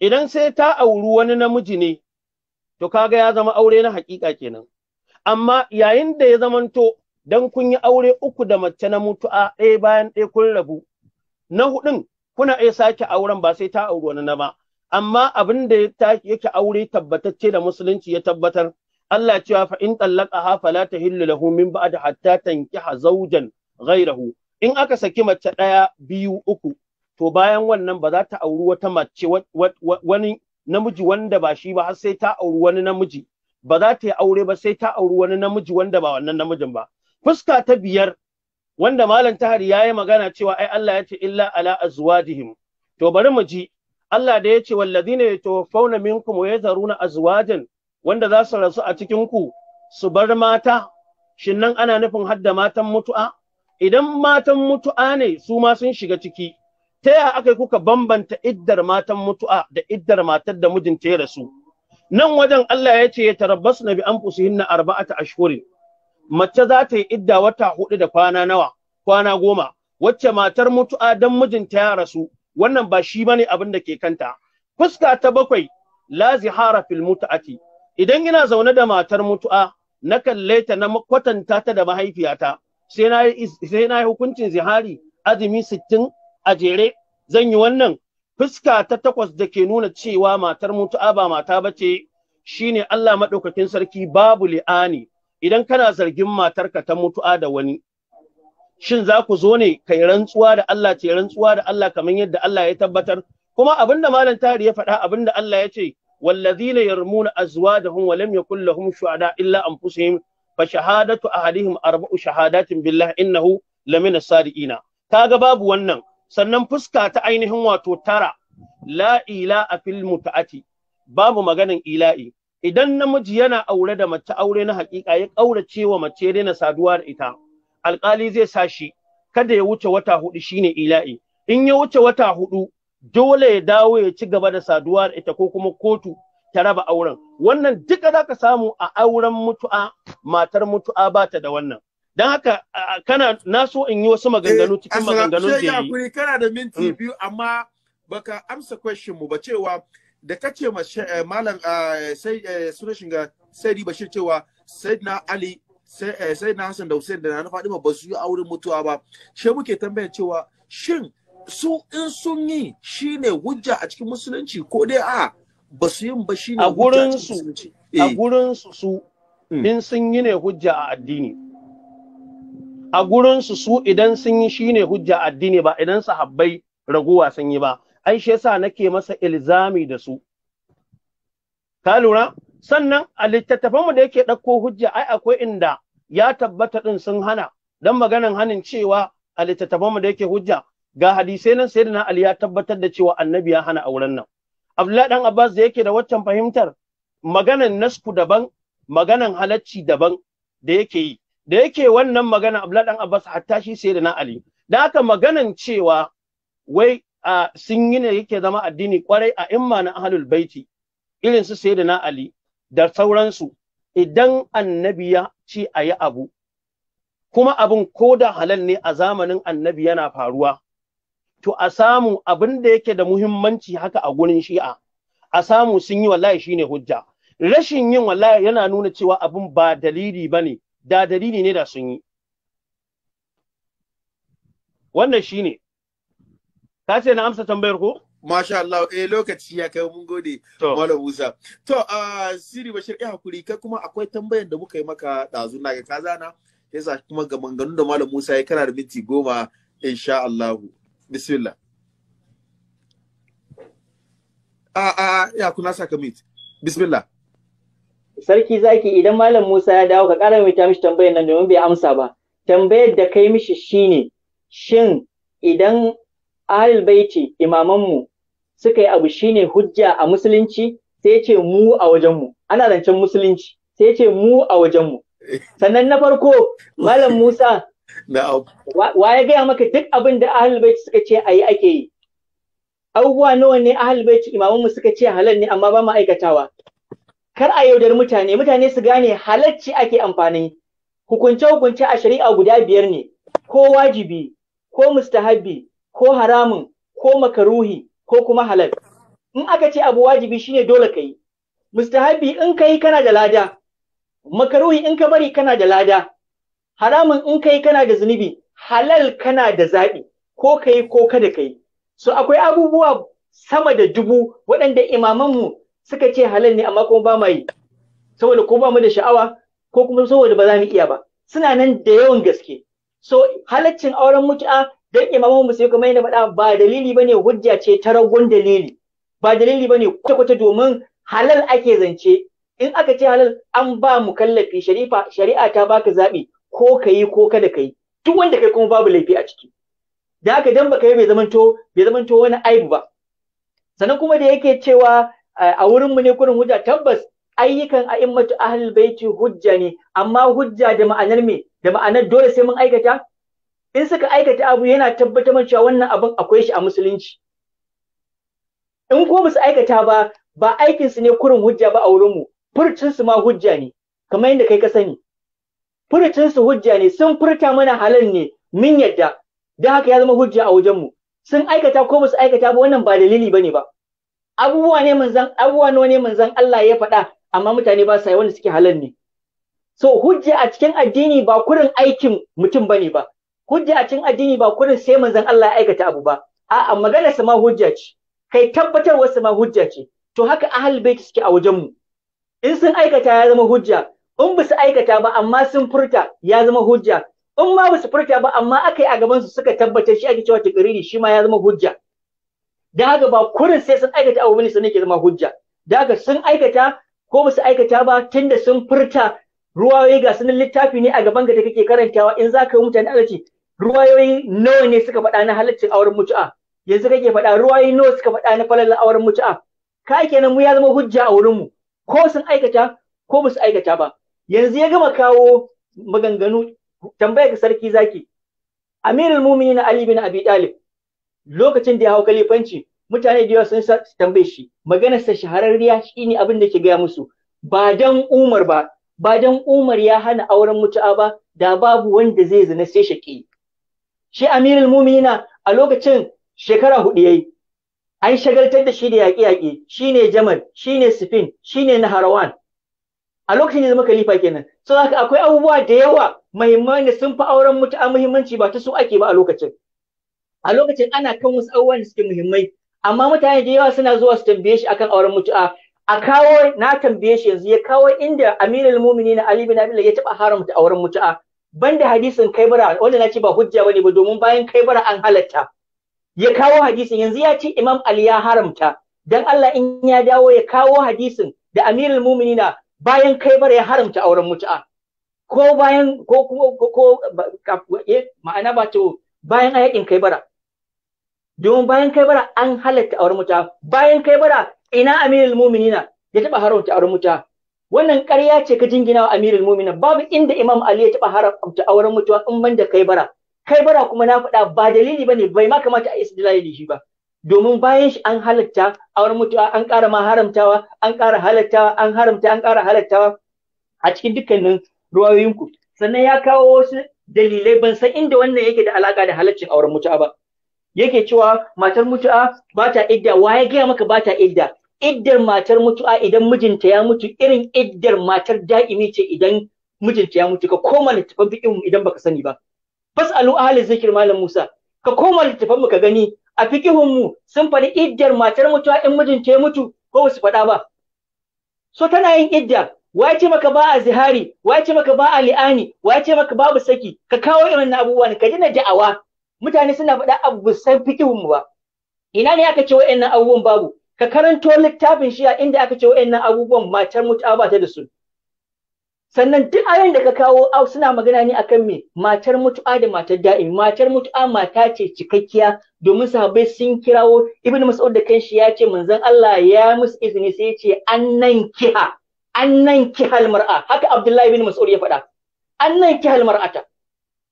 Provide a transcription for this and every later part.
idan sai ta auri wani namiji ne to kaga ya zama aure na hakika kenan amma yayin da ya zamanto dan kun yi aure uku da mace na mutu'a ɗaya bayan ɗaya kun rabu na huɗun kuna iya sake auren ba sai ta auri wani na ba amma abin da ya yake aure tabbatacce da musulunci ya tabbatar Allah cewa fa in tallaqaha fala hillu lahu min ba'da hatta tankiha zawjan ghayrahu in aka saki mace ɗaya biyu uku to bayan wannan ba za ta auri wata mace wani namiji wanda ba shi ba har sai ta auri wani namiji ba za ta yi aure ba sai ta auri wani namiji wanda ba wannan namijin ba fuska ta biyar wanda malam tahari ya yi magana cewa ai Allah ya ce illa ala azwajihim to bari mu ji Allah da ya ce wallazina yatawaffawna minkum wa yazaruna azwajan wanda za su rasu a cikin ku su bar mata shin nan ana nufin hadda matan mutu'a idan matan mutu'a ne su ma sun shiga ciki ta yaya aka kuka bambanta iddar matan mutu'a da iddar matar da mijinta ya rasu nan wajen Allah ya ce ya tarabbasu na bi an fusihinna arba'ata ashhurin mace za ta yi idda wata hudu da kwana nawa kwana goma wacce matar mutu'a dan mijinta ya rasu wannan ba shi bane abin da ke kanta fuska ta bakwai la zihara fil mutu'ati idan ina zaune da matar mutu'a na kalle ta na kwatanta ta da mahaifiyata sai na yi hukuncin zihari azumi sittin a jere zan yi wannan fuska ta takwas da ke nuna cewa matar mutu'a ba mata ba ce shine Allah maɗaukakin sarki babu li'ani idan kana zargin matarka ta mutu'a da wani shin za ku zo ne kai rantsuwa da Allah ce rantsuwa da Allah kamar yadda Allah ya tabbatar kuma abinda malam tari ya faɗa abin da Allah ya ce wallazina yarmuna azwajahum wa lam yakul lahum shuhada illa anfusihim fa shahadatu ahadihim arba'u shahadatin billahi innahu lamina sadiqina kaga babu wannan sannan fuska ta ainihin wato tara la ila a fil muta'ati babu maganin ila'i idan namiji yana aure da mace aure na hakika ya ƙaura cewa mace ya daina saduwa da ita alƙali zai sa shi kada ya wuce wata hudu shine ila'i in ya wuce wata hudu dole ya dawo ya ci gaba da saduwa da ita ko kuma kotu ta raba auren wannan duka ka samu a auren mutu'a matar mutu'a ba ta da wannan Don haka kana na so in yi wasu maganganu eh, cikin maganganun da yi. kana da minti mm. biyu amma baka amsa question mu ba cewa da kace eh, malam ah, sai eh, sunan shiga sai Bashir cewa Sayyidina Ali sai na Hassan da Hussein da na Fadima ba su yi auren mutuwa ba. Shi muke tambayar cewa shin su in sun yi shine hujja a cikin musulunci ko dai a ba su yin ba shine a gurin su A gurin su in sun yi ne hujja a addini. a gurinsu su idan sun yi shine hujja addini ba idan sahabbai raguwa sun yi ba ai shi yasa nake masa ilzami da su ka lura sannan a littattafan mu da yake ɗauko hujja ai akwai inda ya tabbata din sun hana dan maganan hanin cewa a littattafan mu da yake hujja ga hadisai nan na Ali ya tabbatar da cewa annabi ya hana auren nan Abdullahi dan Abbas da yake da waccan fahimtar maganan nasku daban maganan halacci daban da yake yi da yake wannan magana Abdullah dan Abbas hatta shi sai da na Ali dan haka maganan cewa wai a sun yi ne yake zama addini kwarai a imma na ahlul baiti irin su sai da na Ali da sauransu idan annabi ya ce a yi abu kuma abin ko da halal ne a zamanin annabi yana faruwa to a samu abin da yake da muhimmanci haka a gurin shi'a a samu sun yi wallahi shine hujja rashin yin wallahi yana nuna cewa abin ba dalili bane da dalili ne da sun yi wannan shine ka ce na amsa tambayar ko Masha Allah, eh lokaci ya kai mun gode Malam Musa. To, a ah, Siri Bashir, eh hakuri, kai kuma akwai tambayar da muka yi maka ɗazu na ga kazana, yasa kuma ga manganun da Malam Musa ya kana da minti goma, insha Allah. Bismillah. A ah, a ah, ya kuna saka mit. Bismillah. sarki zaki idan malam Musa ya dawo ka ƙara mai ta mishi tambayar nan domin bai amsa ba tambayar da kai mishi shine shin idan ahlul baiti imamanmu suka yi abu shine hujja a musulunci sai ce mu a wajenmu ana rancen musulunci sai ce mu a wajenmu sannan na farko malam Musa wa ya gaya maka duk abin da ahlul baiti suka ce ayi ake yi abubuwa nawa ne ahlul baiti imamanmu suka ce halal ne amma ba mu aikatawa kar a yaudar mutane mutane su gane halacci ake amfani hukunce-hukunce a shari'a guda biyar ne ko wajibi ko mustahabbi ko haramun ko makaruhi ko kuma halal in aka ce abu wajibi shine dole ka yi mustahabbi in kai kana da lada makaruhi in ka bari kana da lada haramun in kai kana da zunubi halal kana da zaɓi ko ka ko kada kai yi so akwai abubuwa sama da dubu waɗanda imamanmu suka ce halal ne amma kuma ba ma yi saboda ko ba mu da sha'awa ko kuma saboda ba za mu iya ba suna nan da yawan gaske so halaccin auren mutu'a dan imamu musu kamar yadda faɗa ba dalili bane hujja ce ta ragon dalili ba dalili bane kwata-kwata domin halal ake zance in aka ce halal an ba mu kallafi sharifa shari'a ta baka zabi ko ka ko kada ka duk wanda kai kuma babu laifi a ciki da haka dan baka yi bai zamanto bai zamanto wani aibu ba sannan kuma da yake cewa a wurin mu ne kurin hujja tabbas ayyukan a'immatu ahlul baiti hujja ne amma hujja da ma'anar me da ma'anar dole sai mun aikata in suka aikata abu yana tabbatar mana cewa wannan abun akwai shi a musulunci in ko musu aikata ba ba aikin su ne kurin hujja ba a wurin mu furcin su ma hujja ne kamar yadda kai ka sani furcin su hujja ne sun furta mana halal ne min yadda dan haka ya zama hujja a wajen mu sun aikata ko musu su aikata ba wannan ba dalili bane ba abubuwa ne manzan abubuwa ne manzan Allah ya faɗa amma mutane ba sa yi wanda suke halal ne so hujja a cikin addini ba kurin aikin mutum bane ba hujja a cikin addini ba kurin sai manzan Allah ya aikata abu ba a'a magana sama hujja ce kai tabbatar tabbatarwar sama hujja ce to haka ahal bait suke a wajen mu in sun aikata ya zama hujja in ba su aikata ba amma sun furta ya zama hujja in ma ba su furta ba amma aka yi a gaban su suka tabbatar shi ake cewa takariri shi ma ya zama hujja da haka ba kurin sai sun aikata abu bane ne ke zama hujja da haka sun aikata ko ba su aikata ba tunda sun furta ruwayoyi ga sunan littafi ne a gaban ga da kake karantawa in za ka yi mutane alaci ruwayoyi nawa ne suka faɗa na halaccin auren mutu'a yanzu kake faɗa ruwayoyi nawa suka faɗa na falalar auren mutu'a ka kenan mu ya zama hujja a wurin mu ko sun aikata ko ba su aikata ba yanzu ya gama kawo maganganu tambayar sarki zaki amirul muminin ali bin abi talib lokacin da ya hau kalifanci mutane da yawa sun tambaye shi maganar sa shahararriya shine abin da ke gaya musu ba dan Umar ba ba dan Umar ya hana auren mutu'a ba da babu wanda zai zina sai shaƙi shi Amirul Mu'minina a lokacin shekara hudu yayi an shagaltar da shi da yaƙe-yaƙe shine Jamal shine Sifin shine Naharawan a lokacin da zama khalifa kenan so haka akwai abubuwa da yawa muhimman da sun fi auren mutu'a muhimmanci ba ta su ake ba a lokacin a lokacin ana kan wasu abubuwan da suke muhimmai amma mutane da yawa suna zuwa su tambaye shi akan auren mutu'a a kawo na tambaye shi yanzu ya kawo inda amirul mu'minin ali bin abi ya taba haramta auren mutu'a banda hadisin kaibara wanda na ce ba hujja bane ba domin bayan kaibara an halatta ya kawo hadisin yanzu ya ce imam ali ya haramta dan Allah in ya dawo ya kawo hadisin da amirul na bayan kaibara ya haramta auren mutu'a ko bayan ko ko, ko eh, ma'ana ba to bayan ayakin kaibara domin bayan kai bara an halatta auren muta bayan kai bara ina amirul mu'minina ya taba haramta auren muta wannan ƙarya ce ka jingina wa amirul mu'mina babu inda imam ali ya taba haramta auren mutuwa in banda da kai bara kai bara kuma na faɗa ba dalili bane bai ma kamata a istidlali da shi ba domin bayan shi an halatta auren mutuwa an ƙara ma haramtawa an ƙara halattawa an haramta an ƙara halattawa a cikin dukkanin ruwayoyinku sannan ya kawo wasu dalilai ban san inda wannan yake da alaka da halaccin auren mutuwa ba yake cewa matar mutu'a ba ta idda wa ya gaya maka ba ta idda iddar matar mutu'a idan mijinta ya mutu irin iddar matar da'imi ce idan mijinta ya mutu ka koma littafin fiqhin idan baka sani ba fasalu ahli zikir malam Musa ka koma littafan mu ka gani a fiqhin mu sun faɗi iddar matar mutu'a in mijinta ya mutu ko su faɗa ba so tana yin idda waye ce maka ba a zihari waye ce maka ba a li'ani waye ce maka babu saki ka kawo irin abubuwan ka dina da'awa mutane suna faɗa abu ba san fikihun ba ina ne aka ce wa'annan abubuwan babu ka karanto littafin shi a inda aka ce wa'annan abubuwan matar mutuwa ba ta da su sannan duk ayoyin da ka kawo au suna magana ne akan me matar mutu'a da matar da'i matar mutu'a mata ce cikakkiya domin sahabbai sun kirawo ibnu mas'ud da kanshi ya ce manzon Allah ya musu izini sai ya ce annan kiha annan kihal mar'a haka abdullahi ibnu mas'ud ya faɗa annan kihal mar'ata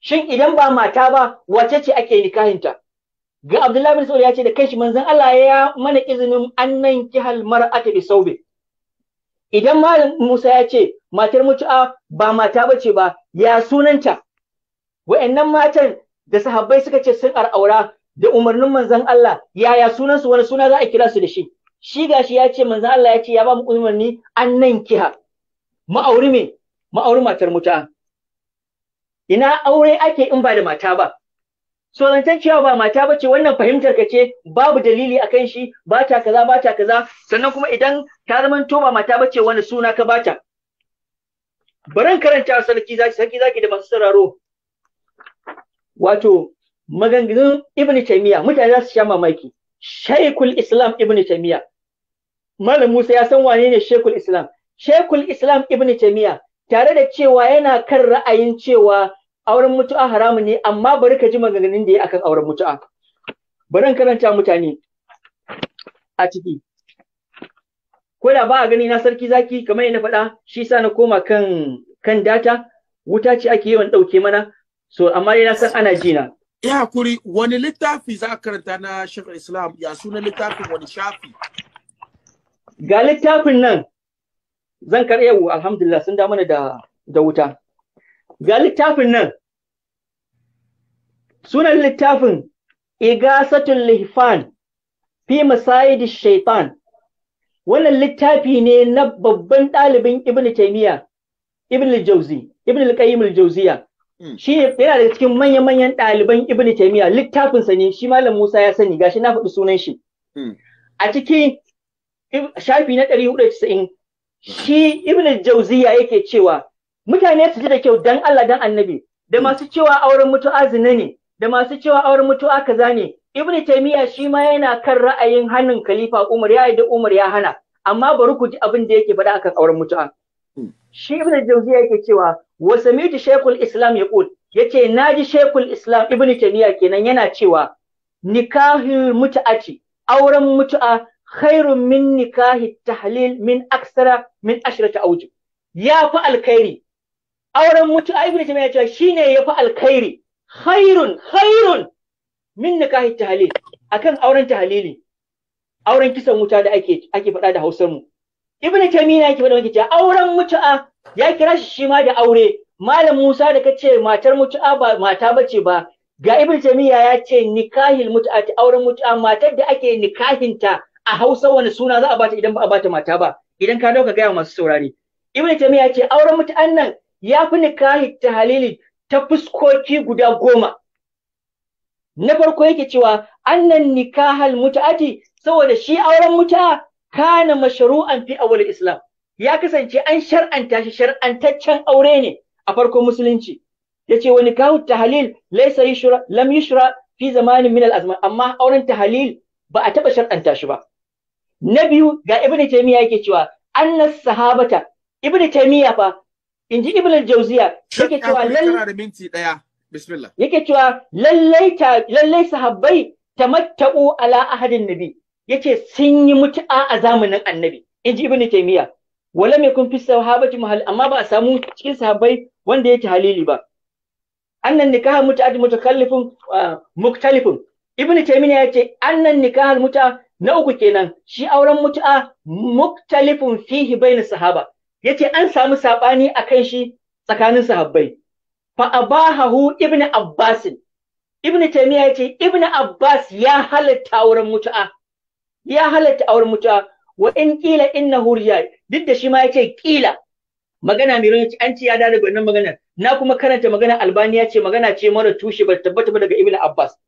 shin idan ba mata ba wace ce ake nikahinta ga Abdullahi bin Saud ya ce da kai shi manzon Allah ya mana izinin annan kihal mar'ata bi saube idan malam Musa ya ce matar mutu'a ba mata bace ba ya sunanta wa'annan matan da sahabbai suka ce sun ar'aura da umarnin manzan Allah yaya sunansu wani suna za a kira su da shi shi gashi ya ce manzon Allah ya ce ya ba mu umarni annan kiha ma'auri me ma'auri matar mutu'a ina aure ake in ba da mata ba so zancen cewa ba mata ba ce wannan fahimtar ka ce babu dalili akan shi ba ta kaza ba ta kaza sannan kuma idan ta zama to ba mata ba ce wani suna ka bata baran karanta sarki zaki sarki zaki da masu sauraro wato maganganun ibnu taymiya mutane za su sha mamaki shaykhul islam ibnu taymiya malam musa ya san wane ne shaykhul islam shaykhul islam ibnu taymiya tare da cewa yana kan ra'ayin cewa auren mutu'a haramun ne amma bari ka ji maganganun da ya akan auren mutu'a bari karanta mutane a ciki ko da ba a gani na sarki zaki kamar yadda faɗa shi sa na koma kan kan data wuta ce ake yawan ɗauke mana so amma na san ana jina ya hakuri wani littafi za ka karanta na shekar islam ya suna littafin wani shafi ga littafin nan zan karɓe alhamdulillah sun da mana da da wuta ga littafin nan sunan littafin igasatul lihfan fi masayidi shaitan wannan littafi ne na babban ɗalibin ibn taimiyya ibn jauzi ibn al-qayyim jauziya hmm. shi yana daga cikin manya-manyan ɗaliban ibn taimiyya littafin sa ne shi malam musa ya sani gashi na faɗi sunan shi hmm. a cikin shafi na 490 shi ibn jauziya yake cewa mutane su ji da kyau dan Allah dan annabi da masu cewa auren mutu'a zina ne da masu cewa auren mutu'a kaza ne Ibn taymiya shi ma yana kan ra'ayin hannun khalifa umar ya da umar ya hana amma bari ku ji abin da yake faɗa akan auren mutu'a hmm. shi ibnu jawziya yake cewa wa samitu shaykhul islam yaqul yace naji shaykhul islam ibnu taymiya kenan yana cewa nikahul mutaati auren mutu'a khairun min nikahi tahlil min aksara min ashrata awjub ya fi alkhairi auren mutu a ibnu taymiya cewa shine yafi alkhairi khairun khairun min nikahi tahlil akan auren tahlili auren kisan wuta da ake ake faɗa da Hausar mu Ibn Taymiyyah yake faɗa wanke cewa auren mutu'a ya kira shi shi ma da aure malam Musa da kace matar mutu'a ba mata bace ba ga Ibn Taymiyyah ya ce nikahil mutu'a auren mutu'a matar da ake nikahinta a Hausa wani suna za a bata idan ba a bata mata ba idan ka dauka gaya masu saurari Ibn Taymiyyah ya ce auren mutu'an nan ya fi nikahi halili ta fuskoki guda goma na farko yake cewa annan nikahal mut'ati saboda shi auren muta kana mashru'an fi awal islam ya kasance an shar'anta shi shar'antaccen aure ne a farkon musulunci yace wani kahu tahlil laysa yushra lam yushra fi zamanin min al-azman amma auren tahlil ba a taɓa shar'anta shi ba na biyu ga ibn taymiya yake cewa annas sahabata ibn taymiya fa in ji ibn al-jawziya yake cewa lallai yake cewa lallai lallai sahabbai tamattabu ala ahadin nabi yace sun yi mutu'a a zamanin annabi in ji ibn taymiya wala mai kun fi sahabati mahal amma ba a samu cikin sahabbai wanda yake halili ba annan nikah muta'ad mutakallifun ah, muktalifun ibn taymiya yace annan nikah muta na uku kenan shi auren mutu'a muktalifun fihi bayna sahaba yace an samu sabani akan shi tsakanin sahabbai fa abahu ibn abbas ibn taymiya yace ibn abbas ya halatta auren mutu'a ya halatta auren mutu'a wa in kila innahu riya duk da shi ma yace kila magana mai yace an ce ya da daga wannan magana na kuma karanta magana albaniya ce magana ce mara tushe ba tabbata ba daga ibn abbas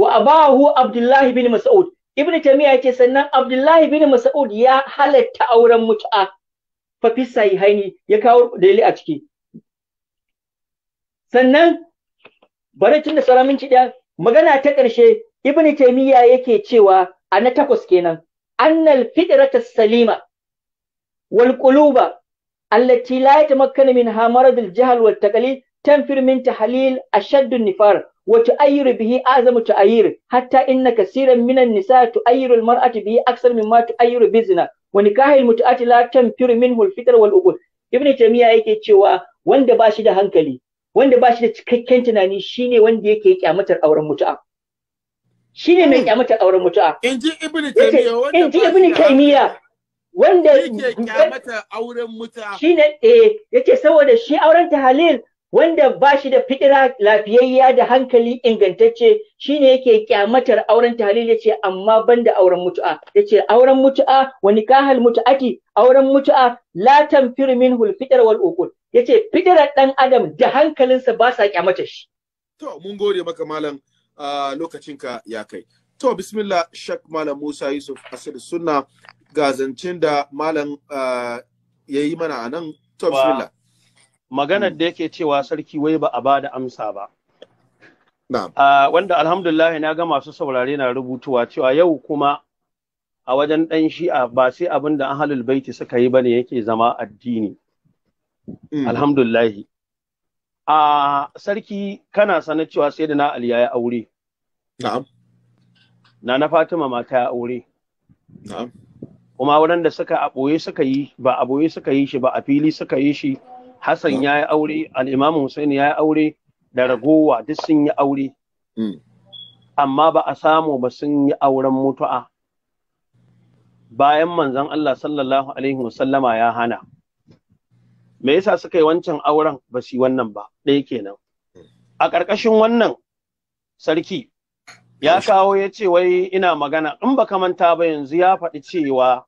wa abahu abdullahi bin mas'ud ibn taymiya yace sannan abdullahi bin mas'ud ya halatta auren mutu'a fa fi sahihaini ya kawo dalili a ciki sannan bari tun da sauran minti ɗaya magana ta ƙarshe ibn taymiya yake cewa a na takwas kenan annal fitrata salima wal quluba allati la yatamakkanu minha maradul jahl wal taqlid tanfir min tahlil ashaddu nifar wa tu'ayyir bihi azamu tu'ayyir hatta inna kaseeran minan nisa tu'ayyiru al mar'atu bihi akthar mimma tu'ayyiru bizna wani kahil mut'ati la tanfiru minhu al-fitr wal uqul ibn tamiya yake cewa wanda ba shi da hankali wanda ba shi da cikakken tunani shine wanda yake kyamatar auren mutu'a shine mai kyamatar auren mutu'a inji ibn tamiya wanda inji ibn tamiya wanda yake kyamatar auren mutu'a shine eh yace saboda shi auren tahalil wanda ba shi da fitira lafiyayya da hankali ingantacce shine yake kyamatar auren tahlil yace amma banda auren mutu'a yace auren mutu'a wa nikahal mutu'ati auren mutu'a la tanfir minhu al wal uqul yace fitirar dan adam da hankalinsa ba sa kyamatar shi to mun gode maka malam lokacin ka ya kai to bismillah shak malam Musa Yusuf asir sunna ga da malam yayi mana anan to bismillah maganar hmm. da yake cewa sarki wai ba a ba da amsa ba. Wanda alhamdulillah na ga masu saurare na rubutuwa cewa yau kuma a wajen ɗan shi'a ba sai abin da ahalul baiti suka yi ba ne yake zama addini. Hmm. Alhamdulillah. A sarki kana sanar cewa sai da na Aliya ya aure. Na na Fatima mata ya aure. Kuma da suka a ɓoye suka yi ba a ɓoye suka yi shi ba a fili suka yi shi Hassan ya yi aure, al'imamu Hussein ya yi aure da ragowa duk sun yi aure. Mm. Amma ba a samu ba sun yi auren mutu'a. Bayan manzan Allah sallallahu Alaihi wasallama ya hana. Me yasa suka yi wancan auren ba su yi wannan ba, ɗaya kenan. A ƙarƙashin wannan sarki ya kawo ya ce wai ina magana in baka manta ba yanzu ya faɗi cewa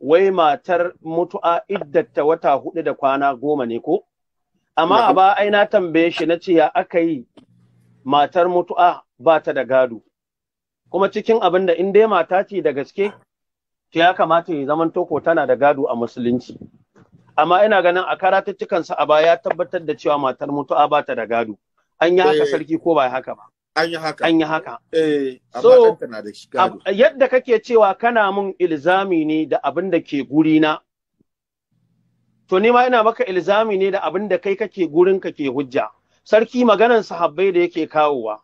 wai matar mutu'a iddata wata hudu da kwana goma ne ko? Amma a ba ai tambaye shi na ce ya aka yi matar mutu'a ba ta da gado. Kuma cikin abin da in dai mata ce da gaske, ta ya kamata ya zaman toko tana da gado a musulunci. Amma ina ganin a karatattukansa a baya ya tabbatar da cewa matar mutu'a ba ta da gado. An yi haka eh. sarki ko ba haka ba. An yi haka. An haka. Eh, so, yadda kake cewa kana mun ilzami ne da abin da ke gurina, to ni ma ina maka ilzami ne da abin da kai kake gurinka ke hujja. Sarki maganan sahabbai da yake kawowa.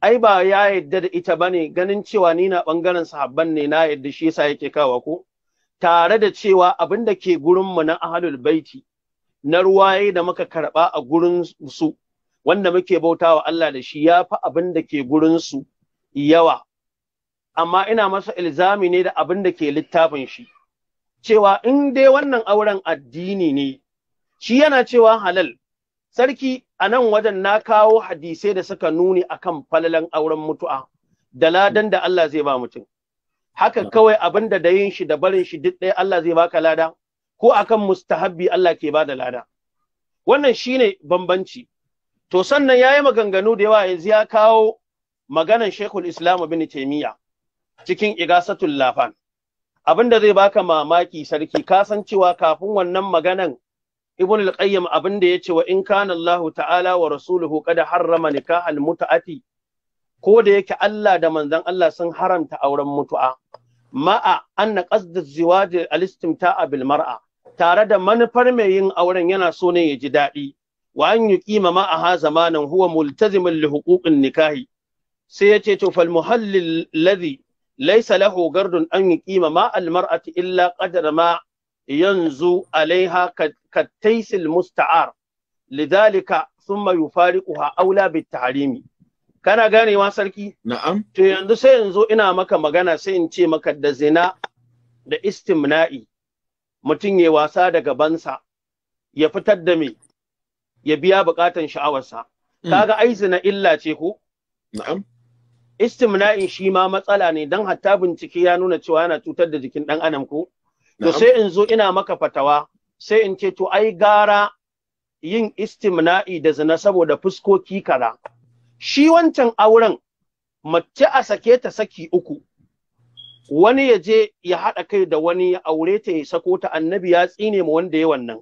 Ai ba ya yadda da ita ba ne ganin cewa ni na ɓangaren sahabban ne na yadda shi yasa yake kawo ko? Tare da cewa abin da ke gurinmu na ahalul baiti na ruwaye da muka karɓa a gurin su wanda muke bauta wa Allah da shi ya fi abin da ke gurinsu yawa amma ina masa ilzami ne da abin da ke littafin shi cewa in dai wannan auren addini ne shi yana cewa halal sarki a nan wajen na kawo hadisai da suka nuni akan falalan auren mutu'a da ladan da Allah zai ba mutum haka kawai abin da da yin shi da barin shi duk ɗaya Allah zai baka lada ko akan mustahabbi Allah ke ba da lada wannan shine bambanci to sannan ya yi maganganu da yawa yanzu ya kawo maganan shekul Islam bin taimiyya. cikin Igasatul Lafan da zai baka mamaki sarki ka cewa kafin wannan maganan Ibn al-Qayyim ya ce wa in kana Allah ta'ala wa rasuluhu qad harrama nikahal mut'ati ko da yake Allah da manzon Allah sun haramta auren mutu'a ma'a anna qasdu ziwaji al-istimta'a bil mar'a tare da manufar mai yin auren yana so ne ya ji daɗi wa an yuqima ma'aha zamanan huwa multazimin li huquqin nikahi sai yace to fal Ladi ladhi laysa lahu gardun an yuqima ma al mar'ati illa qadra ma yanzu alaiha kattaisil musta'ar lidhalika thumma yufariquha aula bit tahrimi kana ganewa sarki to yanzu sai yanzu ina maka magana sai in ce maka da zina da istimna'i mutum ya wasa da gabansa ya fitar da me ya biya buƙatan sha'awarsa hmm. kaga ai zina illa ce ko na'am istimna'in shi ma matsala ne dan hatta bincike ya nuna cewa yana cutar da jikin dan adam ko to sai in zo ina maka fatawa sai in ce to ai gara yin istimna'i da zina saboda fuskoki kara. shi wancan auren mace a sake ta saki uku wani ya je ya haɗa kai da wani ya aure ta ya sako ta annabi ya tsine ma wanda ya wannan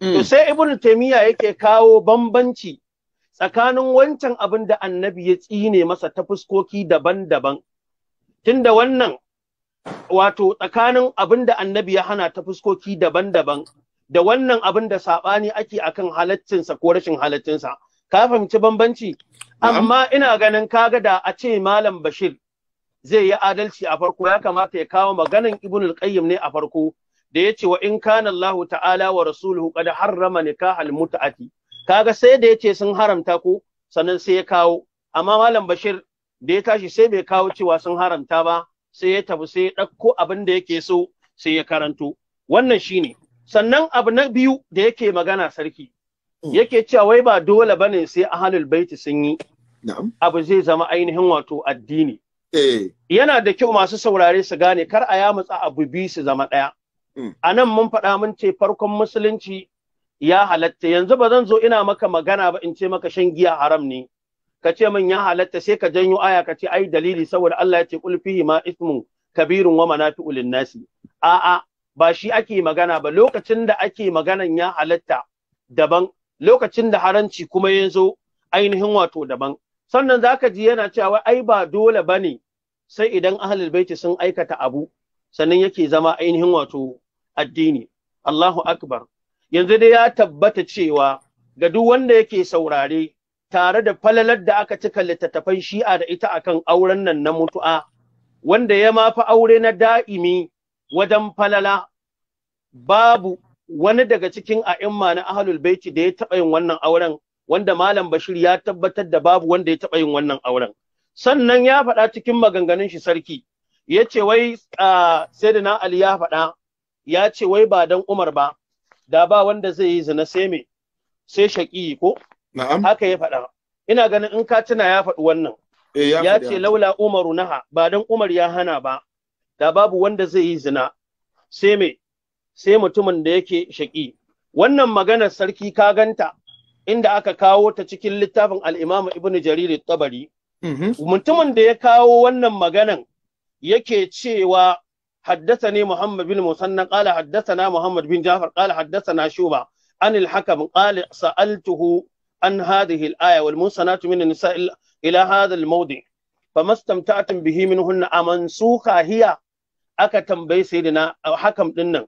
Mm. To sai Ibn Taymiyyah yake kawo bambanci tsakanin wancan abin da annabi ya tsine masa ta fuskoki daban-daban. Tunda wannan wato tsakanin abin da annabi ya hana ta fuskoki daban-daban da wannan abin da saɓani ake akan halaccinsa ko rashin halaccinsa. Ka fahimci bambanci? Amma ina ganin kaga da a ce Malam Bashir zai yi adalci a farko ya kamata ya kawo maganan Ibn al ne a farko da ya yace wa in kana Allah ta'ala wa rasuluhu qad harrama nikahal mut'ati kaga sai da yace sun haramta ko sannan sai ya kawo amma malam Bashir da ya tashi sai bai kawo cewa sun haramta ba sai ya tafi sai ya ɗauko abin da yake so sai ya karanto wannan shine sannan abu na biyu da yake magana sarki hmm. yake cewa wai ba dole bane sai ahlul baiti sun yi abu zai zama ainihin wato addini eh. yana da kyau masu saurare su gane kar a yamutsa abu bi su zama ɗaya Mm. a nan mun faɗa mun ce farkon musulunci ya halatta yanzu ba zan zo ina maka magana ba in ce maka shan giya haram ne ka ce min ya halatta sai ka janyo aya ka ce ai dalili saboda Allah ya ce kul fihi ma ismu kabirun wa manafi'u nasi. a'a ba shi ake magana ba lokacin da ake maganan ya halatta daban lokacin da haranci kuma ya ainihin wato daban sannan zaka ji yana cewa ai ba dole bane sai idan ahlul baiti sun aikata abu sannan yake zama ainihin wato addini Allahu akbar yanzu dai ya tabbata cewa ga duk wanda yake saurare tare da falalar da aka cika littattafan shi'a da ita akan auren nan na mutu'a wanda ya mafi aure na da'imi wajen falala babu wani daga cikin a'imma na ahlul baiti da ya taɓa yin wannan auren wanda malam bashir ya tabbatar da babu wanda ya taɓa yin wannan auren sannan ya faɗa cikin maganganun shi sarki ya ce wai ah, sai da na ali ya faɗa ya ce wai ba dan Umar ba da ba wanda zai yi zina sai me sai shaƙi ko na'am haka ya faɗa ina ganin in ka tuna ya faɗi wannan eh, ya ce laula Umaru naha ba dan Umar ya hana ba da babu wanda zai yi zina sai me sai mutumin da yake shaƙi wannan maganar sarki ka ganta inda aka kawo ta cikin littafin al-Imam Ibn Jarir tabari mm-hmm. mutumin da ya kawo wannan maganan yake cewa حدثني محمد بن مسنى قال حدثنا محمد بن جعفر قال حدثنا شوبة عن الحكم قال سألته عن هذه الآية والمنسنات من النساء إلى هذا الموضع فما استمتعتم به منهن أمنسوخة هي aka tambayi sayyidina hakam din nan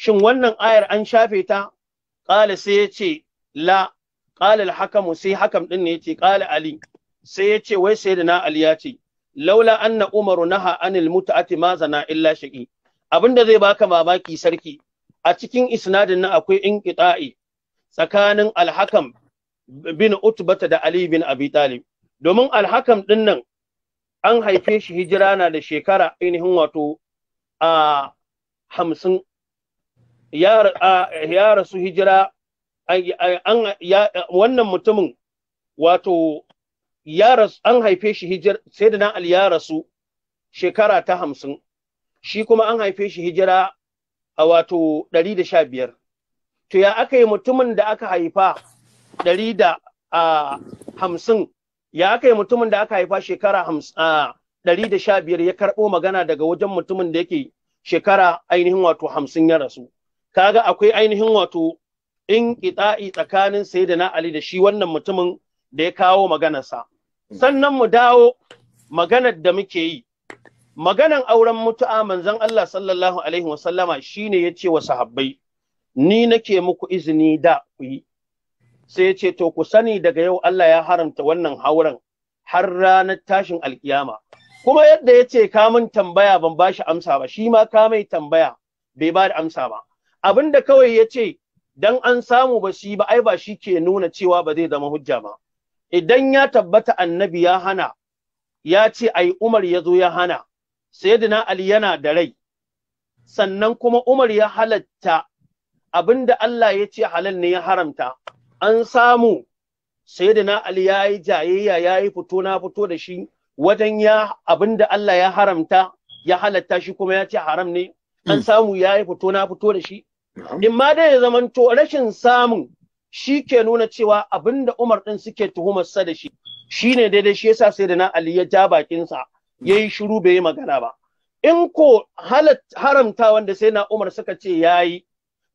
shin wannan ayar an shafe ta qala sai ya ce la qala al-hakamu sai hakan din ne ya ce ali sai ya ce wai sayyidina ali ya ce laula anna umaru naha anil mut'ati ma zana illa shaqi abinda zai baka mamaki sarki a cikin isnadin nan akwai inqita'i tsakanin al-hakam bin utbata da ali bin abi talib domin al-hakam din nan an haife shi hijira na da shekara ainihin wato a hamsin ya rasu hijira wannan mutumin wato ya rasu an haife shi hijira sai da Ali ya rasu shekara ta hamsin shi kuma an haife shi hijira a wato ɗari da sha biyar to ya aka yi mutumin da aka haifa ɗari da hamsin ya aka yi mutumin da aka haifa shekara ɗari da sha biyar ya karɓo magana daga wajen mutumin da yake shekara ainihin wato hamsin ya rasu kaga akwai ainihin wato in ƙita'i tsakanin sai da na Ali da shi wannan mutumin da ya kawo maganarsa. sannan mu dawo maganar da muke yi maganan auren mutu'a manzon Allah sallallahu alaihi wa sallama shine yace wa sahabbai ni nake muku izini da ku yi sai yace to ku sani daga yau Allah ya haramta wannan hauren har ranar tashin alkiyama kuma yadda yace ka mun tambaya ban bashi amsa ba shi ma ka mai tambaya bai ba da amsa ba abinda kawai yace dan an samu ba shi ba ai ba shi ke nuna cewa ba zai zama hujja ba idan ya tabbata annabi ya hana ya ce ai Umar ya zo ya hana sayyidina Ali yana da rai sannan kuma Umar ya halatta abinda Allah ya ce halal ne ya haramta an samu sayyidina Ali ya yi jayayya ya yi fito na fito da shi wajen ya abinda Allah ya haramta ya halatta shi kuma ya ce haram ne an hmm. samu ya yi fito na fito da shi in ma dai ya zamanto rashin samun shi ke nuna cewa abin da Umar ɗin suke tuhumar sa da shi shi ne daidai shi yasa sai da na Ali ya ja bakinsa ya yi shiru bai yi magana ba. In ko haramta wanda sai na Umar suka ce ya yi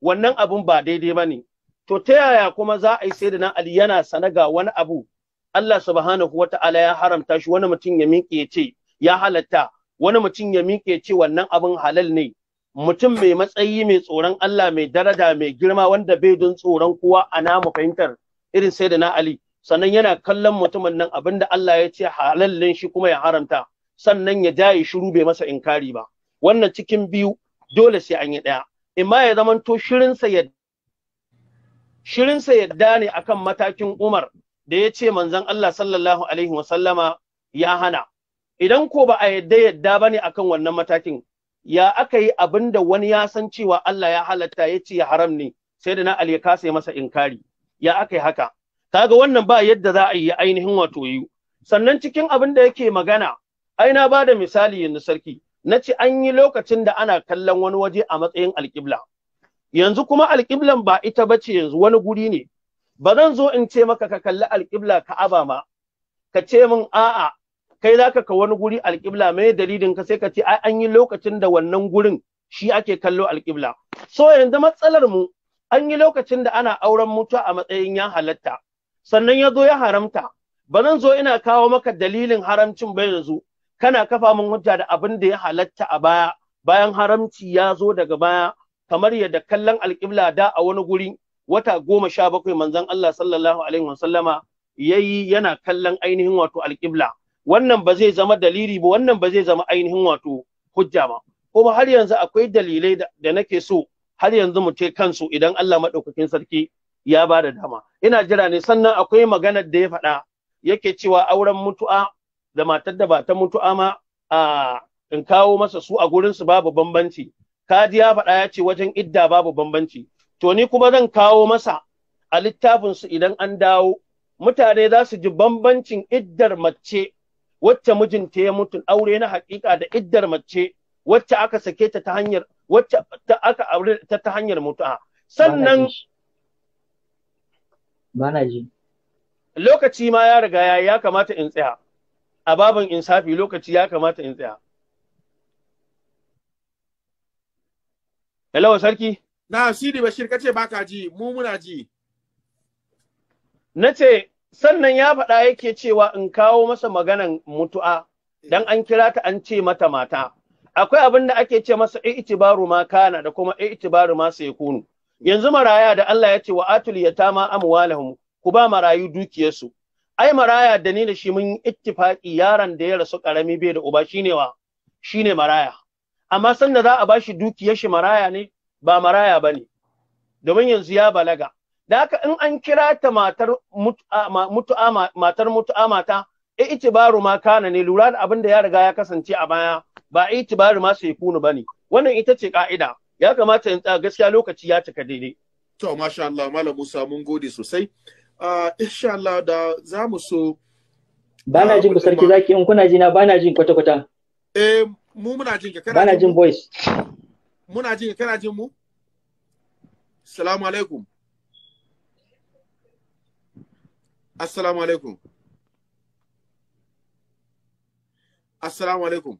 wannan abin ba daidai ba ne. To ta yaya kuma za a yi sai da na Ali yana sana ga wani abu Allah subhanahu wa ta'ala ya haramta shi wani mutum ya miƙe ya ce ya halatta wani mutum ya miƙe ya ce wannan abin halal ne mutum mai matsayi mai tsoron Allah mai daraja mai girma wanda bai don tsoron kowa a namu fahimtar irin sai da na Ali sannan yana kallon mutumin nan abinda Allah ya ce halallin shi kuma ya haramta sannan ya jaye shiru bai masa inkari ba wannan cikin biyu dole sai an yi ɗaya imma ya zamanto shirinsa ya shirinsa yadda ne akan matakin Umar da ya ce manzon Allah sallallahu alaihi ya hana idan ko ba a yadda yadda bane akan wannan matakin ya aka yi abin da wani ya san cewa Allah ya halatta ya ce haram ne sai da na Ali ya kasa masa inkari ya aka yi haka kaga wannan ba yadda za a yi ainihin wato yi sannan cikin abin da yake magana ai na bada misali yanzu sarki na ce an yi lokacin da ana kallon wani waje a matsayin alƙibla yanzu kuma alƙiblan ba ita bace yanzu wani guri ne ba zan zo in ce maka ka kalli alƙibla ka ma ka ce min a'a kai za ka wani guri alƙibla mai dalilin ka sai ka ce an yi lokacin da wannan gurin shi ake kallo alƙibla so yanzu matsalar mu an yi lokacin da ana auren mutuwa a matsayin ya halatta sannan ya zo ya haramta ba nan zo ina kawo maka dalilin haramcin ba yanzu kana kafa min hujja da abin da ya halatta a baya bayan haramci ya zo daga baya kamar yadda kallon alƙibla da a wani guri wata goma sha bakwai manzon Allah sallallahu alaihi wasallama yayi yana kallon ainihin wato alƙibla wannan ba zai zama dalili ba wannan ba zai zama ainihin wato hujja ba kuma har yanzu akwai dalilai da nake so har yanzu mu ce kansu idan Allah madaukakin sarki ya ba da dama ina jira ne sannan akwai maganar da ya faɗa yake cewa auren mutu'a da matar da ba ta mutu'a ma a in kawo masa su a gurin su babu bambanci Kadi ya faɗa ya ce wajen idda babu bambanci to ni kuma zan kawo masa a littafin su idan an dawo mutane za su ji bambancin iddar mace wacce mijinta ya mutu aure na haƙiƙa da iddar mace wacce aka sake ta ta hanyar wacce ta aka aure ta ta hanyar mutu'a sannan bana ji lokaci ma ya riga ya ya kamata in tsaya a baban insafi lokaci ya kamata in tsaya Hello sarki na shi ne Bashir kace baka ji mu muna ji Nace sannan ya faɗa yake cewa in kawo masa maganan mutu'a dan an kira ta an ce mata mata akwai abin da ake ce masa i'tibaru ma kana da kuma i'tibaru ma sai kunu yanzu maraya da Allah ya ce wa atul yatama amwalahum ku ba marayu dukiyarsu ai maraya da ni da shi mun ittifaqi yaron da ya rasu karami bai da uba shine wa shine maraya amma sanda za a bashi dukiyar shi maraya ne ba maraya bane domin yanzu ya balaga da haka in an kira ta matar mutu'a matar mutu'a mata eh, itibaru ma kana ne lura da abin da ya riga ya kasance a baya ba itibaru ma sai kunu bane wannan ita ce ka'ida ya kamata in gaskiya lokaci ya cika daidai to masha Allah malam Musa mun gode sosai uh, insha Allah da za mu so bana jin ku sarki zaki in kuna jina bana jin kwata kwata eh mu muna jin ka kana jin voice muna jin ka kana jin mu assalamu alaikum Assalamu alaikum. Assalamu alaikum.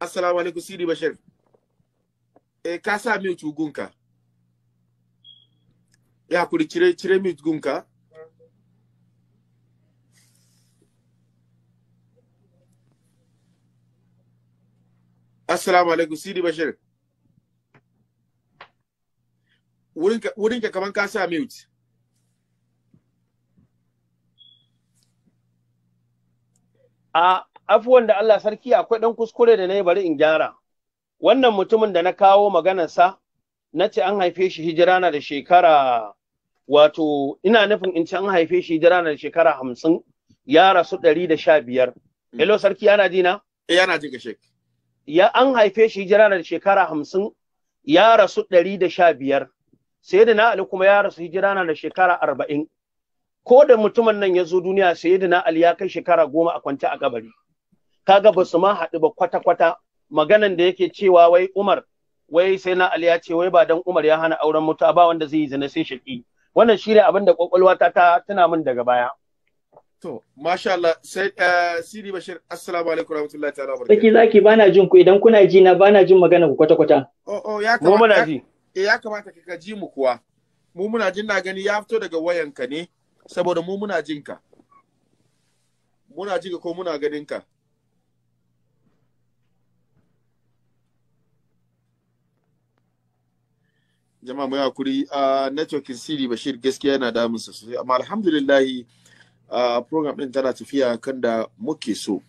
Assalamu alaikum Sidi Bashir. E ka sa mute gunka. Ya kuri cire cire mute gunka. Assalamu alaikum Sidi Bashir. wurin ka kamar ka sa mute a afuwan da Allah sarki akwai dan kuskure da nayi bari in gyara wannan mutumin da na kawo maganarsa na ce an haife shi hijira na da shekara wato ina nufin in ce an haife shi hijira na da shekara hamsin ya rasu ɗari da sha biyar. Mm. Hello sarki eh, yana jina? Yana jin ka Ya an haife shi hijira na da shekara hamsin ya rasu ɗari da sha biyar. sayyidina ali kuma ya rasu hijira na da shekara arba'in ko da mutumin nan ya zo duniya sayyidina ali ya kai shekara goma a kwance a kabari kaga ba su ma haɗu ba kwata-kwata maganan da yake cewa wai umar wai sai na ali ya ce wai ba dan umar ya hana auren mutuwa ba wanda zai yi zina sai shaki wannan shine abin da kwakwalwa ta ta tuna min daga baya to masha Allah sai eh, siri bashir assalamu alaikum warahmatullahi ta'ala barakatuh saki zaki bana jin ku idan kuna ji na bana jin magana ku kwata-kwata oh oh ya kamata muna ji e ya kamata ka ji mu kuwa mu muna jin na gani ya fito daga wayanka ne saboda mu muna jin ka muna jin ka ko muna ganin ka jama'a mai hakuri a network siri bashir gaskiya yana damun sosai amma alhamdulillahi program din tana tafiya kan da muke so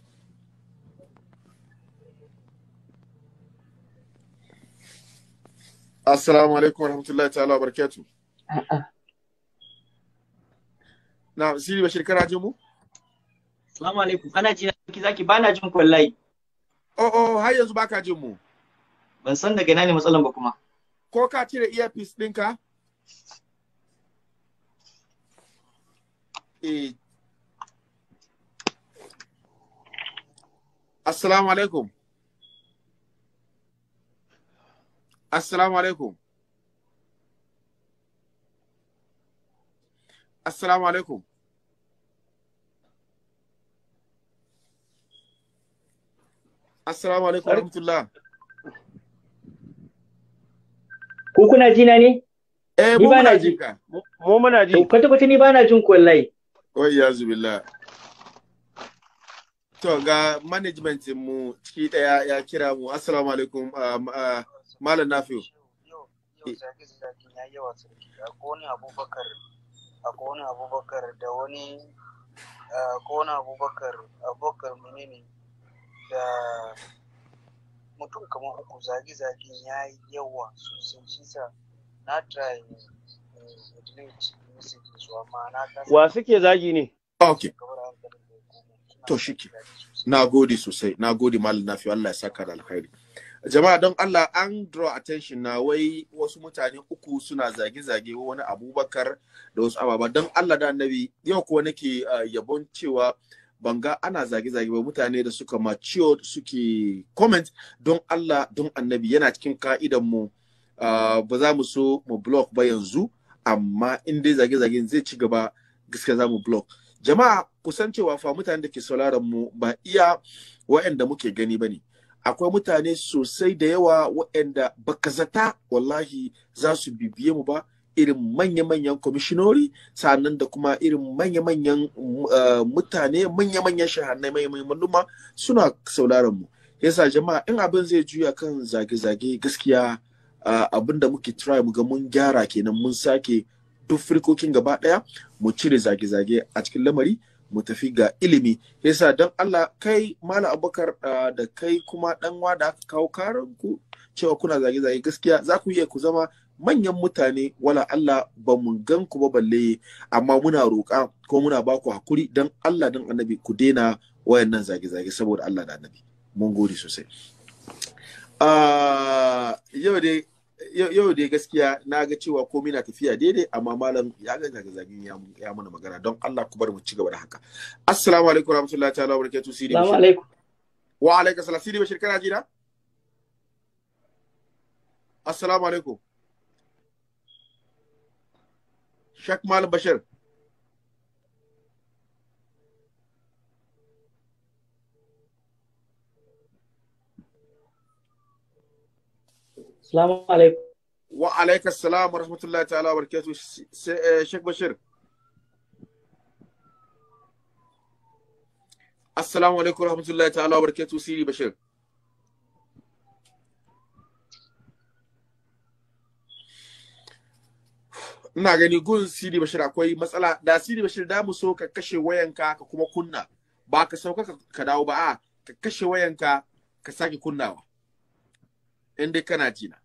Assalamu alaikum rahmatullahi ta'ala wa barkatu. Na Siri Bashir kana jin mu? Assalamu alaikum. Ana ji ki zaki ba na jin kwallayi. Oh oh har yanzu baka jin mu. Ban san daga ina ne matsalan ba kuma. Ko ka cire earpiece ɗinka? Eh. Assalamu alaikum. Assalamu alaikum. Assalamu alaikum. Assalamu alaikum warahmatullah. Ko kuna jina ne? Eh, mu muna ji ka. Mu muna ji. Kwata kwata ni ba na jin ku wallahi. Wai ya zubillah. To ga management mu ciki daya ya kira mu. Assalamu alaikum. Um, uh, Malam na Yau ko wani abubakar, ah, menene mutum kamar uku zagi-zagi zagi ya yawa sosai shi sa na try eh, Wa suke zagi ne? ok To shi ke. Na gode sosai, na gode Malam Nafi'u, Allah ya saka da alkhairi. jama'a don Allah an draw attention na wai wasu mutane uku suna zage-zage wani abubakar da wasu ababa don Allah da annabi yau kuwa nake ah, yabon cewa banga ana zage-zage ba mutane da suka matured suke comment don Allah don annabi yana cikin ka'idanmu ah, ba za mu so mu block ba yanzu amma in dai zage-zagen zai ci gaba gaskiya za mu block jama'a kusan cewa fa mutane da ke sauraron mu ba iya wa'anda muke gani ba ne akwai mutane sosai da yawa waɗanda baka zata wallahi za su bibiye mu ba irin manya-manyan kwamishinori sannan da kuma irin manya-manyan eh, mutane manya-manyan shahannai manya-manyan manuma suna sauraron mu yasa jama'a in abin zai juya kan zage-zage gaskiya abin da muke try mu ga mun gyara kenan mun sake duk firkokin gaba daya mu cire zage-zage a cikin lamari mu tafi ga ilimi yasa don Allah kai Malam Abubakar da kai kuma dan da aka kawo karin ku cewa kuna zage-zage gaskiya za ku iya ku zama manyan mutane wala Allah ba mu gan ku ba balle amma muna roƙa ko muna ba ku hakuri don Allah don annabi ku daina wayannan zage-zage saboda Allah da annabi mun gode sosai yau dai yau dai gaskiya na ga cewa komai na tafiya daidai amma malam ya ga zagazagi ya mana magana don Allah ku bar mu ci gaba da haka assalamu alaikum warahmatullahi ta'ala wa barakatuh sidi assalamu alaikum wa alaikum assalam sidi bashir kana jira assalamu alaikum shak malam bashir Salamu alaikum. Wa alaikas salam wa rahmatullahi ta'ala wa barakatuh. Eh, Sheikh Bashir. Assalamu alaikum wa rahmatullahi ta'ala wa barakatuh Siri Bashir. Ina gani gun Siri Bashir akwai matsala da Siri Bashir da mu so ka kashe wayanka ka kuma kunna ba ka sauka ka dawo ba a ka kashe wayanka ka sake kunnawa. in dai kana ji na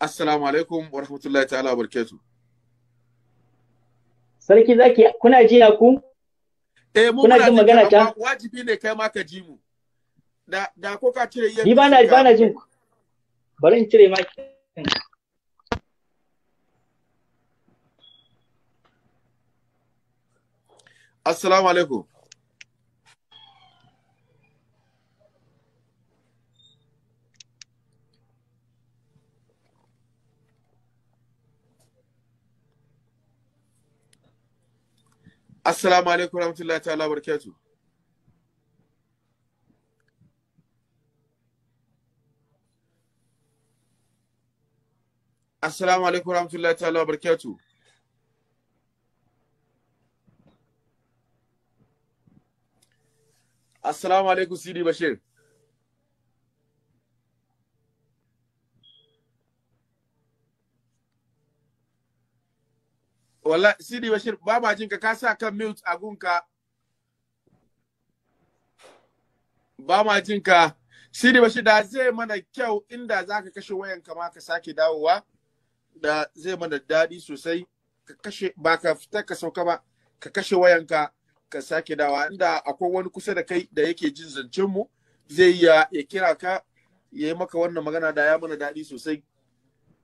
assalamu alaikum wa rahmatullahi ta'ala wa barakatuh sarki zaki kuna ji na ku eh mu kuna jin magana ta wajibi ne kai maka ji mu da da ko ka cire yi. ni bana jin ku bari in cire maki assalamu alaikum Assalamu alaikum warahmatullahi ta'ala barakatu. Assalamu alaikum warahmatullahi ta'ala barakatu. Assalamu alaikum Sidi Bashir. Wala Sidi Bashir ba ma jinka ka sa kan mute a gunka. Ba ma jinka. Sidi Bashir da zai mana kyau inda zaka kashe wayan kama ka sake dawowa da zai mana daɗi sosai ka kashe ba ka fita ka sauka ba ka kashe wayanka ka sake dawa inda akwai wani kusa da kai da yake jin zancen mu zai ya ya kira ka ya yi maka wannan magana da ya mana daɗi sosai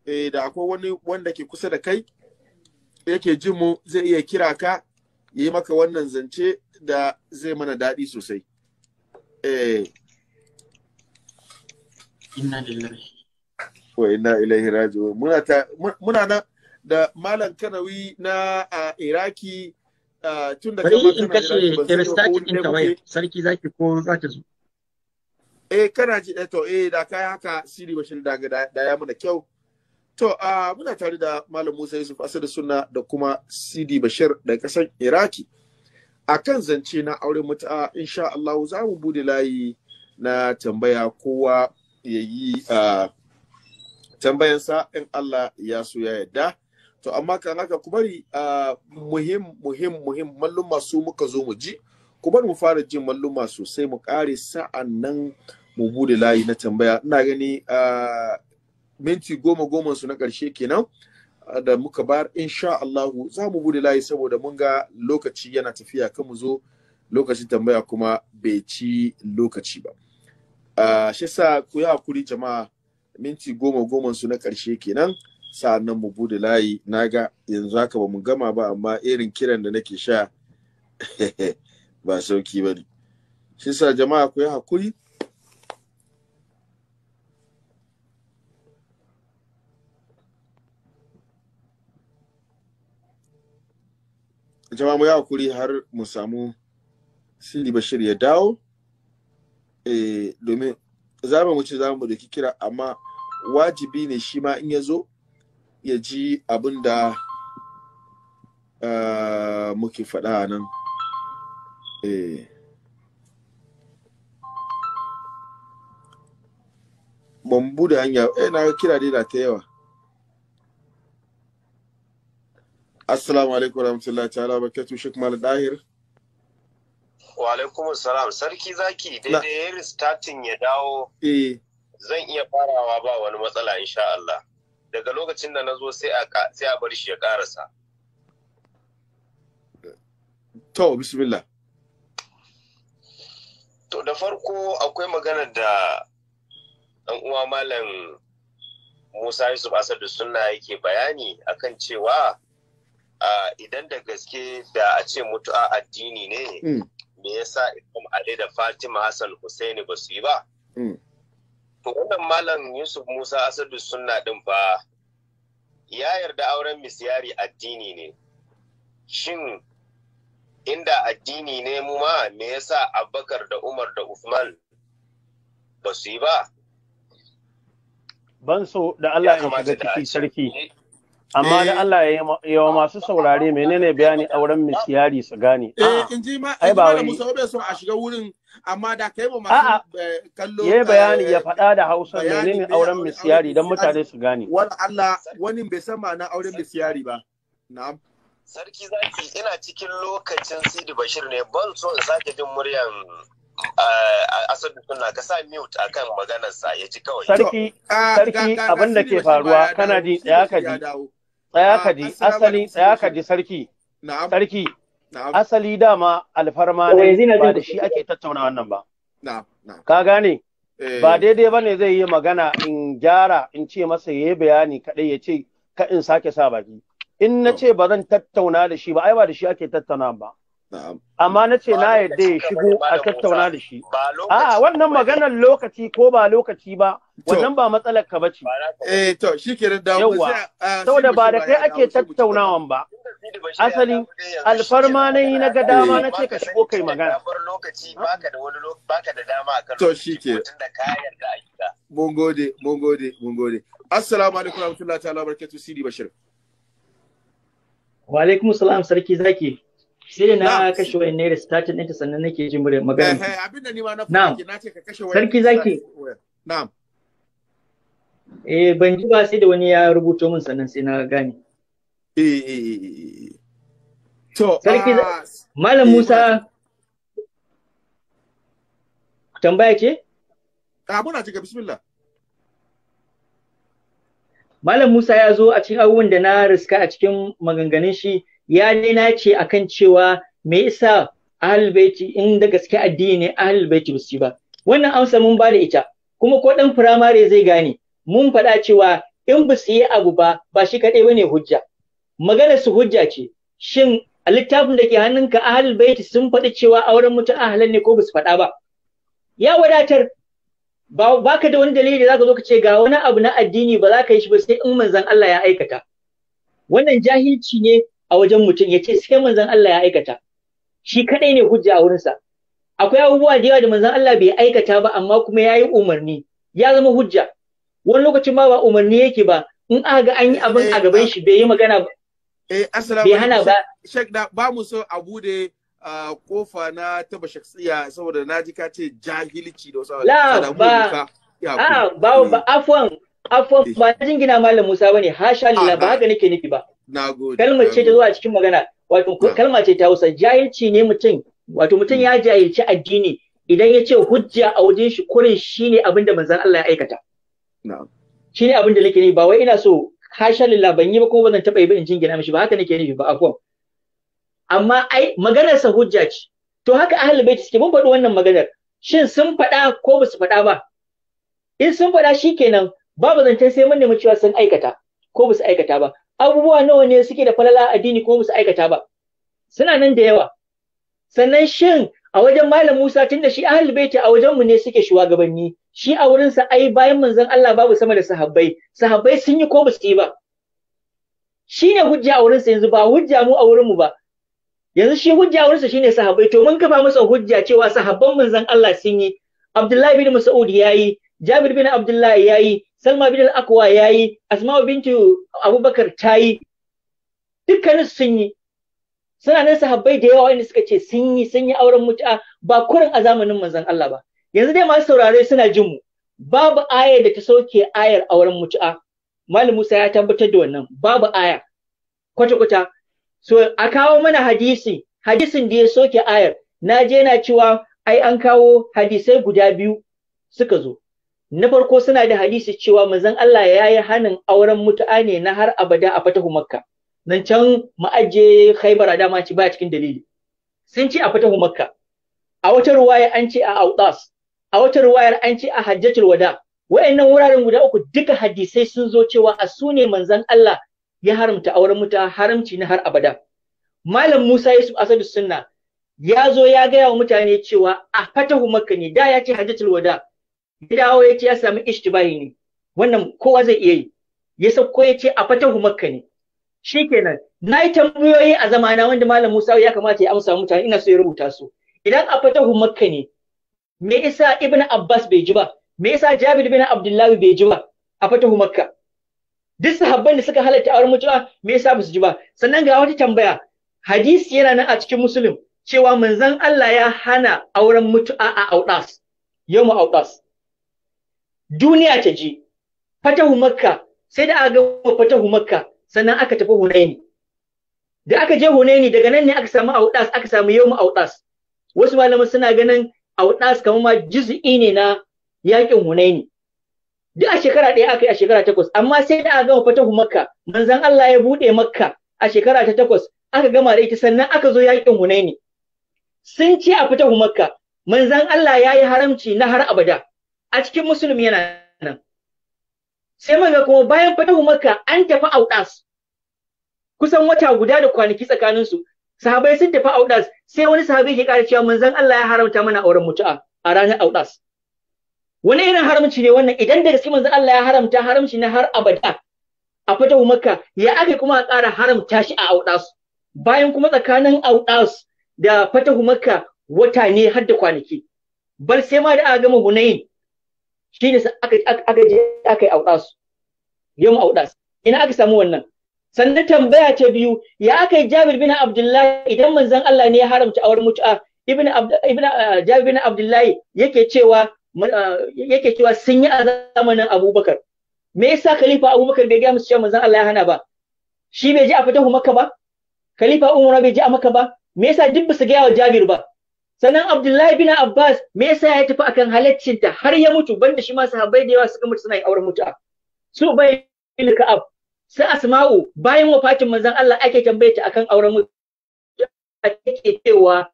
eh da akwai wani wanda ke kusa da kai yake jin mu zai iya kira ka ya yi maka wannan zance da zai mana daɗi sosai. Eh. Inna lillahi. Wa inna ilaihi raji'un. Muna ta muna na da Malam Kanawi na a Iraki tun da kamar in kashe Iristaki din tawaye sarki zaki ko za ta zo. Eh kana ji eh to eh da kai haka Siri Bashir daga da ya mana kyau. To, a muna tare da Malam Musa Yusuf Asadu Sunna da kuma Sidi Bashir da ƙasar Iraki. A kan zance na auren mutu'a, insha Allah za mu bude layi na tambaya kowa ya yi uh, tambayansa in Allah ya so ya yarda. To, amma kan haka ku bari muhim, muhim, muhim, mallum masu muka zo mu ji, ku bari mu fara jin mallum malluma sosai mu ƙare sa'an nan mu bude layi na tambaya. Ina gani uh, minti goma goma su na ƙarshe kenan da muka bar insha Allahu za mu bude layi saboda mun ga lokaci yana tafiya kan mu zo lokacin tambaya kuma bai ci lokaci ba uh, shi sa ku yi hakuri jama'a minti goma goma su na ƙarshe kenan sa'annan mu bude layi Na ga, yanzu haka ba mu gama ba amma irin kiran da nake sha ba sauki ba ne shi sa jama'a ku yi hakuri jama mu ya hakuri har mu samu sili Bashir ya dawo eh domin za mu wuce za mu da kira amma wajibi ne shi ma in ya zo ya ji abin da eh, muke faɗa nan eh bude hanya eh na kira dai da ta yawa Assalamu alaikum warahmatullahi ta'ala barakatuh Sheikh Malam Dahir. Wa alaikum salam sarki zaki daidai ya restarting ya dawo. Eh. Zan iya farawa ba wani matsala insha Allah. Daga lokacin da na zo sai a sai a bar shi ya karasa. To bismillah. To da farko akwai magana da ɗan uwa malam Musa Yusuf Asadu suna yake bayani akan cewa idan da gaske da a ce mutu'a addini ne mm. me yasa Imam Ali da Fatima Hassan Hussaini ba su yi ba mm. to wannan malam Yusuf Musa Asadu sunna din fa ya yarda auren misyari addini ne shin inda addini ne mu ma me yasa Abubakar da Umar da Uthman ba su yi ba ban so da Allah ya shiga ciki sarki eh. amma da eh. Allah ya yi wa masu saurare menene bayani auren misiyari su gane eh ah. in ji ma ai ba wai musawabe so a shiga wurin amma da kai ba masu eh, kallo yayi bayani ya eh, faɗa da Hausa menene auren misiyari dan mutane su gane wal Allah wani bai san ma'anar auren misiyari ba na'am sarki zaki ina cikin lokacin Sidi Bashir ne ban so in sake jin muryan asadu suna ka sa mute akan maganarsa ya ji kawai sarki sarki abin da ke faruwa kana ji tsaya ka ji tsaya ka ji asali tsaya ka ji sarki asali dama alfarma ne eh, ba da shi ake tattauna wannan ba ka gane eh. ba daidai ba ne zai yi magana in gyara in ce masa ya yi bayani kaɗai ya ce ka in sake sa baki in na ce ba zan tattauna da shi ba ai ba da shi ake tattauna ba amma na ce na yadda ya shigo a tattauna da shi a wannan maganar lokaci ko ba lokaci ba wannan ba matsalar ka bace eh to shikenan da yawa ah, saboda ba da kai ake tattaunawan ba asali alfarma na yi na ga dama eh. na ce ka shigo kai magana to ke. mun gode mun gode mun gode assalamu alaikum rahmatullahi wa barakatuh sidi bashir wa alaikum salam sarki zaki sai na kashe wayan naira statin ɗinta sannan nake jin muryar magana. Eh, eh, Abin da ni ma na fara na ce ka kashe wayan. Sarki zaki. Na'am. Eh ban ji ba sai da wani ya rubuto min sannan sai na gane. Eh eh, eh To Sarki ah, Malam Musa tambaya ce? Ah muna cika bismillah. Malam Musa ya zo a cikin abubuwan da na riska a cikin maganganun shi ya na ce akan cewa me yasa ahlul in da gaske addini ne ba baiti ba ba wannan amsa mun ba da ita kuma ko dan firamare zai gane mun faɗa cewa in ba su yi abu ba ba shi kaɗai bane hujja maganar su hujja ce shin a littafin da ke hannunka ahlul baiti sun faɗi cewa auren mutum ahlan ne ko ba su faɗa ba ya wadatar ba baka da wani dalili da zaka zo ka ce ga wani abu na addini ba za ka yi shi ba sai in manzon Allah ya aikata wannan jahilci ne a wajen mutum ya ce sai manzon Allah ya aikata shi kadai ne hujja a wurinsa akwai abubuwa da yawa da manzon Allah bai aikata ba amma kuma ya yi umarni ya zama hujja wani lokacin ma ba umarni yake ba in aka ga an yi abin a gaban shi bai yi magana ba eh assalamu bai hana ba shek da ba mu so a da kofa na taba shaksiya saboda na ji ka ce jahilci da wasu la ba a ah, ba hmm. afwan afwan ba jingina malam Musa bane hasha lillah ba ah, ah. haka nake nufi ba kalmar ce ta zuwa cikin magana wato kalma ce ta Hausa jahilci ne mutum wato mutum ya jahilci addini idan ya ce hujja a wajen shi kurin shine abin da manzon Allah ya aikata shine abin da nake ne ba wai ina so hasha lillah ban yi ba kuma bazan taba yi ba in jingina mishi ba haka nake nufi ba afwan amma ai maganar sa hujja ce to haka ahlul bait suke mun faɗi wannan maganar shin sun faɗa ko ba su faɗa ba in sun faɗa shikenan babu zancen sai mun nemi cewa sun aikata ko ba su aikata ba abubuwa nawa ne suke da falala a addini ko musu aikata ba suna nan da yawa sannan shin a wajen malam Musa tun da shi ahlul baiti a wajen mu ne suke shugabanni shi a wurin sa ai bayan manzon Allah babu sama da sahabbai sahabbai sun yi ko ba su yi ba shine hujja a wurin sa yanzu ba hujja mu a wurin mu ba yanzu shi hujja a wurin sa shine sahabbai to mun kafa masa hujja cewa sahabban manzon Allah sun yi Abdullahi bin Mas'ud yayi Jabir bin Abdullahi yayi Salma bin al-Aqwa yayi, Asma'u Bintu Abubakar tayi. Dukkanin sun yi. Suna nan sahabbai da yawa wanda suka ce sun yi sun yi auren mutu'a ba kurin a zamanin manzon Allah ba. Yanzu dai masu saurare suna jin mu. Babu ayar da ta sauke ayar auren mutu'a. Malam Musa ya tabbatar da wannan. Babu aya. Kwata-kwata. So a kawo mana hadisi, hadisin da ya soke ayar. Na je na cewa ai an kawo hadisai guda biyu suka zo na farko suna da hadisi cewa manzon Allah ya yi hanin auren mutu'a ne na har abada a fatahu makka nan can ma'aje khaibara dama ci baya cikin dalili sun ce a fatahu makka a wata ruwaya an ce a autas a wata ruwayar an ce a hajjatul wada wayannan wuraren guda uku duka hadisai sun zo cewa a su ne manzon Allah ya haramta auren mutu'a haramci na har abada malam Musa Yusuf Asadu Sunna ya zo ya gaya wa mutane cewa a fatahu makka ne da ya ce hajjatul wada ya dawo ya ce ya samu ishtibahi ne wannan kowa zai iya yi ya sauko ya ce a fatahu makka ne shikenan na yi tambayoyi a zamana wanda malam Musa ya kamata ya amsa mutane ina so ya rubuta su idan a fatahu makka ne me yasa ibn Abbas bai ji ba me yasa Jabir bin Abdullah bai ji ba a fatahu makka duk sahabban da suka halatta auren mutu'a me yasa ba su ji ba sannan ga wata tambaya hadisi yana nan a cikin muslim cewa manzon Allah ya hana auren mutu'a a audas Yau mu audas duniya ta ji fatahu makka sai da aka gama fatahu makka sannan aka tafi hunaini da aka je hunaini daga nan ne aka samu audas aka samu yawmu audas wasu malaman suna ganin audas kamar ma juz'i ne na yakin hunaini duk a shekara ɗaya aka yi a shekara takwas amma sai da aka gama fatahu makka manzon Allah ya buɗe makka a shekara ta takwas aka gama da ita sannan aka zo yakin hunaini sun ce a fatahu makka manzon Allah ya yi haramci na har abada a cikin musulmi yana nan sai manga kuma bayan fatahu makka an tafi audas kusan wata guda da kwanaki tsakanin su sahabai sun tafi audas sai wani sahabi ke ƙara cewa manzon Allah ya haramta mana auren mutu'a a ranar audas wani irin haramci ne wannan idan da gaske manzon Allah ya haramta haramci na har abada a fatahu makka ya aka kuma a ƙara haramta shi a audas bayan kuma tsakanin audas da fatahu makka wata ne har da kwanaki bal sai ma da aka gama hunayin shi ne aka je aka yi mu yamu su ina aka samu wannan sannan tambaya ta biyu ya aka yi jabir bin abdullahi idan manzon Allah ne ya haramta auren mutu'a ibn ibn ah, jabir bin abdullahi yake cewa ah, yake cewa sun yi a zamanin abubakar me yasa khalifa abubakar bai ga musu cewa manzon Allah ya hana ba shi bai ji a fitahu makka ba khalifa umar bai ji a makka ba me yasa duk su ga yawa jabir ba sannan Abdullahi bin Abbas me yasa ya tafi akan ta har ya mutu banda shi ma sahabbai da yawa suka mutu suna yin auren mutu'a su bai bin Ka'ab sai Asma'u bayan wafatin manzon Allah ake tambaye ta akan auren mutu'a take cewa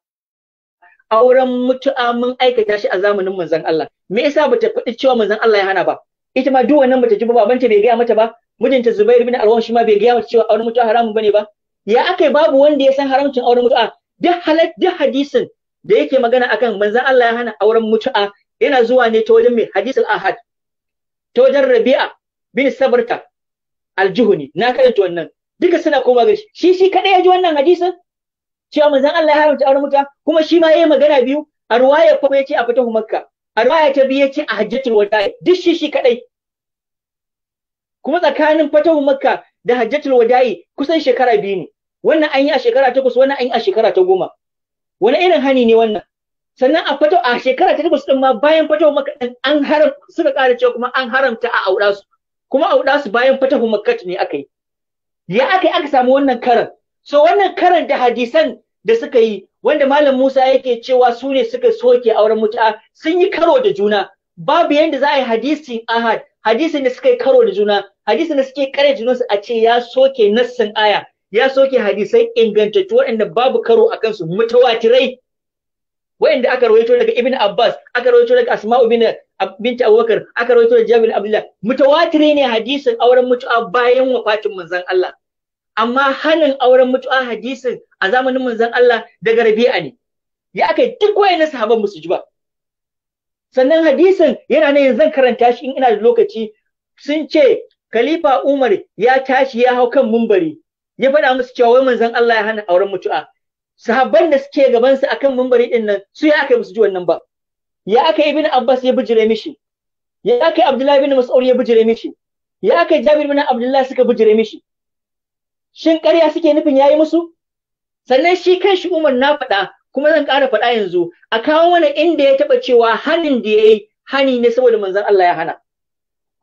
auren mutu'a mun aikata shi a zamanin manzon Allah me yasa bata faɗi cewa manzon Allah ya hana ba ita ma duk wannan bata ji ba babanta bai gaya mata ba mijinta Zubairu bin Alwan shi ma bai gaya mata cewa auren mutu'a haramun bane ba ya akai babu wanda ya san haramcin auren mutu'a duk halal duk hadisin da yake magana akan manzon Allah ya hana auren mutu'a yana zuwa ne ta wajen mai hadis al-ahad ta wajen rabi'a bin sabarta al-juhuni na karanta wannan duka suna koma ga shi shi kadai ya ji wannan hadisin cewa manzon Allah ya haramta auren mutu'a kuma shi ma yayi magana biyu a ruwaya kuma yace a fatahu makka a ruwaya ta biyu yace a hajjatul wada'i duk shi shi kadai kuma tsakanin fatahu makka da hajjatul wada'i kusan shekara biyu ne wannan an yi a shekara takwas wannan an yi a shekara ta goma wani irin hani ne wannan sannan a fato a shekara ta dubu ma bayan fato maka an haram suka ƙara cewa kuma an haramta a auda su kuma auda su bayan fatahu makkat ne aka yi ya aka yi aka samu wannan karan so wannan karan da hadisan da suka yi wanda malam Musa yake cewa su ne suka soke auren mutu'a sun yi karo da juna babu yanda za a yi hadisin ahad hadisin da suka yi karo da juna hadisin da suke kare junansu a ce ya soke nassin aya ya soke hadisai ingantattu waɗanda babu karo a kansu mutawatirai waɗanda aka rawaito daga Ibn Abbas aka rawaito daga Asma'u bin binti Abubakar aka rawaito daga Jabir Abdullah mutawatire ne hadisin auren mutu'a bayan wafatin manzon Allah amma hanin auren mutu'a hadisin a zamanin manzon Allah daga Rabi'a ne ya aka duk wayannan sahabban musu ji ba sannan hadisin yana ne zan karanta shi in ina da lokaci sun ce Khalifa Umar ya tashi ya hau kan mumbari ya faɗa musu cewa wai manzon Allah ya hana auren mutu'a sahabban da suke gaban su akan mumbari din nan su ya aka musu ji wannan ba ya aka ibn Abbas ya bijire mishi ya aka Abdullahi bin Mas'ud ya bijire mishi ya aka Jabir bin Abdullahi suka bijire mishi shin ƙarya suke nufin yayi musu sannan shi kan shi Umar na faɗa kuma zan ƙara faɗa yanzu a kawo mana inda ya taɓa cewa hanin da yayi hani ne saboda manzon Allah ya hana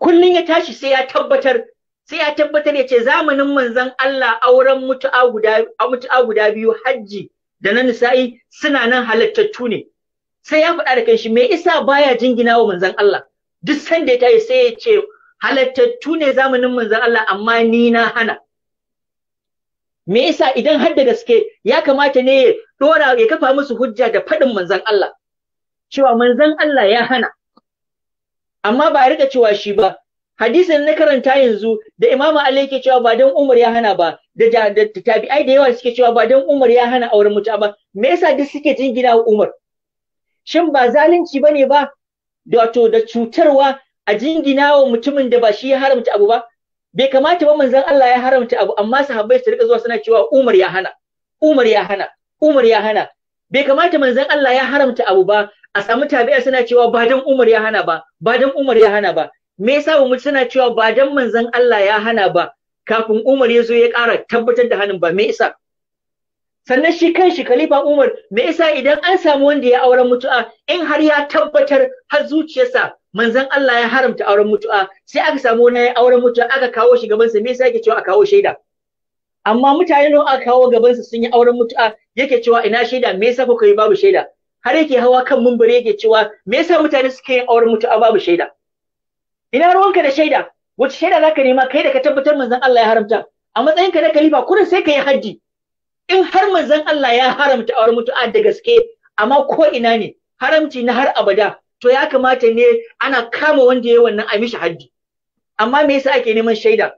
kullun ya tashi sai ya tabbatar sai ya tabbatar ya ce zamanin manzon Allah auren mutu'a guda mutu'a guda biyu hajji da na nisa'i suna nan halattattu ne sai ya faɗa da kanshi me isa baya jingina wa manzon Allah duk sanda ya tayi sai ya ce halattattu ne zamanin manzon Allah amma ni na hana me yasa idan har da gaske ya kamata ne ya dora ya kafa musu hujja da faɗin manzon Allah cewa manzon Allah ya hana amma ba a rika cewa shi ba hadisin na karanta yanzu da Imam Ali yake cewa ba dan Umar ya hana ba da tabi'ai da yawa suke cewa ba dan Umar ya hana auren mutu ba me yasa duk suke jingina wa Umar shin ba zalunci bane ba wato da cutarwa a jingina wa mutumin da ba shi ya haramta abu ba bai kamata ba manzon Allah ya haramta abu amma sahabbai su rika zuwa suna cewa Umar ya hana Umar ya hana Umar ya hana bai kamata manzon Allah ya haramta abu ba a samu tabi'a suna cewa ba dan Umar ya hana ba ba dan Umar ya hana ba me yasa ba suna cewa ba dan manzon Allah ya hana ba kafin Umar ya zo ya ƙara tabbatar da hanin ba me yasa sannan shi kanshi khalifa Umar me yasa idan an samu wanda ya auren mutu'a in har ya tabbatar har zuciyarsa manzon Allah ya haramta auren mutu'a sai aka samu wani ya auren mutu'a aka kawo shi gaban sa me yasa yake cewa a kawo shaida amma mutane nawa aka kawo gaban su sun yi auren mutu'a yake cewa ina shaida me yasa kuka yi babu shaida har yake hawa kan mumbari yake cewa me yasa mutane suke yin auren mutu'a babu shaida ina ruwanka da shaida wace shaida za ka nema kai da ka tabbatar manzon Allah ya haramta a matsayin ka na khalifa kudin sai ka yi haji in har manzon Allah ya haramta auren mutu'a da gaske amma ko ina ne haramci na har abada to ya kamata ne ana kama wanda ya wannan a mishi haddi amma me yasa ake neman shaida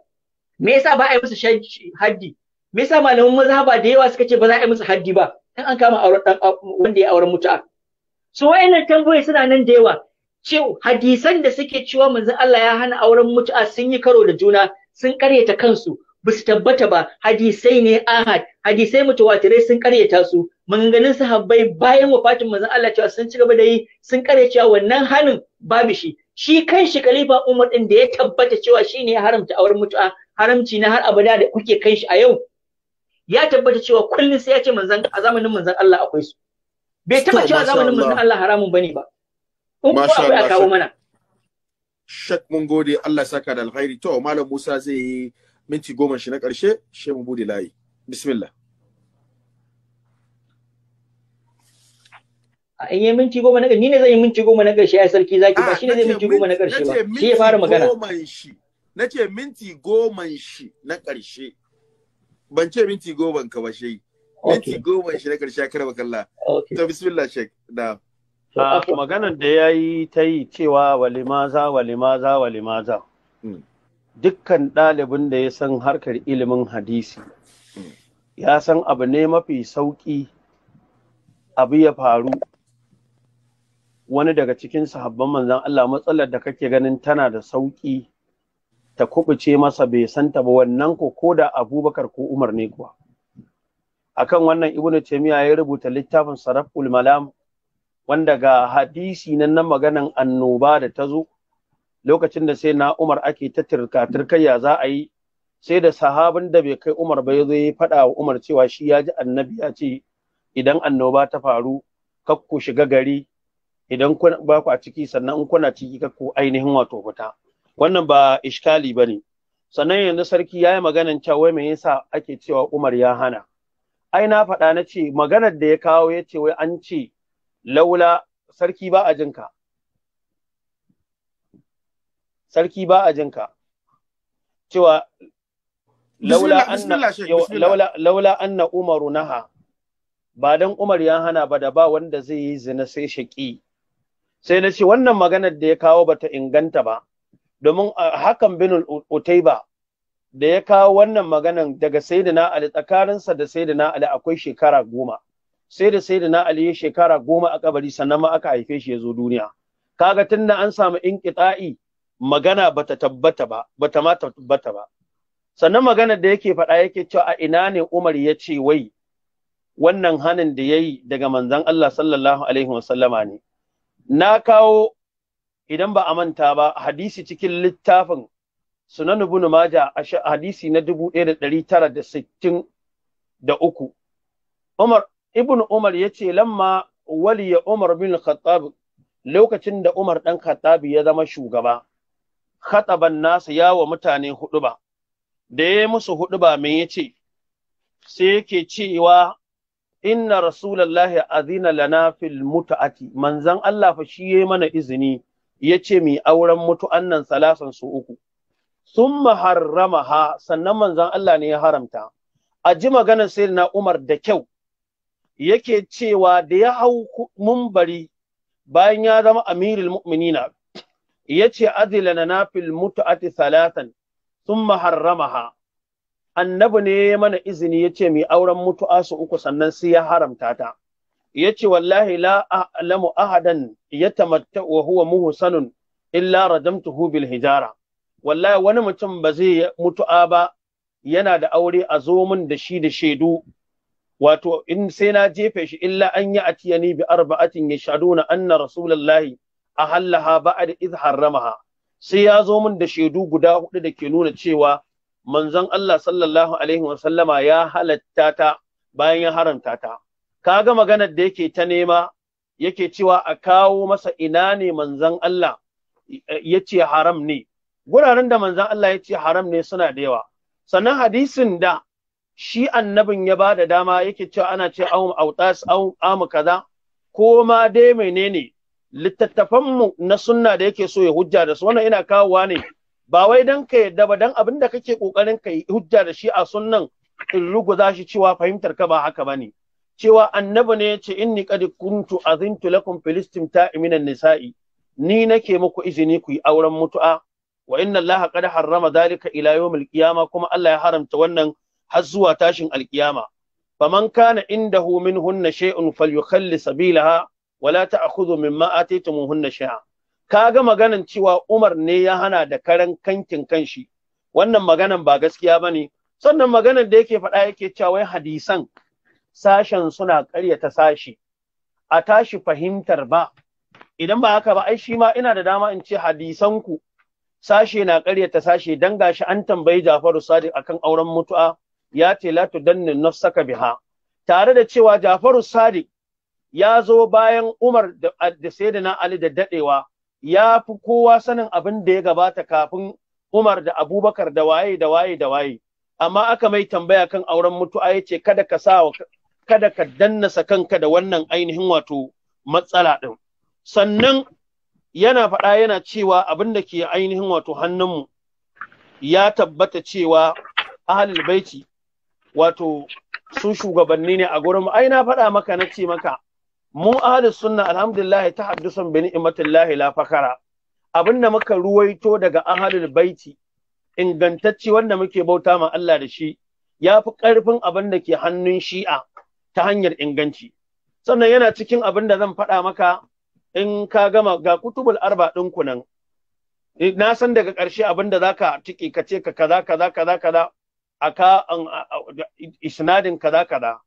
me yasa ba a yi musu haddi me yasa malaman mazhaba da yawa suka ce ba za a yi musu haddi ba in an kama auren dan wanda ya auren mutu'a so wayannan tambayoyi suna nan da yawa cewa hadisan da suke cewa manzon Allah ya hana auren mutu'a sun yi karo da juna sun karyata kansu ba su tabbata ba hadisai ne ahad hadisai mutawatirai sun karyata su maganganun sahabbai bayan wafatin manzon Allah cewa sun ci gaba da yi sun karyata wannan hanin babu shi shi kan shi khalifa Umar din da ya tabbata cewa shine ya haramta auren mutu'a haramci na har abada da kuke kan shi a yau ya tabbata cewa kullum sai ya ce manzon a zamanin manzon Allah akwai su bai taba cewa zamanin manzon Allah haramun bane ba masha ko akwai a kawo mana mun gode Allah saka da alkhairi to malam Musa zai yi minti goma shi na ƙarshe shi mu bude layi bismillah in yi minti goma na ƙarshe ni ne zan yi minti goma na ƙarshe ai sarki zaki ba shi ne zai minti goma na ƙarshe ba shi ya fara magana na ce minti goma shi na ƙarshe ban ce minti goma ka ba shi minti goma shi na ƙarshe karba kalla to bismillah sheikh da Ah, maganar da ya yi ta yi cewa walimaza walimaza walimaza hmm. dukkan ɗalibin da ya san harkar ilimin hadisi hmm. ya san abu ne mafi sauƙi abu ya faru wani daga cikin sahabban manzan Allah matsalar da kake ganin tana da sauƙi ta kubuce masa bai santa ba wannan ko ko da abubakar ko umar ne kuwa akan wannan ibnu taymiya ya rubuta littafin Saraf malam wanda ga hadisi nan na maganan annoba da ta zo lokacin da sai na Umar ake ta turka-turkayya za a yi sai da sahabin da bai kai Umar ba yazo ya faɗa wa Umar cewa shi ya ji annabi ya ce idan annoba ta faru kakku shiga gari idan ba ku a ciki sannan in kuna ciki kakku ainihin wato fita wannan ba iskali ba ne sannan yanzu sarki ya yi maganan cewa me yasa ake cewa Umar ya hana ai na faɗa na ce maganar da ya kawo ya ce wai an ce laula sarki ba a jinka sarki ba a jinka cewa laula anna laula laula anna umaru naha ba dan umar ya hana ba da ba wanda zai yi zina sai shaki sai na ce wannan maganar da ya kawo bata inganta ba domin hakan bin utaiba da ya kawo wannan maganan daga sayyidina ali tsakaninsa da sayyidina ali akwai shekara goma sai da sai da na Ali ya shekara goma a kabari sannan ma aka haife shi ya zo duniya kaga tun da an samu in magana bata tabbata ba bata ma tabbata ba sannan magana da yake faɗa yake cewa a ina ne Umar ya ce wai wannan hanin da ya yi daga manzan Allah sallallahu alaihi wasallama ne na kawo idan ba a manta ba hadisi cikin littafin sunan ibn majah hadisi na 1963 Umar ibn umar ya ce lamma wali ya umar bin khattab lokacin da umar ɗan khattab ya zama shugaba khataban nasa ya wa mutane huɗuba. da ya musu huɗuba mai ya ce sai yake cewa inna ya azina lana fil muta'ati manzan Allah fa shi ya yi mana izini ya ce mai auren mutu'an nan salasan su uku sun maharrama ha sannan manzan Allah ne ya haramta a ji maganar sai na Umar da kyau yake cewa da ya hau mumbari bayan ya zama amirul mu'minina yace adilana na fil mut'ati salatan sun harramaha annabi ne ya mana izini yace mai auren mutu'a su uku sannan sai ya haramta ta yace wallahi la a'lamu ahadan yatamatta wa huwa muhsanun illa rajamtuhu bil hijara wallahi wani mutum ba zai mutu'a ba yana da aure a zo min da shi da shaidu wato in sai na jefe shi illa an yi atiyani bi arba'atin yashaduna anna rasulullahi hallaha da iz haramaha. sai ya zo min da shaidu guda hudu da ke nuna cewa manzon Allah sallallahu alaihi wa sallama ya halatta ta bayan ya haramta ta ga maganar da yake ta nema yake cewa a kawo masa ina ne manzon Allah ya ce haram ne guraren da manzon Allah ya ce haram ne suna da yawa sannan hadisin da shi annabin ya ba da dama yake cewa ana ce awum autas amu kaza ko ma dai menene littattafanmu na sunna da yake so ya hujja da su wannan ina kawowa ne ba wai dan ka yadda ba dan abin da kake kokarin ka hujja da shi a sunnan in ruguza shi cewa fahimtar ka ba haka bane cewa annabi ne yace inni qad kuntu azintu lakum filistim minan nisa'i ni nake muku izini ku yi auren mutu'a wa inna allaha qad harrama dhalika ila yawmil qiyamah kuma Allah ya haramta wannan har zuwa tashin alkiyama faman kana indahu minhunna shay'un falyukhalli sabilaha wala ta'khudhu mimma ataytumuhunna shay'a kaga maganan cewa Umar ne ya hana da karan kankin kanshi wannan maganan ba gaskiya bane sannan maganan da yake faɗa yake cewa wai hadisan sashen suna ƙaryata sashi a tashi fahimtar ba idan ba haka ba ai shi ma ina da dama in ce hadisan ku sashe na ƙaryata sashe dan gashi an tambayi Jafaru Sadiq akan auren mutu'a ya ce la na nafsaka biha tare da cewa Jafaru Sadiq ya zo bayan Umar da Sayyidina Ali da dadewa ya fi kowa sanin abin da ya gabata kafin Umar da Abubakar da waye da waye da waye amma aka mai tambaya kan auren mutu'a ya ce kada ka sa kada ka dannasa kanka da wannan ainihin wato matsala din sannan yana faɗa yana cewa abin da ke ainihin wato hannunmu ya tabbata cewa ahalul baiti wato su shugabanni ne a gurin ai na faɗa maka na ce maka mu ahli sunna alhamdulillah ta haddusun bi ni'matillahi la fakara abinda muka ruwaito daga ahli baiti ingantacci wanda muke bauta ma Allah da shi ya fi ƙarfin abin da ke hannun shi'a ta hanyar inganci sannan yana cikin abin da zan faɗa maka in ka gama ga kutubul arba ɗin nan eh, na san daga ƙarshe abin da zaka cike ka ce ka kaza kaza kaza kaza aka isnadin kaza kaza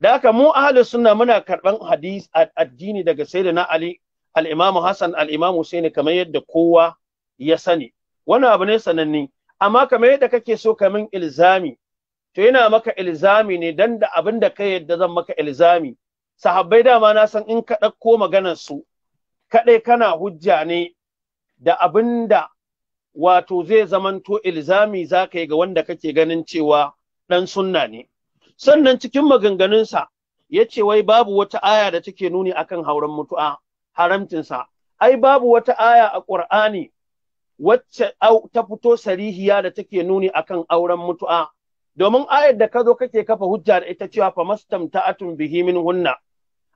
da haka mu ahlus sunna muna karban hadis addini daga sayyidina ali al-imam hasan al-imam husaini kamar yadda kowa ya sani wannan abu ne sananni amma kamar yadda kake so kamin ilzami to yana maka ilzami ne dan da abin da ka yadda zan maka ilzami sahabbai dama na san in ka ɗauko maganar su kaɗai kana hujja ne da abin da wato zai zamanto ilzami za ka yi ga wanda kake ganin cewa ɗan sunna ne sannan cikin maganganunsa ya ce wai babu wata aya da take nuni akan hauren mutu'a haramtinsa ai babu wata aya a ƙur'ani wacce ta fito sarihiya da take nuni akan auren mutu'a domin ayar da ka zo kake kafa hujja da ita cewa fa mastamta'atun bihi min hunna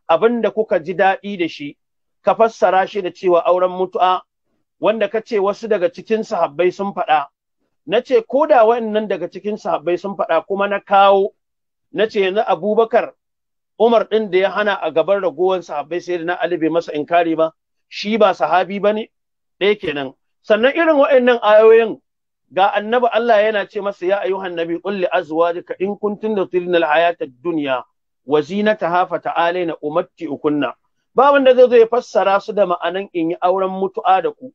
abinda kuka ji daɗi da shi ka fassara shi da cewa auren mutu'a wanda ka ce wasu daga cikin sahabbai sun faɗa na ce ko da wayannan daga cikin sahabbai sun faɗa kuma na kawo na ce yanzu abubakar umar ɗin da ya hana a gaban ragowar sahabbai sai da na ali bai masa inkari ba shi ba sahabi ba ne ɗaya kenan sannan irin wayannan ayoyin ga annabi Allah yana ce masa ya ayyuhan nabi qul li azwajika in kuntunna turidna al-hayata ad-dunya wa zinataha fa ta'alaina ukunna. ba wanda zai zo ya fassara su da ma'anan in yi auren mutu'a da ku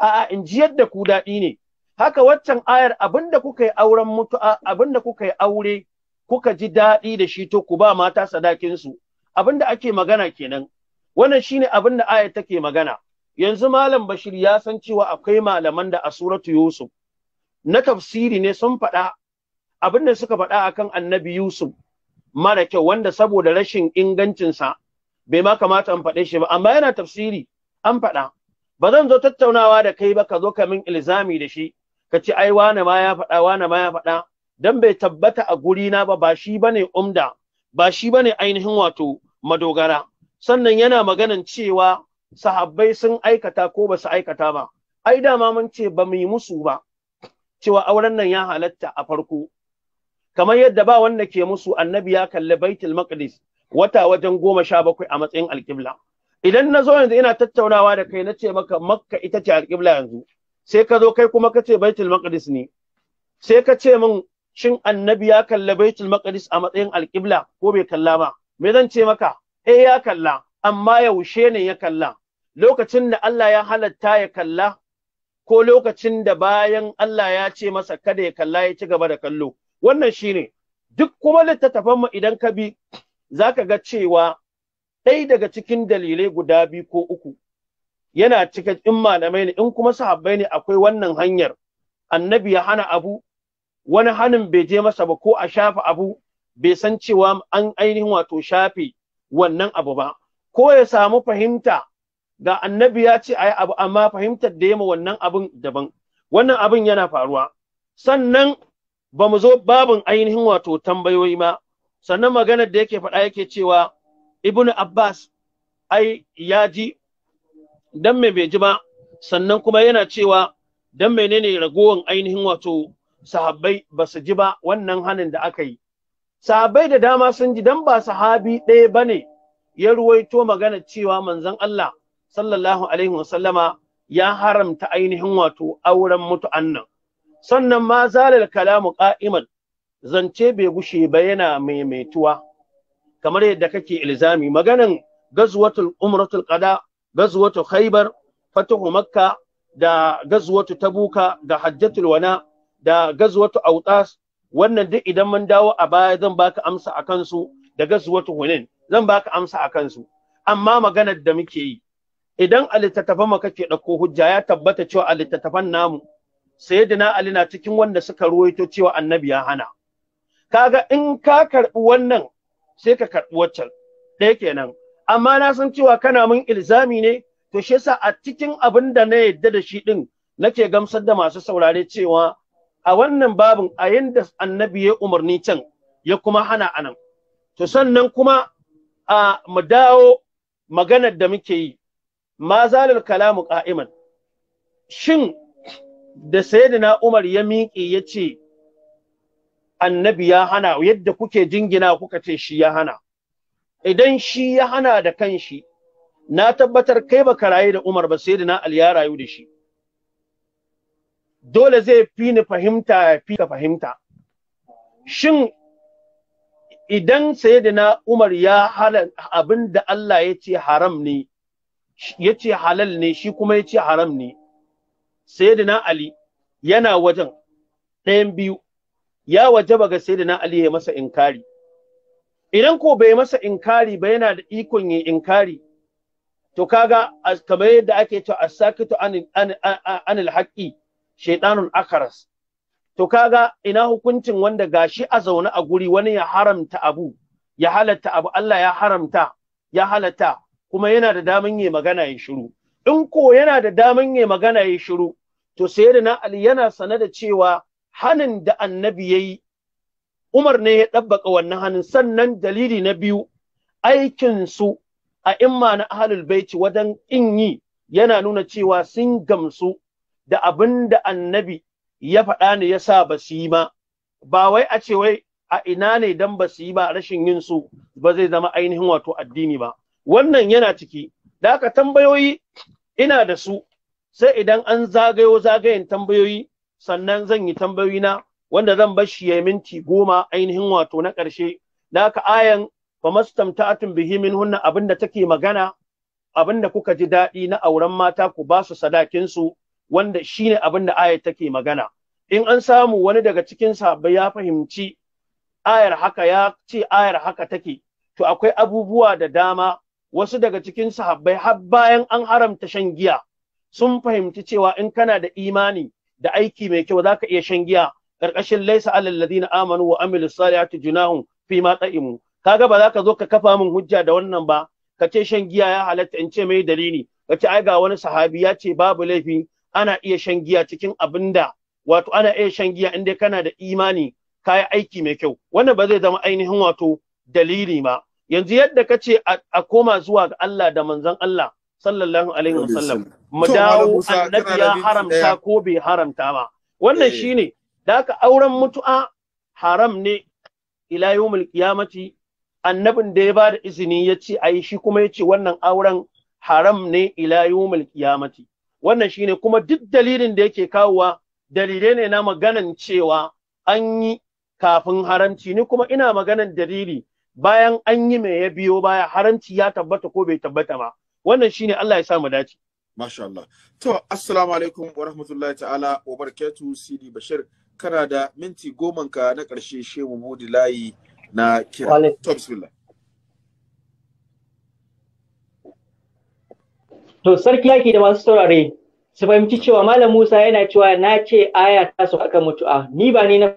a'a in ji yadda ku daɗi ne haka waccan ayar abinda kuka yi auren mutu'a abinda kuka yi aure kuka ji daɗi da shi to ku ba mata sadakin su abinda ake magana kenan wannan shine abinda ayar take magana yanzu malam Bashir ya san cewa akwai malaman da a suratu Yusuf na tafsiri ne sun faɗa abinda suka faɗa akan Annabi Yusuf mara kyau wanda saboda rashin ingancinsa bai ma kamata an faɗe shi ba amma yana tafsiri an faɗa ba zan zo tattaunawa da kai ba ka zo ka min ilzami da shi ka ci ai wane ma ya faɗa wane ma ya faɗa dan bai tabbata a guri na ba ba shi bane umda ba shi bane ainihin wato madogara sannan yana maganan cewa sahabbai sun aikata ko ba su aikata ba ai dama mun ce ba mu yi musu ba cewa auren nan ya halatta a farko kamar yadda ba wanda ke musu annabi ya kalli baitul maqdis wata wajen goma sha bakwai a matsayin alƙibla idan na zo yanzu ina tattaunawa da kai na ce maka makka ita ce alƙibla yanzu sai ka zo kai kuma ka ce baitul maqdis ne sai ka ce min shin annabi ya kalla baitul maqdis a matsayin alƙibla ko bai kalla ba me zan ce maka eh ya kalla amma yaushe ne ya kalla lokacin da Allah ya halatta ya kalla ko lokacin da bayan Allah ya ce masa kada ya kalla ya ci gaba da kallo wannan shine duk kuma littattafanmu idan ka bi zaka ga cewa ɗaya daga cikin dalilai guda biyu ko uku yana cika in malamai ne in kuma sahabbai ne akwai wannan hanyar annabi ya hana abu wani hanin bai je masa ba ko a shafa abu bai san cewa an ainihin wato shafe wannan abu ba ko ya samu fahimta ga annabi ya ce ayi abu amma fahimtar da yamma wannan abun daban wannan abun yana faruwa sannan ba mu zo babin ainihin wato tambayoyi ma sannan maganar da yake faɗa yake cewa ibnu abbas ai ya ji dan me bai ji ba sannan kuma yana cewa dan menene ragowan ainihin wato sahabbai ba su ji ba wannan hanin da aka yi sahabbai da dama sun ji dan ba sahabi ɗaya bane ya ruwaito magana cewa manzon Allah sallallahu alaihi wasallama ya haramta ainihin wato auren mutu'an nan sannan ma zalal kalamu qa'iman zance bai gushe ba yana maimaituwa kamar yadda kake ilzami maganan gazwatul umratul qada gazwatu khaybar fatuhu makka da gazwatu tabuka da hajjatul wana da gazwatu autas wannan duk idan mun dawo a baya zan baka amsa a kansu da gazwatu hunain zan baka amsa a kansu amma maganar da muke yi idan a littattafan mu kake ɗauko hujja ya tabbata cewa a namu sayyidina ali na cikin wanda suka ruwaito cewa annabi ya hana kaga in ka karɓi wannan sai ka karɓi waccan ɗaya kenan amma na san cewa kana min ilzami ne to shi yasa a cikin abin da na yadda da shi ɗin nake gamsar da masu saurare cewa a wannan babin a yadda annabi ya umarni can ya kuma hana anan to sannan kuma a mu dawo maganar da muke yi ma zalil kalamu qa'iman shin da sayyidina Umar ya miƙe ya ce annabi ya hana yadda kuke jingina kuka ce shi ya hana idan shi ya hana da kanshi na tabbatar kai baka rayu da Umar ba sai da na Ali ya rayu da shi dole zai fi ni fahimta ya fi ka fahimta shin idan sayyidina Umar ya halal abin da Allah ya ce haram ne ya ce halal ne shi kuma ya ce haram ne sayyidina Ali yana wajen ɗayan biyu ya waje ba ga sayyidina Ali ya masa inkari idan ko bai masa inkari ba yana da ikon yin inkari to kaga kamar yadda ake cewa as-sakitu anil anil haqqi shaytanun akaras to kaga ina hukuncin wanda gashi a zaune a guri wani ya haramta abu ya halatta abu Allah ya haramta ya halatta kuma yana da daman yin magana ya shiru in ko yana da daman yin magana ya shiru to sayyidina Ali yana sane da cewa hanin da annabi ya yi Umar ne ya ɗabbaƙa wannan hannun sannan dalili na biyu aikinsu a imma na ahalul baiti wajen in yi yana nuna cewa sun gamsu da abin da annabi ya faɗa ne ya sa ba su yi ma ba wai a ce wai a ina ne don ba su yi ba rashin yin su ba zai zama ainihin wato addini ba wannan yana ciki da aka tambayoyi ina da su sai idan an zagayo zagayen tambayoyi sannan zan yi tambayoyi na wanda zan bar shi yayin minti goma ainihin wato na ƙarshe da ka ayan fa mastamta'atun bihi hunna abinda take magana abinda kuka ji daɗi na auren mata ku ba su sadakin su wanda shine abinda aya take magana in an samu wani daga cikin sahabbai ya fahimci ayar haka ya ce ayar haka take to akwai abubuwa da dama wasu daga cikin sahabbai har bayan an haramta shan giya sun fahimci cewa in kana da imani da aiki mai kyau za ka iya shan giya Ƙarƙashin laisa alal ladina amanu wa amilus salihati junahum fi ma ta'imu kaga ba za ka zo ka kafa min hujja da wannan ba ka ce shan giya ya halatta in ce mai dalili ka ce ai ga wani sahabi ya ce babu laifi ana iya shan giya cikin abinda wato ana iya shan giya inda kana da imani kayi aiki mai kyau wannan ba zai zama ainihin wato dalili ba yanzu yadda ka ce a koma zuwa ga Allah da manzon Allah sallallahu alaihi wasallam mu dawo annabi ya haramta ko bai haramta ba wannan eh. shine da ka auren mutu'a haram ne ila yawmul qiyamati annabin da ya ba da izini ya ce a yi shi kuma ya ce wannan auren haram ne ila yawmul qiyamati wannan shine kuma duk dalilin da yake kawowa dalilai ne na maganan cewa an yi kafin haramci ni kuma ina maganan dalili bayan an yi me ya biyo baya haramci ya tabbata ko bai tabbata ba wannan shine Allah ya sa mu dace masha Allah to assalamu alaikum wa rahmatullahi ta'ala wa barakatu sidi bashir kana da minti goma ka na karshe shehu mudi layi na kira to bismillah to sarki yaki da masu saurare su fahimci cewa malam Musa yana cewa na ce aya ta su aka mutu'a ni ba ne na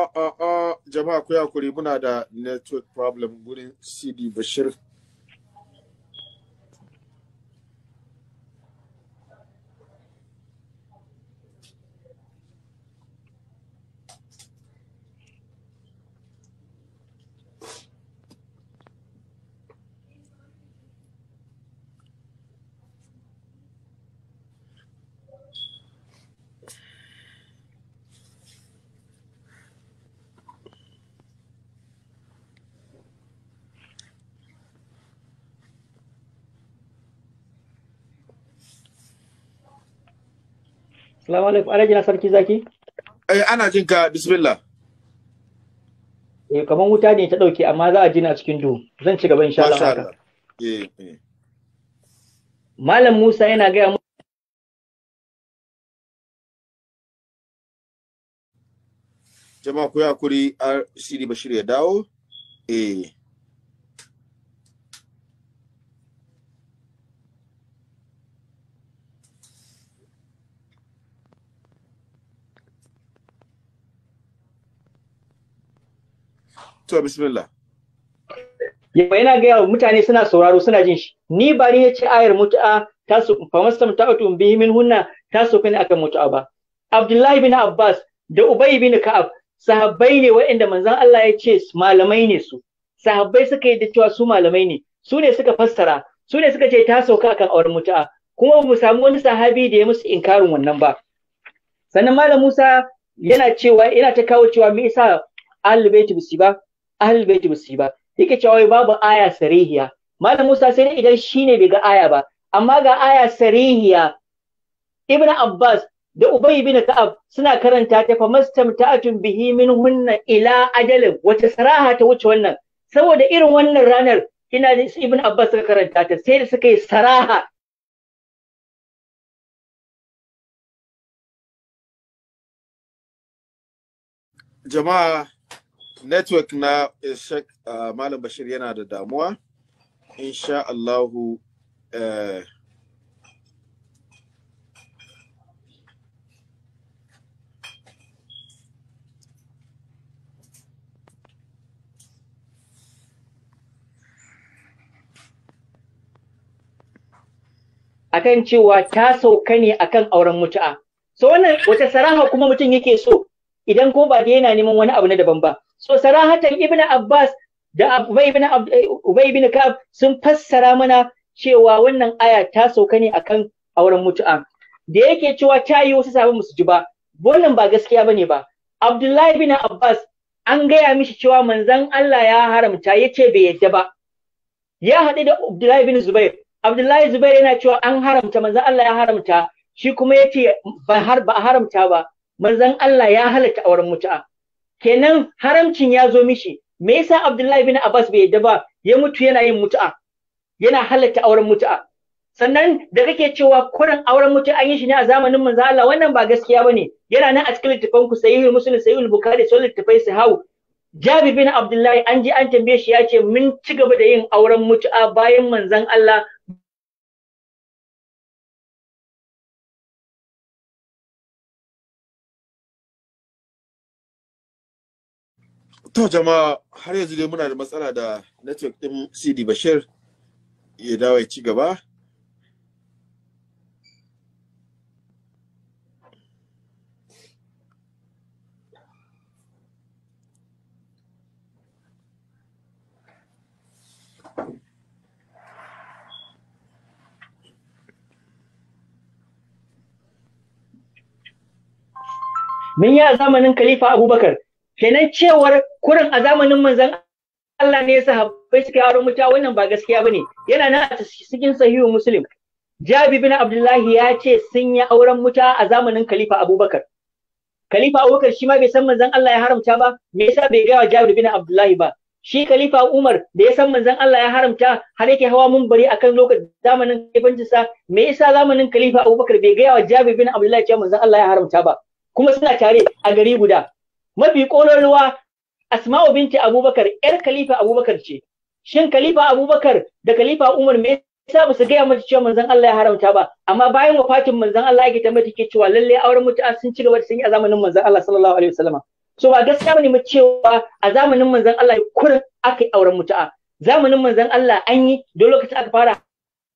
a a a jama'a ku hakuri muna da network problem gurin CD Bashir Salamu alaikum, ana na sarki zaki? Eh, ana jin ka bismillah. Eh, kamar wuta ne ta ɗauke amma za a jina a cikin duhu. Zan ci gaba insha Allah haka. Eh, eh, Malam Musa yana gaya mu Jama'a ku ya kuri a shiri Bashir ya dawo? Eh. to bismillah yau yana gaya mutane suna sauraro suna jin shi ni ba ni yace ayar mutu'a ta su famastam ta'atu bihi min hunna ta su kun akan mutu'a ba Abdullahi bin Abbas da Ubay bin Ka'ab sahabbai ne waɗanda manzon Allah ya ce malamai ne su sahabbai suka yi da cewa su malamai ne su ne suka fassara su ne suka ce ta sauka kan auren mutu'a kuma ba mu samu wani sahabi da ya musu inkarin wannan ba sannan malam Musa yana cewa yana ta kawo cewa me yasa ahlul baiti ba ahlul baiti ba su yi ba yake cewa babu aya sarihiya malam Musa sai dai idan shine bai ga aya ba amma ga aya sarihiya Ibn Abbas da Ubay bin Ka'ab suna karanta ta fa mastamta'atun bihi min hunna ila ajalin wata saraha ta wuce wannan saboda irin wannan ranar ina Ibn Abbas suka karanta ta sai da suka yi saraha jama'a network na uh, malam bashir yana da damuwa insha allahu eh, akan cewa ta sauka ne akan auren mutu'a so wannan wata saraha kuma mutum yake so idan ko ba da yana neman wani abu na daban ba so sarahatan ibn abbas da ubay ibn eh, ubay ibn kab sun fassara mana cewa wannan aya ta sauka ne akan auren mutu'a da yake cewa ta yi wasu sabon musu ji ba wannan ba gaskiya bane ba abdullahi bin abbas an gaya mishi cewa manzon Allah ya haramta yace bai yadda ba ya haɗu da abdullahi bin zubair abdullahi zubair yana cewa an haramta manzon Allah ya haramta shi kuma yace ba har ba haramta ba manzon Allah ya halatta auren mutu'a kenan haramcin ya zo mishi me yasa Abdullahi bin Abbas bai yadda ba ya mutu yana yin mutu'a yana halatta auren mutu'a sannan da kake cewa kuran auren mutu'a an yi shi ne a zamanin manzo Allah wannan ba gaskiya bane yana nan a cikin littafin ku sahihul muslim sahihul bukhari sahihul littafai hau." Jabi bin Abdullahi an je an tambaye shi ya ce mun ci gaba da yin auren mutu'a bayan manzon Allah To jama'a har yanzu dai muna da matsala da network ɗin CD Bashir ya dawo ya ci gaba. Mun yi a zamanin Khalifa Abubakar kenan cewar kurin a zamanin manzan Allah ne bai suka yaro muta wannan ba gaskiya bane yana nan a cikin sahihu muslim Jabi bin Abdullahi ya ce sun yi auren muta a zamanin Khalifa Abubakar Khalifa Abubakar shi ma bai san manzan Allah ya haramta ba me yasa bai ga Jabi bin Abdullahi ba shi Khalifa Umar da ya san manzan Allah ya haramta har yake hawa mun bari akan lokacin zamanin sa me yasa zamanin Khalifa Abubakar bai gaya wa Jabir bin Abdullahi cewa Manzan Allah ya haramta ba kuma suna tare a gari guda mafi ruwa asma'u binti abubakar yar khalifa abubakar ce shin khalifa abubakar da khalifa umar me yasa ba su gaya mata cewa manzon Allah ya haramta ba amma bayan wafatin manzon Allah yake tambaya ke cewa lalle auren mutu'a sun ci gaba da sun yi a zamanin manzon Allah sallallahu alaihi wasallam so ba gaskiya bane mu cewa a zamanin manzon Allah kurin aka yi auren mutu'a zamanin manzon Allah an yi dole lokacin aka fara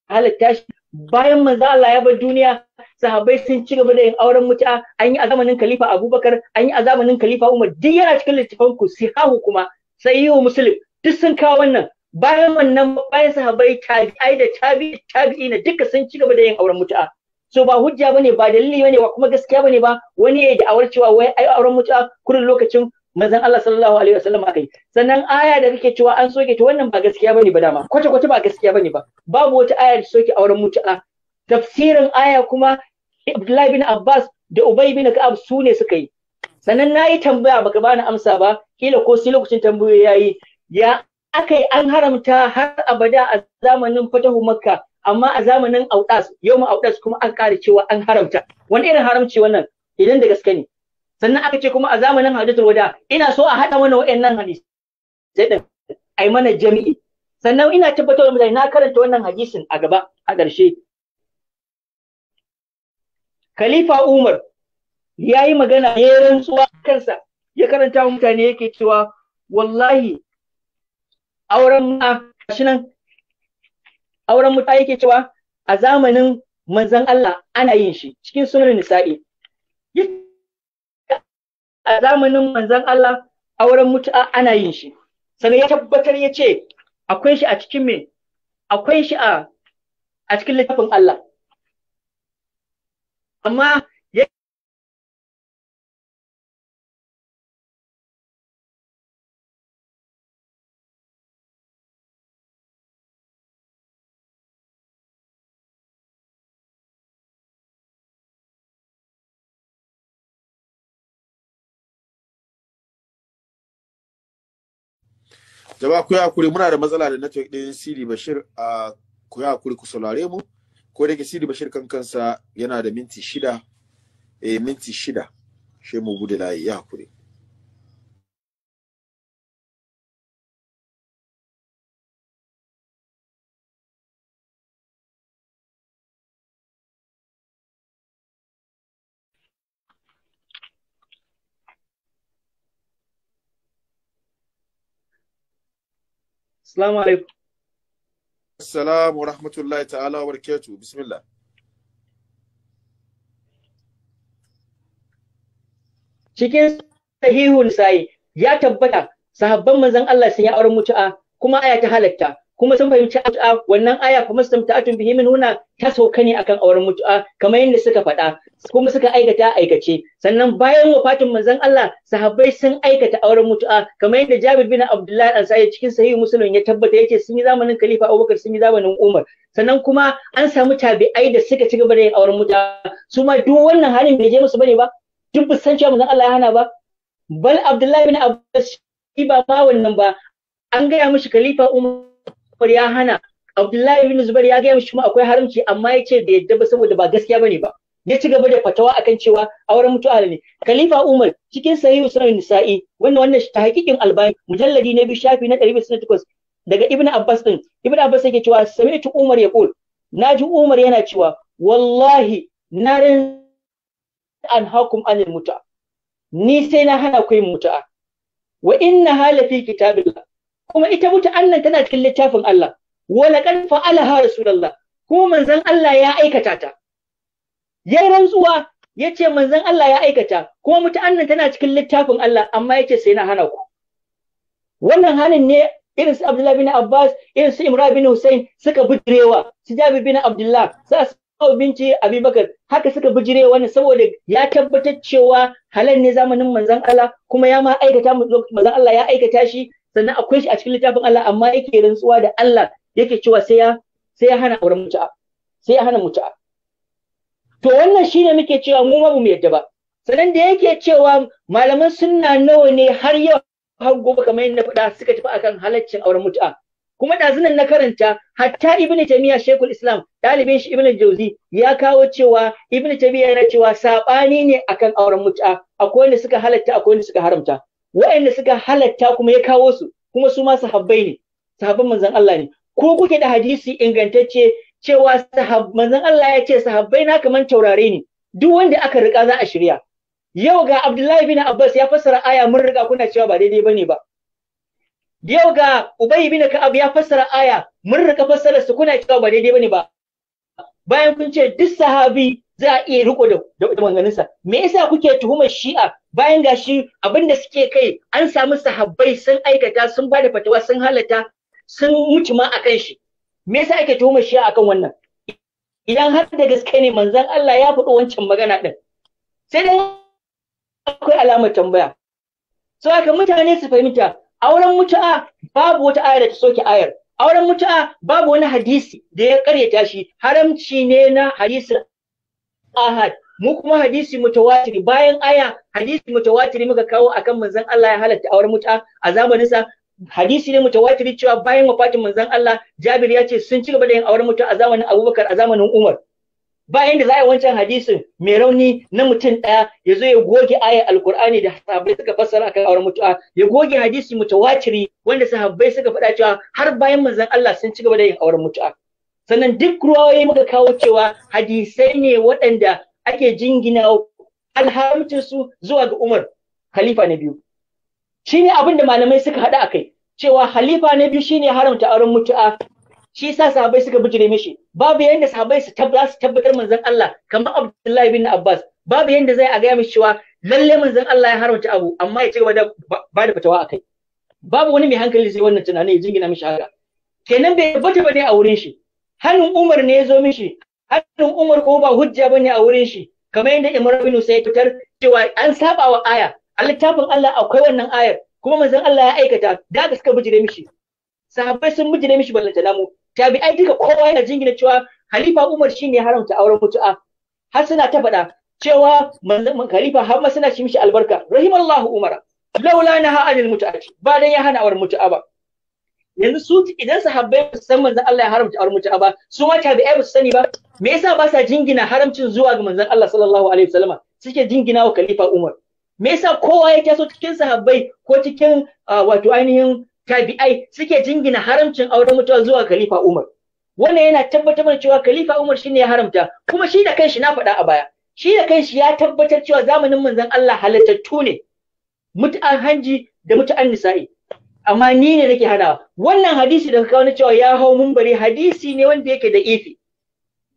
halatta shi bayan manzon Allah ya bar duniya sahabbai sun ci gaba da yin auren mutu'a an yi a zamanin khalifa abubakar an yi a zamanin khalifa umar duk yana cikin littafan ku sihahu kuma sai wa Musulun. duk sun kawo wannan bayan wannan bayan sahabbai tabi'ai da tabi'i tabi'i na duka sun ci gaba da yin auren mutu'a so ba hujja ba ne ba dalili ne ba kuma gaskiya bane ba wani ya yi da'awar cewa wai ai auren mutu'a kurin lokacin manzon Allah sallallahu alaihi wasallam akai sannan aya da kake cewa an soke ta wannan ba gaskiya bane ba dama kwata kwata ba gaskiya bane ba babu wata aya da soke auren mutu'a tafsirin aya kuma Abdullahi bin Abbas da Ubay bin Ka'ab su ne suka yi sannan na yi tambaya baka bani amsa ba kila ko sai lokacin tambayoyi ya yi ya aka yi an haramta har abada a zamanin fatahu makka amma a zamanin audas yau audas kuma aka kare cewa an haramta wani irin haramci wannan idan da gaske ne sannan aka ce kuma a zamanin hadisul wada ina so a hada mana wayannan hadisi sai din ai mana jami'i sannan ina tabbatar da mutane na karanta wannan hadisin a gaba a ƙarshe Khalifa Umar ya yi magana ya rantsuwa kansa ya karanta wa mutane yake cewa wallahi auren ma shi nan auren mutane yake cewa a zamanin manzon Allah ana yin shi cikin sunan nisa'i a zamanin manzon Allah auren mutu'a ana yin shi sannan ya tabbatar ya ce akwai shi a cikin me akwai shi a a cikin littafin Allah amma jama'a ku hakuri muna da matsala da network din Siri Bashir a ah, ku hakuri ku saurare mu ko da ke sidi bashir kan kansa yana da minti shida eh minti shida shi mu bude layi ya hakuri Assalamu alaikum. Assalamu rahmatullahi ta'ala wa barakatuh. Bismillah. Cikin sahihul sa'i ya tabbata sahabban manzon Allah sun yi auren mutu'a kuma aya ta halatta kuma sun fahimci a wannan aya kuma sun ta'atun bihi min nuna ta sauka ne akan auren mutu'a kamar yadda suka faɗa kuma suka aikata aikace sannan bayan wafatin manzon Allah sahabbai sun aikata auren mutu'a kamar yadda Jabir bin Abdullah Ansari cikin sahihi Muslim ya tabbata yace sun yi zamanin Khalifa Abubakar sun yi zamanin Umar sannan kuma an samu tabi'ai da suka ci gaba da yin auren mutu'a su ma duk wannan halin bai je musu bane ba duk ba san cewa manzon Allah ya hana ba bal Abdullah bin Abbas shi ba ma wannan ba an gaya mishi Khalifa Umar Zubair ya hana Abdullahi bin Zubair ya gaya mishi akwai haramci amma ya ce da yadda ba saboda ba gaskiya bane ba ya ci gaba da fatawa akan cewa auren mutuwa ne Khalifa Umar cikin sahihu sunan Nisa'i wannan wannan tahqiqin Albani mujalladi na biyu shafi na 168 daga Ibn Abbas din Ibn Abbas yake cewa sami'tu Umar yaqul naji Umar yana cewa wallahi na ran an hakum anil muta ni sai na hana ku yin mutu'a wa inna hala fi kitabillah kuma ita wuta Allah tana cikin littafin Allah wala kan fa'alaha rasulullah kuma manzon Allah ya aikata ta yayin rantsuwa yace manzon Allah ya aikata kuma wuta Allah tana cikin littafin Allah amma yace sai na hana ku wannan halin ne irin su Abdullah bin Abbas irin su Imran bin Hussein suka bujirewa su Jabir bin Abdullah su Asma'u binci Abubakar haka suka bujire wani saboda ya tabbatar cewa halal ne zamanin manzon Allah kuma ya ma aikata manzon Allah ya aikata shi sannan akwai shi a cikin littafin Allah amma yake rantsuwa da Allah yake cewa sai ya sai ya hana auren mutu'a sai ya hana mutu'a to wannan shine muke cewa mu ma mu yadda ba sannan da yake cewa malaman sunna nawa ne har yau har gobe kamar yadda faɗa suka tafi akan halaccin auren mutu'a kuma ɗazunan na karanta hatta ibnu tamiya shekul islam ɗalibin shi ibnu jauzi ya kawo cewa ibnu tamiya yana cewa saɓani ne akan auren mutu'a akwai wanda suka halatta akwai wanda suka haramta waɗanda suka halatta kuma ya kawo su kuma su ma sahabbai ne sahabban manzon Allah ne ko kuke da hadisi ingantacce cewa manzon Allah ya ce sahabbai na kaman taurare ne duk wanda aka rika za a shirya yau ga Abdullahi bin Abbas ya fassara aya mun riga kuna cewa ba daidai bane ba yau ga Ubay bin Ka'ab ya fassara aya mun riga fassara su kuna cewa ba daidai bane ba bayan kun ce duk sahabi za a iya riko da maganganunsa me yasa kuke tuhumar shi'a bayan gashi abin da suke kai an samu sahabbai sun aikata sun ba da fatawa sun halata, sun mutu ma akan shi me yasa ake tuhumar shi'a akan wannan idan har da gaske ne manzon Allah ya faɗo wancan magana din sai dai akwai alamar tambaya so haka mutane su fahimta auren mutu'a babu wata ayar da ta soke ayar auren mutu'a babu wani hadisi da ya karyata shi haramci ne na hadisin ahad mu kuma hadisi mutawatir bayan aya hadisi mutawatir muka kawo akan manzon Allah ya halatta auren muta a zamanin sa hadisi ne mutawatir cewa bayan wafatin manzon Allah Jabir ya ce sun ci gaba da yin auren muta a zamanin Abubakar a zamanin Umar bayan da za a yi wancan hadisin mai rauni na mutum ɗaya ya zo ya goge ayar alkur'ani da sahabbai suka fassara akan auren mutuwa ya goge hadisi mutawatiri wanda sahabbai suka faɗa cewa har bayan manzon Allah sun ci gaba da yin auren mutuwa sannan duk ruwayoyi muka kawo cewa hadisai ne waɗanda ake jingina alhamcin su zuwa ga Umar khalifa na biyu shine abin da malamai suka haɗa akai cewa khalifa na biyu shine haramta auren mutu'a shi yasa sahabbai suka bijire mishi babu yanda sahabbai su tabbata su tabbatar manzon Allah kamar Abdullahi bin Abbas babu yanda zai a ga mishi cewa lalle manzon Allah ya haramta abu amma ya ci gaba da ba da fatawa akai babu wani mai hankali zai wannan tunani ya jingina mishi haka kenan bai tabbata bane a wurin shi hannun Umar ne ya zo mishi hannun Umar ko ba hujja bane a wurin shi kamar yadda Imran bin Usayd fitar cewa an saba wa aya a littafin Allah akwai wannan ayar kuma manzon Allah ya aikata da suka bijire mishi sahabbai sun bijire mishi ballantana tabi ai duka kowa yana jingina cewa Khalifa Umar shine haramta auren mutu'a har suna ta faɗa cewa Khalifa har ma suna shi mishi albarka rahimallahu Umar laula naha anil mutu'ati ba dan ya hana auren mutu'a ba yanzu su idan sahabbai ba su san manzon Allah ya haramta auren mutu'a ba su ma ta bai su sani ba me yasa ba sa jingina haramcin zuwa ga manzon Allah sallallahu alaihi wasallama suke jingina wa khalifa Umar me yasa kowa ya taso cikin sahabbai ko cikin wato ainihin tabi'ai suke jingina haramcin auren mutuwa zuwa khalifa Umar wannan yana tabbatar da cewa khalifa Umar shine ya haramta kuma shi da kanshi na faɗa a baya shi da kanshi ya tabbatar cewa zamanin manzon Allah halattattu ne mut'an hanji da mut'an nisa'i amma ni ne nake hadawa. wannan hadisi da kawo na cewa ya hau mumbari hadisi ne wanda yake da ifi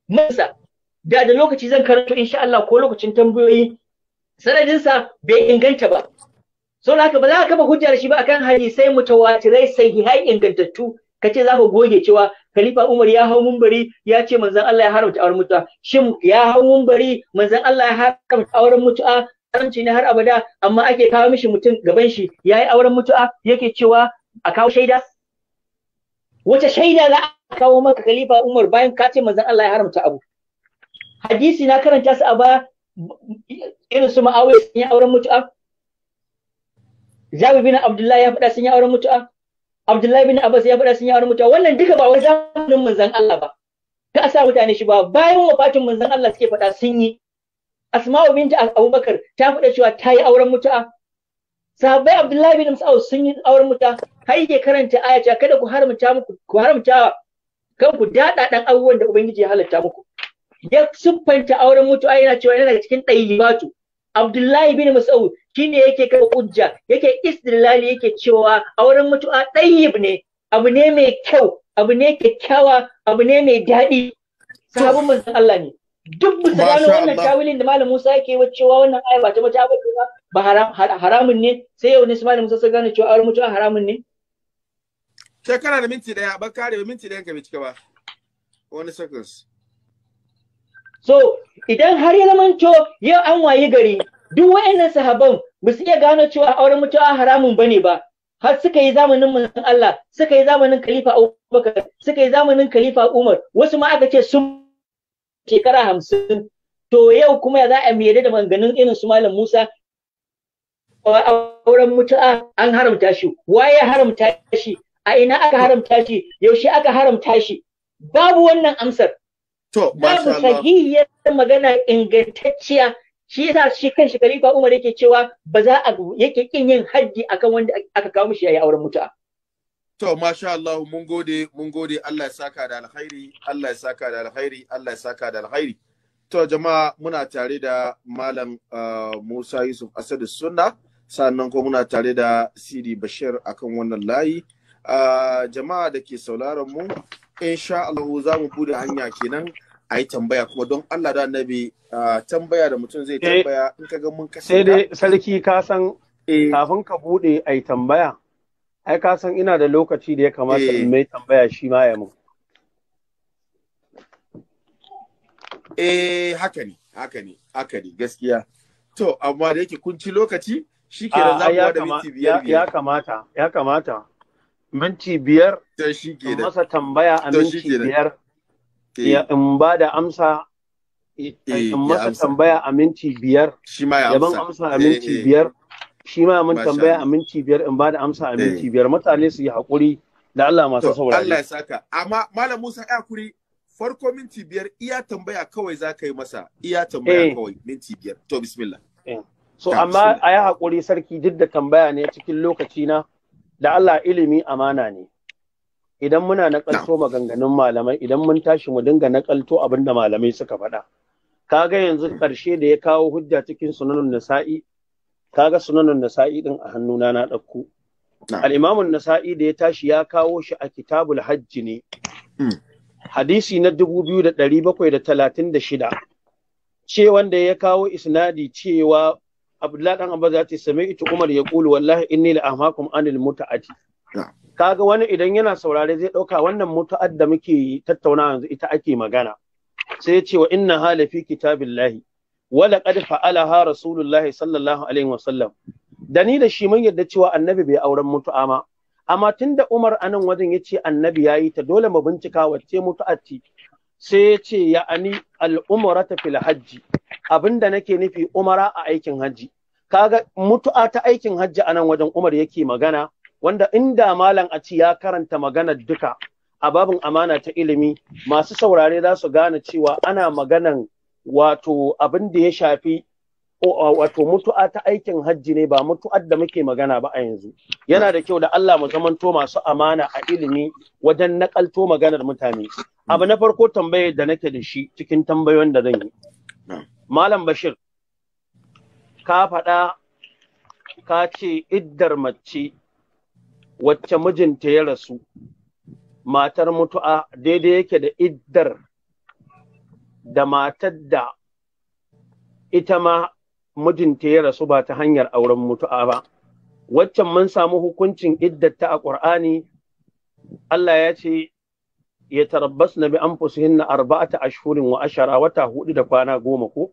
musa da da lokaci zan karanto insha Allah ko lokacin tambayoyi sanadin sa bai inganta ba so haka ba za ka kafa hujja da shi ba akan hadisai mutawatirai sahihai ingantattu kace za ka goge cewa Khalifa Umar ya hau mumbari ya ce manzon Allah ya haramta auren mutu'a shin ya hau mumbari manzon Allah ya haramta auren mutu'a haramci ne har abada amma ake kawo mishi mutum gaban shi yayi auren mutu'a yake cewa a kawo shaida wace shaida za a kawo maka khalifa Umar bayan ka ce manzon Allah ya haramta abu hadisi na karanta su a ba irin su ma'awai sun yi auren mutu'a Jabir bin Abdullah ya faɗa sun yi auren mutu'a Abdullahi bin Abbas ya faɗa sun yi auren mutu'a wannan duka ba wani zamanin manzon Allah ba ka asa mutane shi ba bayan wafatin manzon Allah suke faɗa sun yi asma'u binta abubakar ta fada cewa ta yi auren mutu'a sahabbai abdullahi bin mas'ud sun yi auren mutu'a har yake karanta aya kada ku haramta muku ku haramta ku daɗa ɗan abubuwan da ubangiji ya halatta muku ya siffanta auren mutu'a yana cewa yana daga cikin ɗayyibatu abdullahi bin mas'ud shine yake kai hujja yake istidlali yake cewa auren mutu'a ɗayi ne abu ne mai kyau abu ne kyakkyawa abu ne mai daɗi sahabin manzon Allah ne duk musu gano wannan tawilin da malam Musa yake wa cewa wannan aya ba ta mace ba ba haramun ne sai yau ne su malam Musa sun gane cewa auren mutuwa haramun ne sai kana da minti daya ba kare ba minti daya ka bincika ba wani seconds so idan har ya zamanto yau an waye gari duk wayannan sahaban ba su iya gano cewa auren mutuwa haramun bane ba har suka yi zamanin manzon Allah suka yi zamanin khalifa Abubakar suka yi zamanin khalifa Umar wasu ma aka ce sun shekara hamsin to yau kuma ya za a mere da maganin irin su malam Musa auren mutu'a an haramta shi waye haramta shi a ina aka haramta shi yaushe aka haramta shi babu wannan amsar babu sahihiyar magana ingantacciya shi yasa shi kan shi Khalifa Umar yake cewa ba za a yake kin yin haddi akan wanda aka kawo mishi yayi auren mutu'a To, masha Allah, mun gode, mun gode, Allah ya saka da alkhairi, Allah ya saka da alkhairi, Allah ya saka da alkhairi. To, jama'a muna tare da Malam ah, Musa Yusuf Asadu Sunna, sannan kuma muna tare da Sidi Bashir akan wannan layi. Ah, jama'a da ke sauraron mu, insha Allah za mu bude hanya kenan a yi tambaya kuma don Allah da annabi ah, tambaya da mutum zai eh, tambaya in ka ga mun kasance. Sai dai sarki ka san eh. kafin ka bude a tambaya. ai ka san ina da lokaci da ya kamata in eh. mai tambaya shi ma ya mun eh haka ne haka ne haka ne gaskiya to amma da yake kun ci lokaci shi ke da ah, zamuwa da minti biyar ya kamata ya kamata minti biyar masa tambaya a minti biyar ya in ba da amsa in masa tambaya a minti biyar ya ban amsa a minti eh. biyar shi ma mun tambaya a minti biyar in ba da amsa a minti eh. biyar mutane su yi haƙuri da Allah masu saurari. Allah ya saka amma malam Musa ya kuri farko minti biyar iya tambaya kawai za ka yi masa iya tambaya eh. kawai minti biyar to bismillah. Eh. So amma a yi haƙuri sarki duk da tambaya ne cikin lokaci na da Allah ilimi amana ne. Idan muna naƙalto maganganun malamai idan mun tashi mu dinga naƙalto abin da malamai suka faɗa. Ka ga yanzu hmm. ƙarshe da ya kawo hujja cikin sunanin nasa'i kaga sunanan nasa'i din a hannuna na ɗauko al'imamun nasa'i da ya tashi ya kawo shi a kitabul hajji ne hmm. hadisi na dubu biyu da ɗari bakwai da talatin da shida ce wanda ya kawo isnadi cewa abdullahi dan abbas ya ce sami ita umar ya kulu wallahi inni la ahmakum anil muta'ati kaga wani idan yana saurare zai ɗauka wannan mutu'ad da muke tattauna yanzu ita ake magana sai ya ce wa inna halafi kitabillahi wala qad fa'alaha rasulullahi sallallahu alaihi wasallam da ni da shi mun yarda cewa annabi bai auren mutu'a ma amma tunda Umar anan wajen yace annabi yayi ta dole mu bincika wacce mutu'a ce sai ya ce ya'ani al-umrata fil hajji abinda nake nufi umara a aikin hajji kaga mutu'a ta aikin hajji anan wajen Umar yake magana wanda inda malam a ci ya karanta maganar duka a babin amana ta ilimi masu saurare za su gane cewa ana maganan wato abin da ya shafi wato mutu'a ta aikin hajji ne ba mutu'ar da muke magana ba a yanzu yana da kyau da Allah mu zamanto masu amana a ilimi wajen nakalto maganar mutane abu na farko tambaye da nake da shi cikin tambayoyin da zan yi malam bashir ka faɗa ka ce iddar mace wacce mijinta ya rasu matar mutu'a daidai yake da iddar da matar da ita ma mijinta ya rasu ba ta hanyar auren mutu'a ba waccan mun samu hukuncin iddata a ƙur'ani Allah ya ce ya tarabbas na bi an na arba'ata ashurin wa ashara wata hudu da kwana goma ko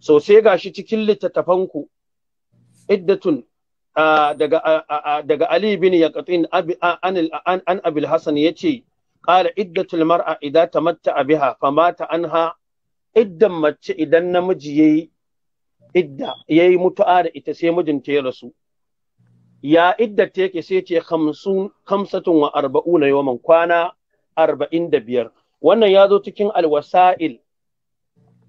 so sai shi cikin littattafanku iddatun daga Ali bin Yaqatin an Abil Hassan ya ce qala iddatul mar'a idza tamatta'a biha famata ha, iddan mace idan namiji yayi yayi mutu'a da ita sai mijinta ya rasu ya idda yake sai ce 50 khamsatun wa arba'una yawman kwana 45 wannan ya zo cikin alwasa'il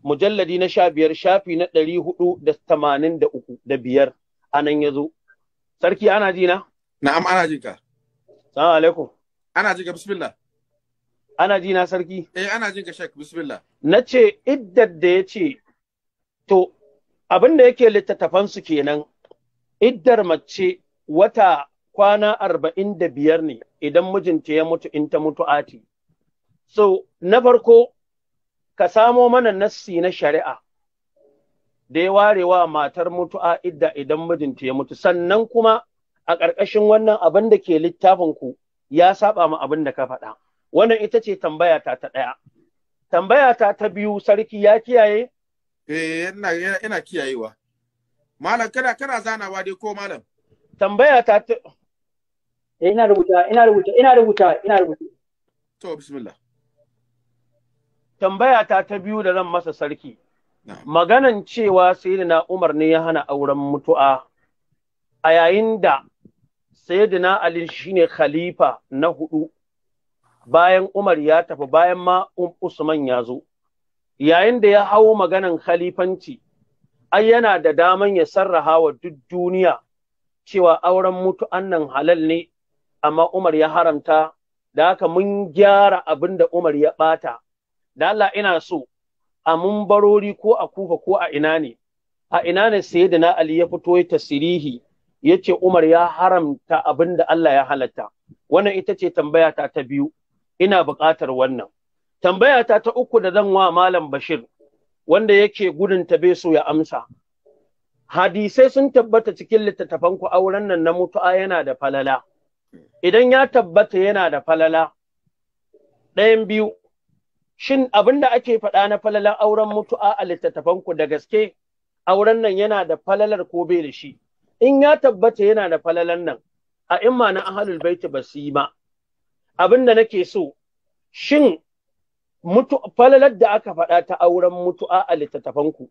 mujalladi na sha biyar shafi na ɗari hudu da tamanin da uku da biyar a nan ya zo. Sarki ana Na'am ana alaikum. Ana Ana ji na sarki? Eh ana jin ka shek, bismillah. Na ce iddar da ya ce to abin da yake littattafansu kenan iddar mace wata kwana arba'in da biyar ne idan mijinta ya mutu in ta mutu ati. So na farko ka samo mana nassi na shari'a da ya wa matar mutu'a idda idan mijinta ya mutu sannan kuma a ƙarƙashin wannan abin da ke littafinku ya saba mu abin da ka faɗa. wannan ita ce tambaya ta ta ɗaya tambaya ta ta biyu sarki ya kiyaye eh ina ina kiyayewa malam kana kana zanawa dai ko malam tambaya ta ta eh, ina rubuta ina rubuta ina rubuta ina rubuta to bismillah tambaya ta ta biyu da zan masa sarki maganan cewa sayyidina Umar ne ya hana auren mutu'a a yayin da sayyidina Ali shine khalifa na hudu bayan Umar ya tafi bayan ma Usman ya zo yayin da ya hawo maganan khalifanci ai yana da daman ya sarraha wa duk duniya cewa auren mutu annan halal ne amma Umar ya haramta da haka mun gyara abin da Umar ya ɓata? da Allah ina so a mun barori ko a kufa ko a ina ne a ina ne sayyidina Ali ya fito ya tasirihi yace Umar ya haramta abinda Allah ya halatta wannan ita ce tambaya ta ta biyu ina buƙatar wannan tambaya ta ta uku da zan wa malam bashir wanda yake gudun ta so ya amsa hadisai sun tabbata cikin littattafan ku auren nan na mutu'a yana da falala idan ya tabbata yana da falala ɗayan biyu shin abin da ake faɗa na falalan auren mutu'a a littattafan da gaske auren nan yana da falalar ko bai da shi in ya tabbata yana da falalan nan a imma na ahalul baiti ba su yi ma abin da nake so shin mutu falalar da aka faɗa ta auren mutu'a a littattafanku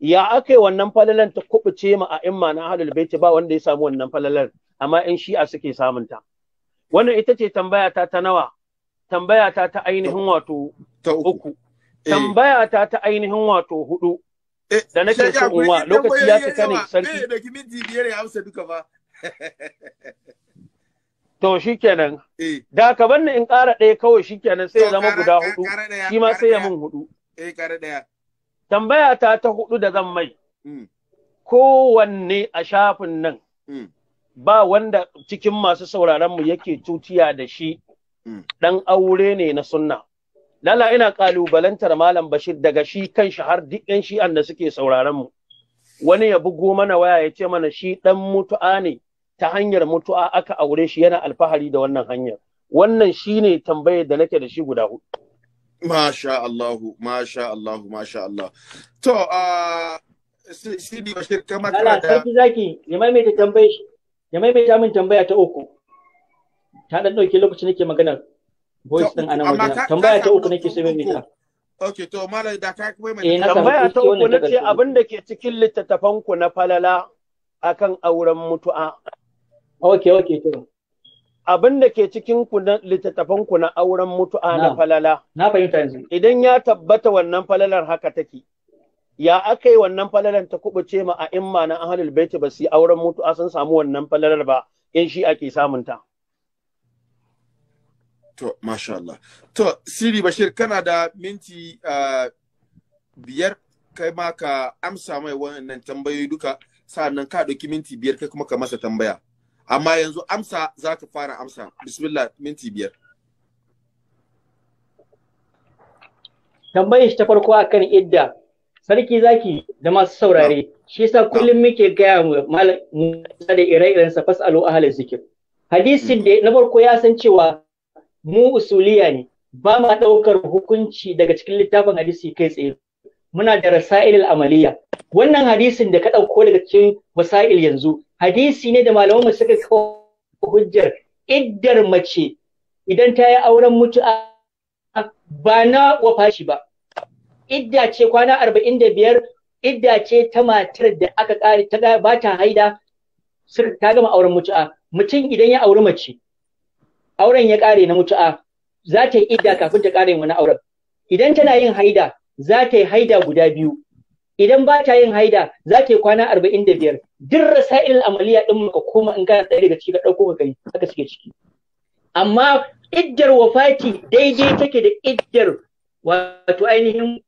ya aka yi wannan falalar ta kubuce ma a imma na halal baiti ba wanda ya samu wannan falalar amma in shi'a suke samun ta wannan ita ce tambaya ta ta nawa tambaya ta ta ainihin wato ta uku eh. tambaya ta ta ainihin wato hudu eh, da nake so in wa lokaci ya cika ne sarki da eh, kimin jibiyar ya amsa duka ba To shi kenan. Eh. Da ka banni in ƙara ɗaya kawai shi kenan sai ya zama guda hudu. Shi ma sai ya mun hudu. Eh ƙara ɗaya. Tambaya ta ta hudu da zan mai. Mm. Kowanne a shafin nan. Mm. Ba wanda cikin masu sauraron mu yake tutiya da shi. Mm. Ɗan aure ne na sunna. Lala ina ƙalubalantar Malam Bashir daga shi kan shi har duk ‘yan shi'an da suke sauraron mu. Wani ya bugo mana waya ya ce mana shi ɗan mutu'a ne. ta hanyar mutu'a aka aure shi yana alfahari da wannan hanyar wannan shine tambayar da nake da shi guda hudu masha Allah masha Allah masha Allah to a sidi bashir kamar kana Allah, sarki zaki ya maimaita tambayar mai ta min tambaya ta uku ta dan dauke lokacin nake magana voice din ana magana tambaya ta uku nake so maimaita Ok, to Malam da ka kuma mai eh, tambaya ta uku na ce abin da ke cikin littattafanku na falala akan auren mutu'a Oke, oke, oke. Abin da ke cikin na littattafan ku na auren mutu'a na falala. Na fahimta yanzu. Idan ya tabbata wannan falalar haka take. Ya aka yi wannan falalar ta kubuce ma a imma na ahlul baiti ba su yi auren mutu'a sun samu wannan falalar ba in shi ake ta. To, masha Allah. To, Siri Bashir, kana da minti ah, biyar kai ma ka amsa mai wannan tambayoyi duka, sa'annan ka ɗauki minti biyar kai kuma ka masa tambaya. amma yanzu amsa za ta fara amsa bismillah minti biyar tambayar shi ta farko akan idda sarki zaki da masu saurare shi yasa kullum muke gaya mu malam da ire-iren sa fasalu ahlul zikir hadisin da na farko ya san cewa mu usuliya ne ba ma daukar hukunci daga cikin littafin hadisi kai tsaye muna da rasailil amaliya wannan hadisin da ka ɗauko daga cikin wasail yanzu hadisi ne da malaman mu suka kawo hujjar iddar mace idan ta yi auren mutu'a ba na wafashi ba idda ce kwana arba'in da biyar idda ce ta matar da aka kare ta ba ta haida ta gama auren mutu'a mutum idan ya auri mace auren ya kare na mutu'a za ta yi idda kafin ta kare wani auren idan tana yin haida za ta yi haida guda biyu idan ba ta yin haida za ta yi kwana arba'in da biyar duk rasa'il amaliya ɗin ka koma in kana ɗaya daga ciki ka ɗauko ka haka suke ciki amma iddar wafati daidai take da iddar wato ainihin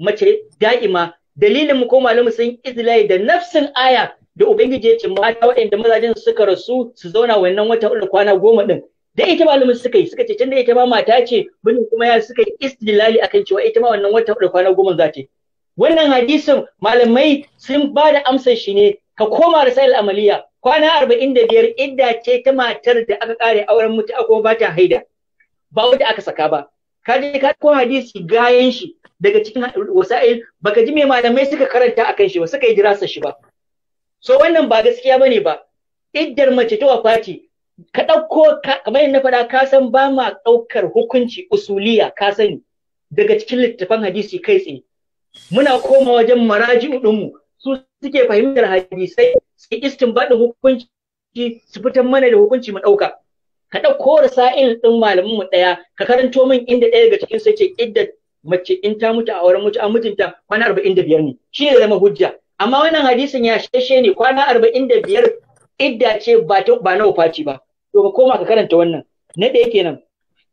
mace da'ima dalilin mu ko malamu sun izlai da nafsin aya da ubangiji ya ce mata waɗanda mazajen suka rasu su zauna wannan wata uku kwana goma ɗin da ita malamin suka yi suka ce tunda ita ma mata ce bunin kuma ya suka yi istidlali akan cewa ita ma wannan wata da kwana goma za ta wannan hadisin malamai sun ba da amsar shi ne ka koma risal amaliya kwana arba'in da biyar idda ce ta matar da aka kare auren mutu ko ba ta haida ba wanda aka saka ba ka je ka ko hadisi gayan shi daga cikin wasa'il baka ji me malamai suka karanta akan shi ba suka yi dirasa shi ba so wannan ba gaskiya bane ba iddar mace ta wafati ka ɗauko kamar yadda na faɗa ka san ba ma ɗaukar hukunci usuliya ka sani daga cikin littattafan hadisi kai tsaye muna koma wajen maraji'u ɗinmu su suke fahimtar hadisai su baɗin hukunci su fitar mana da hukunci mu ɗauka ka ɗauko rasa'il ɗin malamin mu ɗaya ka karanto min inda ɗaya daga cikin sai ce idda mace in ta mutu a wurin mutu a mutunta kwana arba'in da biyar ne shi ne zama hujja amma wannan hadisin ya sheshe ne kwana arba'in da biyar idda ce ba na wufaci ba to ka koma ka karanta wannan na ɗaya nan.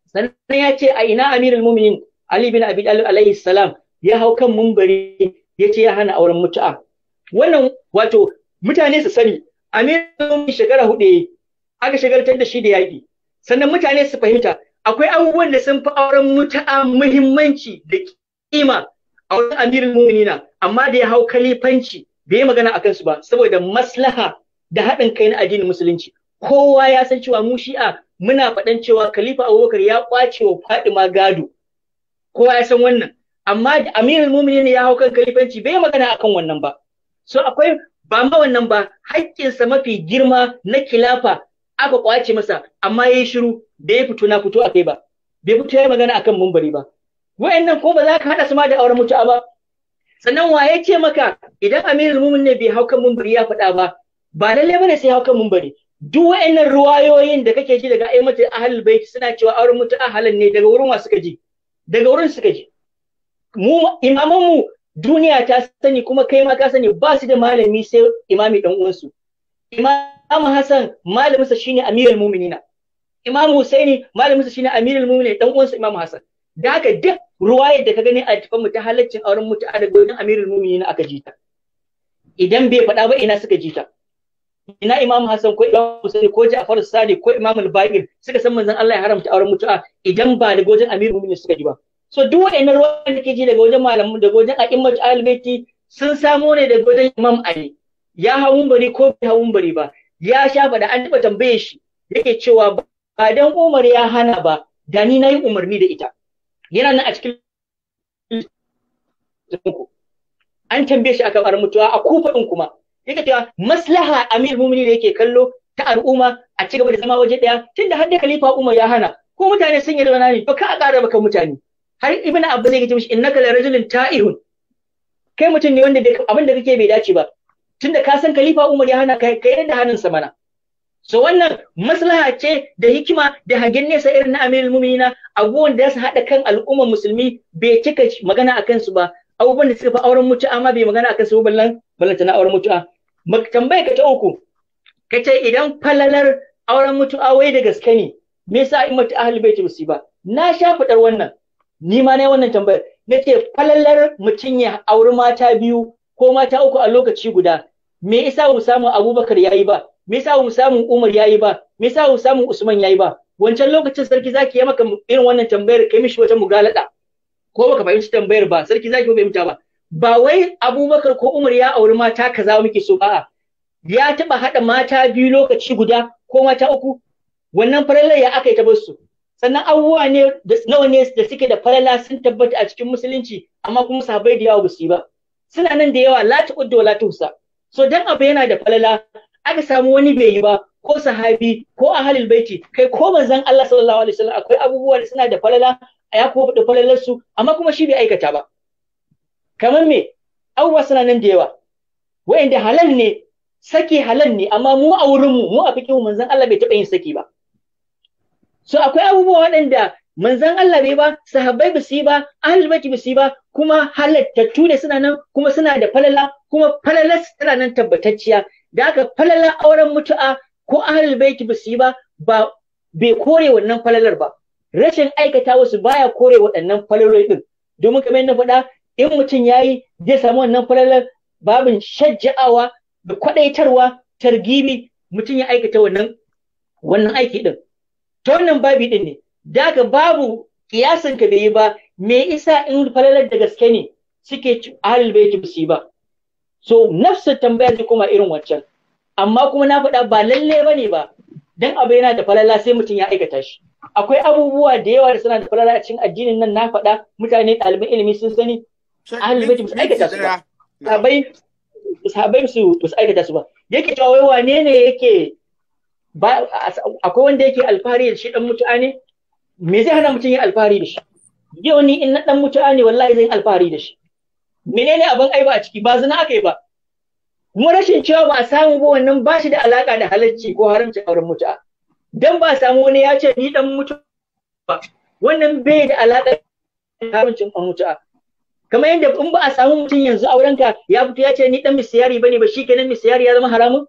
sannan ya ce a ina amirul muminin ali bin abi talib alaihi salam ya hau kan mumbari ya ce ya hana auren mutu'a wannan wato mutane su sani amirul muminin shekara hudu aka shagaltar da shi da yaƙi sannan mutane su fahimta akwai abubuwan da sun fi auren mutu'a muhimmanci da kima a wurin amirul muminina amma da ya hau kalifanci bai magana akan su ba saboda maslaha da haɗin kai na addinin musulunci kowa ya san cewa mu shi'a muna faɗan cewa khalifa abubakar ya kwace wa fadima gado kowa ya san wannan amma da amirul mu'minin ya hau kan khalifanci bai magana akan wannan ba so akwai ba ma wannan ba haƙƙinsa mafi girma na kilafa aka kwace masa amma yayi shiru da ya fito na fito akai ba bai fito ya magana akan mumbari ba wa'annan ko ba za ka haɗa su ma da auren mutuwa ba sannan wa ya ce maka idan amirul mu'minin bai hau kan mumbari ya faɗa ba ba lalle ne sai hau kan mumbari duk wa'annan ruwayoyin da kake ji daga aimata ahlul bait suna cewa auren mutu ahalan ne daga wurin wa suka ji daga wurin suka ji mu imaman mu duniya ta sani kuma kai ma ka sani ba su da malami sai imami dan uwansu imam hasan malaminsa shine amirul mu'minina imam husaini malaminsa shine amirul mu'minina dan uwansa imam hasan da haka duk ruwayar da ka gani a tafan mu ta halaccin auren mutu a daga wurin amirul mu'minina aka jita idan bai faɗa ba ina suka jita ina imam Hassan ko imam musulmi ko Ja'far sadi ko imam Al-Baqir suka san manzon Allah ya haramta auren mutu'a idan ba da wajen Amirul Mu'minin suka ji ba so duk wa'annan ruwan da ke ji daga wajen malamu da wajen a'immat al-baiti sun samo ne da wajen Imam Ali ya hawun bari ko bai hawun bari ba ya sha da an taba tambaye shi yake cewa ba dan Umar ya hana ba da ni nayi umarni da ita yana nan a cikin an tambaye shi akan mutuwa a kufa din kuma yake cewa maslaha amir mumini da yake kallo ta al'umma a ci gaba da zama waje daya tunda har da khalifa umar ya hana ko mutane sun yi rana ne to ka a ƙara baka mutane har ibn abbas yake ce mishi innaka la rajulun ta'ihun kai mutum ne wanda abin da kake bai dace ba tunda ka san khalifa umar ya hana kai kai da hannun sa mana so wannan maslaha ce da hikima da hangen nesa irin na mumini na, abubuwan da su haɗa kan al'ummar musulmi bai cika magana a kansu ba abubuwan da suka fi auren mutu'a ma bai magana a kansu ba ballan ballanta na auren mutu'a tambaye ka ta uku ka ce idan falalar auren mutu'a wai da gaske ne me yasa in mutu ahli bai ba su ba na sha fadar wannan ni ma yi wannan tambayar nace falalar mutum ya auri mata biyu ko mata uku a lokaci guda me yasa ba samu Abubakar yayi ba me yasa ba samu Umar yayi ba me yasa ba samu Usman yayi ba wancan lokacin sarki zaki yi maka irin wannan tambayar kai mishi wata mugalada ko baka fahimci tambayar ba sarki zaki ba fahimta ba ba wai abubakar ko umar ya auri mata kaza muke so ba ya taba haɗa mata biyu lokaci guda ko mata uku wannan falalar ya aka yi ta su sannan abubuwa ne nawa ne da suke da falala sun tabbata a cikin musulunci amma kuma sahabbai da yawa ba su yi ba suna nan da yawa la tuqud wa tuhsa so dan abu yana da falala aka samu wani bai yi ba ko sahabi ko ahlul baiti kai ko manzon Allah sallallahu alaihi wasallam akwai abubuwa da suna da falala ya kuma da falalar amma kuma shi bai aikata ba kamar me abubuwa suna nan da yawa wa'inda halal ne saki halal ne amma mu a wurinmu mu a fikin manzon Allah bai taɓa yin saki ba so akwai abubuwa waɗanda manzon Allah bai ba sahabbai ba su yi ba ahlul baiti ba su ba kuma halattattu ne suna nan kuma suna da falala kuma falala suna nan tabbatacciya da aka falala auren mutu'a ko ahlul baiti ba su ba ba bai kore wannan falalar ba rashin aikata wasu baya kore waɗannan falaloli din domin kamar na faɗa in mutum ya yi zai samu wannan falalar babin shajja'awa da kwaɗaitarwa targibi mutum ya aikata wannan wannan aiki ɗin ta wannan babi ɗin ne daga babu kiyasin ka bai yi ba me isa in falalar da gaske ne suke ahlul baiti ba ba so nafsa tambaya zai kuma irin wancan amma kuma na faɗa ba lalle ba ne ba dan abu yana da falala sai mutum ya aikata shi akwai abubuwa da yawa da suna da falala a cikin addinin nan na faɗa mutane ɗaliban ilimi sun sani ahlul baiti ba su aikata su ba sahabbai sahabbai su ba su aikata su ba yake cewa wai wane ne yake akwai wanda yake alfahari da shi dan mutu'a ne me zai hana mutum yin alfahari da shi yau ni in na dan mutu'a ne wallahi zan alfahari da shi menene abin aiba a ciki ba zina aka yi ba kuma rashin cewa ba samu ba wannan ba shi da alaka da halarci ko haramci auren mutu'a dan ba samu wani ya ce ni dan mutu'a ba wannan bai da alaka da haramcin mutu'a kamar yadda in ba a samu mutum yanzu a wurinka ya fito ya ce ni dan misiyari bane ba shikenan misiyari ya zama haramun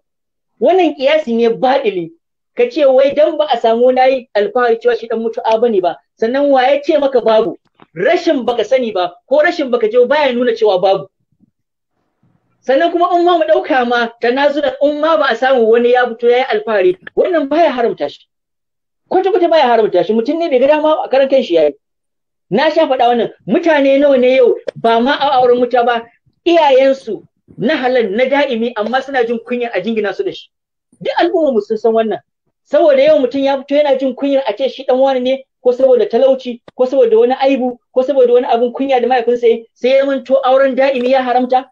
wannan kiyasi ne badili ka ce wai dan ba a samu nayi alfahari cewa shi dan mutu'a bane ba sannan wa ya ce maka babu rashin baka sani ba ko rashin baka je baya nuna cewa babu sannan kuma in ma mu dauka ma tanazura in ma ba a samu wani ya fito yayi alfahari wannan baya haramta shi kwata kwata baya haramta shi mutum ne bai ga dama a karan kanshi yayi na sha faɗa wannan mutane nawa ne yau ba ma a auren muta ba iyayensu na halal na da'imi amma suna jin kunya a jingina su da shi duk al'umma mu sun san wannan saboda yau mutum ya fito yana jin kunyar a ce shi dan wani ne ko saboda talauci ko saboda wani aibu ko saboda wani abin kunya da mahaifinsa yi sai ya manto auren da'imi ya haramta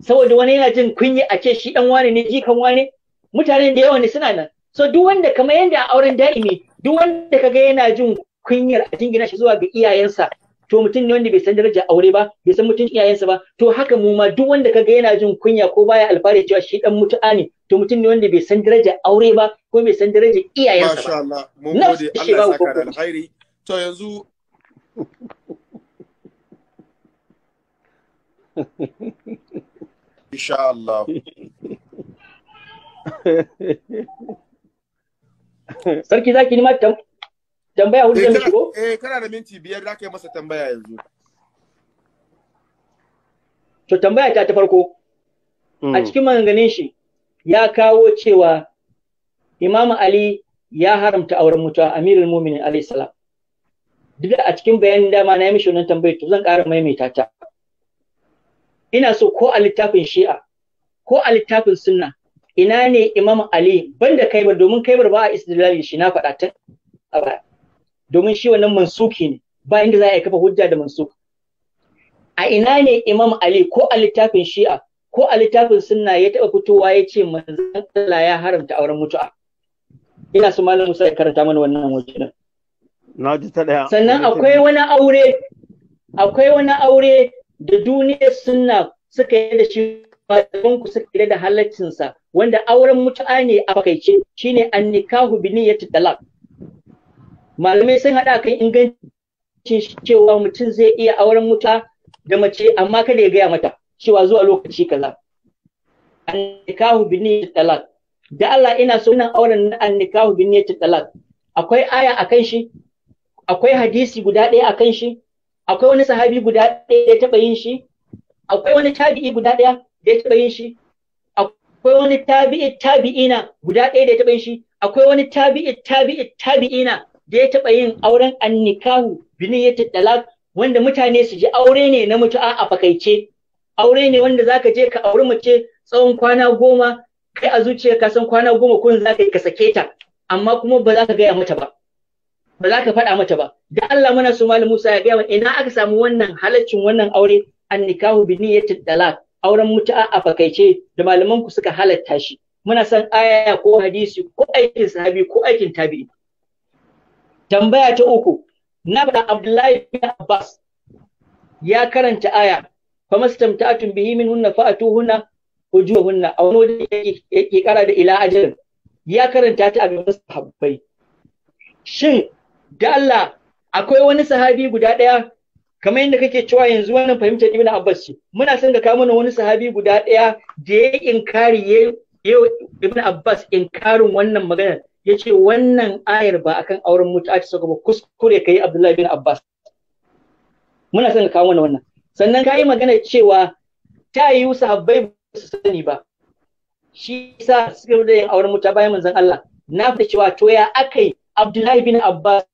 saboda wani yana jin kunya a ce shi dan wani ne jikan wani mutanen da yawa ne suna nan so duk wanda kamar yanda a auren da'imi duk wanda kaga yana jin kunyar a jingina shi zuwa ga iyayensa to mutum ne wanda bai san daraja aure ba bai san mutum iyayensa ba to haka mu ma duk wanda kaga yana jin kunya ko baya alfahari cewa shi dan mutu'a ne to mutum ne wanda bai san daraja aure ba ko bai san daraja iyayensa ba masha Allah mun gode Allah ya saka da alkhairi to yanzu insha Allah sarki zaki ni ma tambaya hudu eh, zan shigo? Eh, kana da minti biyar da ka yi masa tambaya yanzu. To tambaya ta ta farko, a hmm. cikin maganganun shi ya kawo cewa Imam Ali ya haramta auren mutuwa Amirul Muminin alayhi salam. Duk a cikin bayanin dama na yi mishi wannan tambayar to zan ƙara maimaita ta. Ina so ko a littafin Shi'a ko a littafin Sunna ina ne Imam Ali banda Kaibar domin Kaibar ba a istidlali shi na faɗa ta. a baya. domin shi wannan mansuki ne ba inda za a kafa hujja da mansuk a ina ne imam ali ko a littafin shi'a ko a littafin sunna ya taɓa fitowa ya ce manzan Allah ya haramta auren mutu'a ina su malam Musa ya karanta mana wannan wajen na ji ta daya sannan akwai wani aure akwai wani aure da duniya sunna suka yi da shi ku suka yi da halaccinsa wanda auren mutu'a ne a fakaice shine annikahu bi niyyati talaq malamai sun haɗa kan ingancin cewa mutum zai iya auren muta da mace amma kada ya gaya mata cewa zuwa lokaci kaza annikahu bi niyyati talaq da Allah ina so nan auren na annikahu bi niyyati talaq akwai aya akan shi akwai hadisi guda ɗaya akan shi akwai wani sahabi guda ɗaya da ya taɓa yin shi akwai wani tabi'i guda ɗaya da ya taɓa yin shi akwai wani tabi'i tabi'ina guda ɗaya da ya taɓa yin shi akwai wani tabi'i tabi'i tabi'ina da ya taɓa yin auren annikahu biniyatu dalak wanda mutane su ji aure ne na mutu'a a fakaice aure ne wanda zaka je ka auri mace tsawon kwana goma kai a zuciya ka san kwana goma kun zaka ka sake ta amma kuma ba za ka gaya mata ba ba za ka faɗa mata ba da Allah muna so malam Musa ya gaya ina aka samu wannan halaccin wannan aure annikahu biniyatu ɗala auren mutu'a a fakaice da malamanku suka halatta shi muna son aya ko hadisi ko aikin sahabi ko aikin tabi'i tambaya ta uku na da Abdullahi bin Abbas ya karanta aya fa mastamta'atun bihi hunna fa'atuhunna ujuhunna a wani wajen yake kara da ila ajrin ya karanta ta a gaban sahabbai shin da Allah akwai wani sahabi guda ɗaya kamar yadda kake cewa yanzu wannan fahimtar Ibn Abbas ce muna son ka mana wani sahabi guda ɗaya da ya inkari ya Ibn Abbas inkarin wannan maganar ya ce wannan ayar ba akan auren mutu'a ta sauka ba kuskure ka yi Abdullahi bin Abbas. Muna son ka kawo mana wannan. Sannan ka magana cewa ta yi sahabbai ba su sani ba. Shi sa suka da yin auren mutu'a bayan manzon Allah. Na fita cewa to ya akai Abdullahi bin Abbas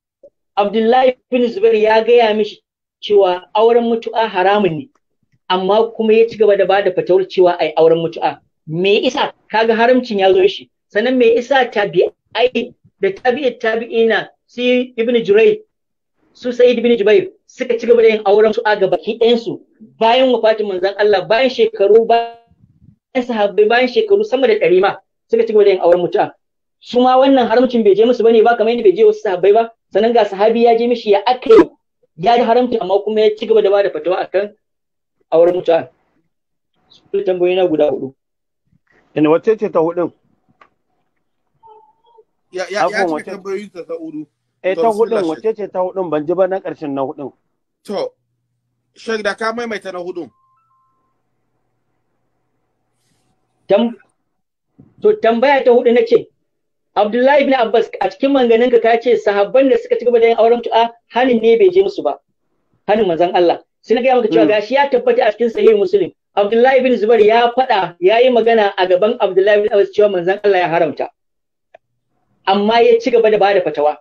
Abdullahi bin Zubair ya gaya mishi cewa auren mutu'a haramun ne. Amma kuma ya ci gaba da bada fatawar cewa ai auren mutu'a. me isa kaga haramcin ya zo shi sannan me isa tabi'a ai da tabi'in tabi'ina si ibn Jurai su sai ibn Jubair suka ci gaba da yin auren su a baki ɗayan su bayan wafatin manzon Allah bayan shekaru bayan sahabbai bayan shekaru sama da ɗari ma suka ci gaba da yin auren mutu'a su ma wannan haramcin bai je musu bane ba kamar yadda bai je wasu sahabbai ba sannan ga sahabi ya je mishi ya akai ya ji haramci amma kuma ya ci gaba da bada fatawa akan auren mutu'a su tambayoyi na guda hudu. Ina ce ta hudun? ya cika tambayoyin ta hudu. Eh ta hudun wace ce ta hudun ban ji ba na karshen na hudun. To, Sheikh da ka maimaita na hudun. To tambaya ta hudu nace Abdullahi bin Abbas a cikin manganin ka ce sahabban da suka ci gaba da yin auren tu'a hanin ne bai je musu ba. Hanin manzon Allah. Sai na gaya maka cewa hmm. gashi ya tabbata a cikin sahihin Muslim. Abdullahi bin Zubair ya faɗa ya yi magana a gaban Abdullahi bin Abbas cewa manzon Allah ya haramta. amma ya ci gaba da bada fatawa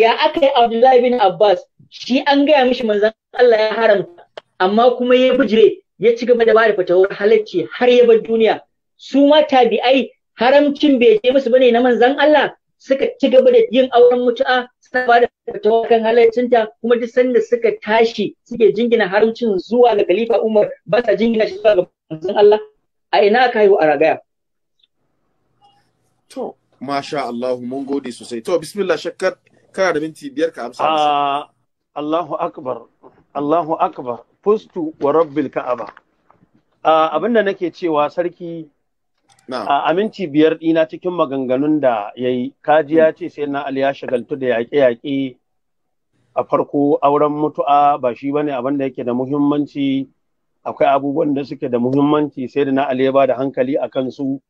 ya aka yi Abdullahi bin Abbas shi an gaya mishi manzon Allah ya haramta amma kuma ya bijire ya ci gaba da bada fatawar halacci har ya bar duniya su ma tabi'ai haramcin bai je musu bane na manzon Allah suka ci gaba da yin auren mutu'a suna ba da fatawa kan halarcinta kuma duk sanda suka tashi suke jingina haramcin zuwa ga khalifa Umar ba sa jingina shi zuwa ga manzon Allah a ina ka haihu a ragaya to Masha Allah mun gode sosai. To bismillah shakkar kana da minti biyar ka amsa. Ah, Allahu akbar. Allahu akbar. Fustu wa rabbil ka'aba. Ah, abinda nake cewa sarki ah, a aminci biyar ɗina cikin maganganun da ya yi kaji ya ce sai na ali ya shagaltu da yaƙe-yaƙe a farko auren mutu'a ba shi bane abin da yake da muhimmanci akwai abubuwan da suke da muhimmanci sai da na ali ya ba da hankali a kansu su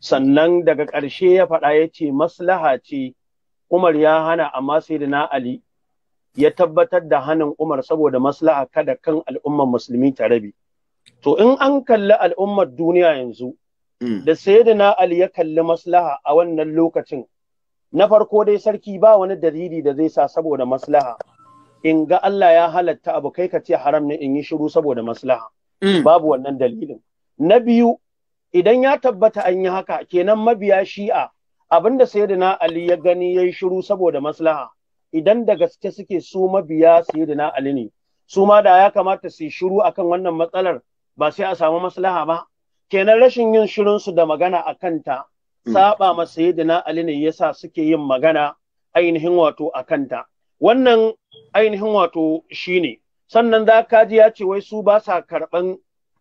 sannan daga ƙarshe ya faɗa ya ce maslaha ce Umar ya hana amma sai da na Ali ya tabbatar da hanin Umar saboda maslaha kada kan al'ummar musulmi ta rabi. To in an kalli al'ummar duniya yanzu mm. da na Ali ya kalli maslaha a wannan lokacin na farko dai sarki ba wani dalili da zai sa saboda maslaha in ga Allah ya halatta abu kai ka ce haram ne in yi shiru saboda maslaha mm. babu wannan dalilin na biyu idan ya tabbata an yi haka kenan mabiya shi'a abinda sayyidina ali ya gani yayi shiru saboda maslaha idan da gaske suke su mabiya sayyidina ali ne su ma da ya kamata su yi shiru akan wannan matsalar ba sai a samu maslaha ba kenan rashin yin shirin su da magana a kanta hmm. saba ma sayyidina ali ne yasa suke yin magana ainihin wato a kanta wannan ainihin wato shine sannan za ka ji ya ce wai su ba sa karɓan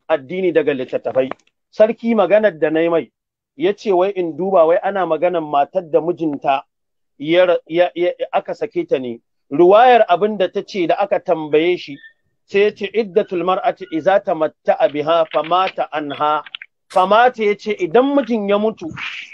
addini daga littattafai sarki maganar da na yi mai ya ce wai in duba wai ana maganar matar da mijinta aka sake ta ne ruwayar abin da ta ce da aka tambaye shi sai ya ce iddatul mar'ati iza tamatta biha famata anha famata ya ce idan mijin ya mutu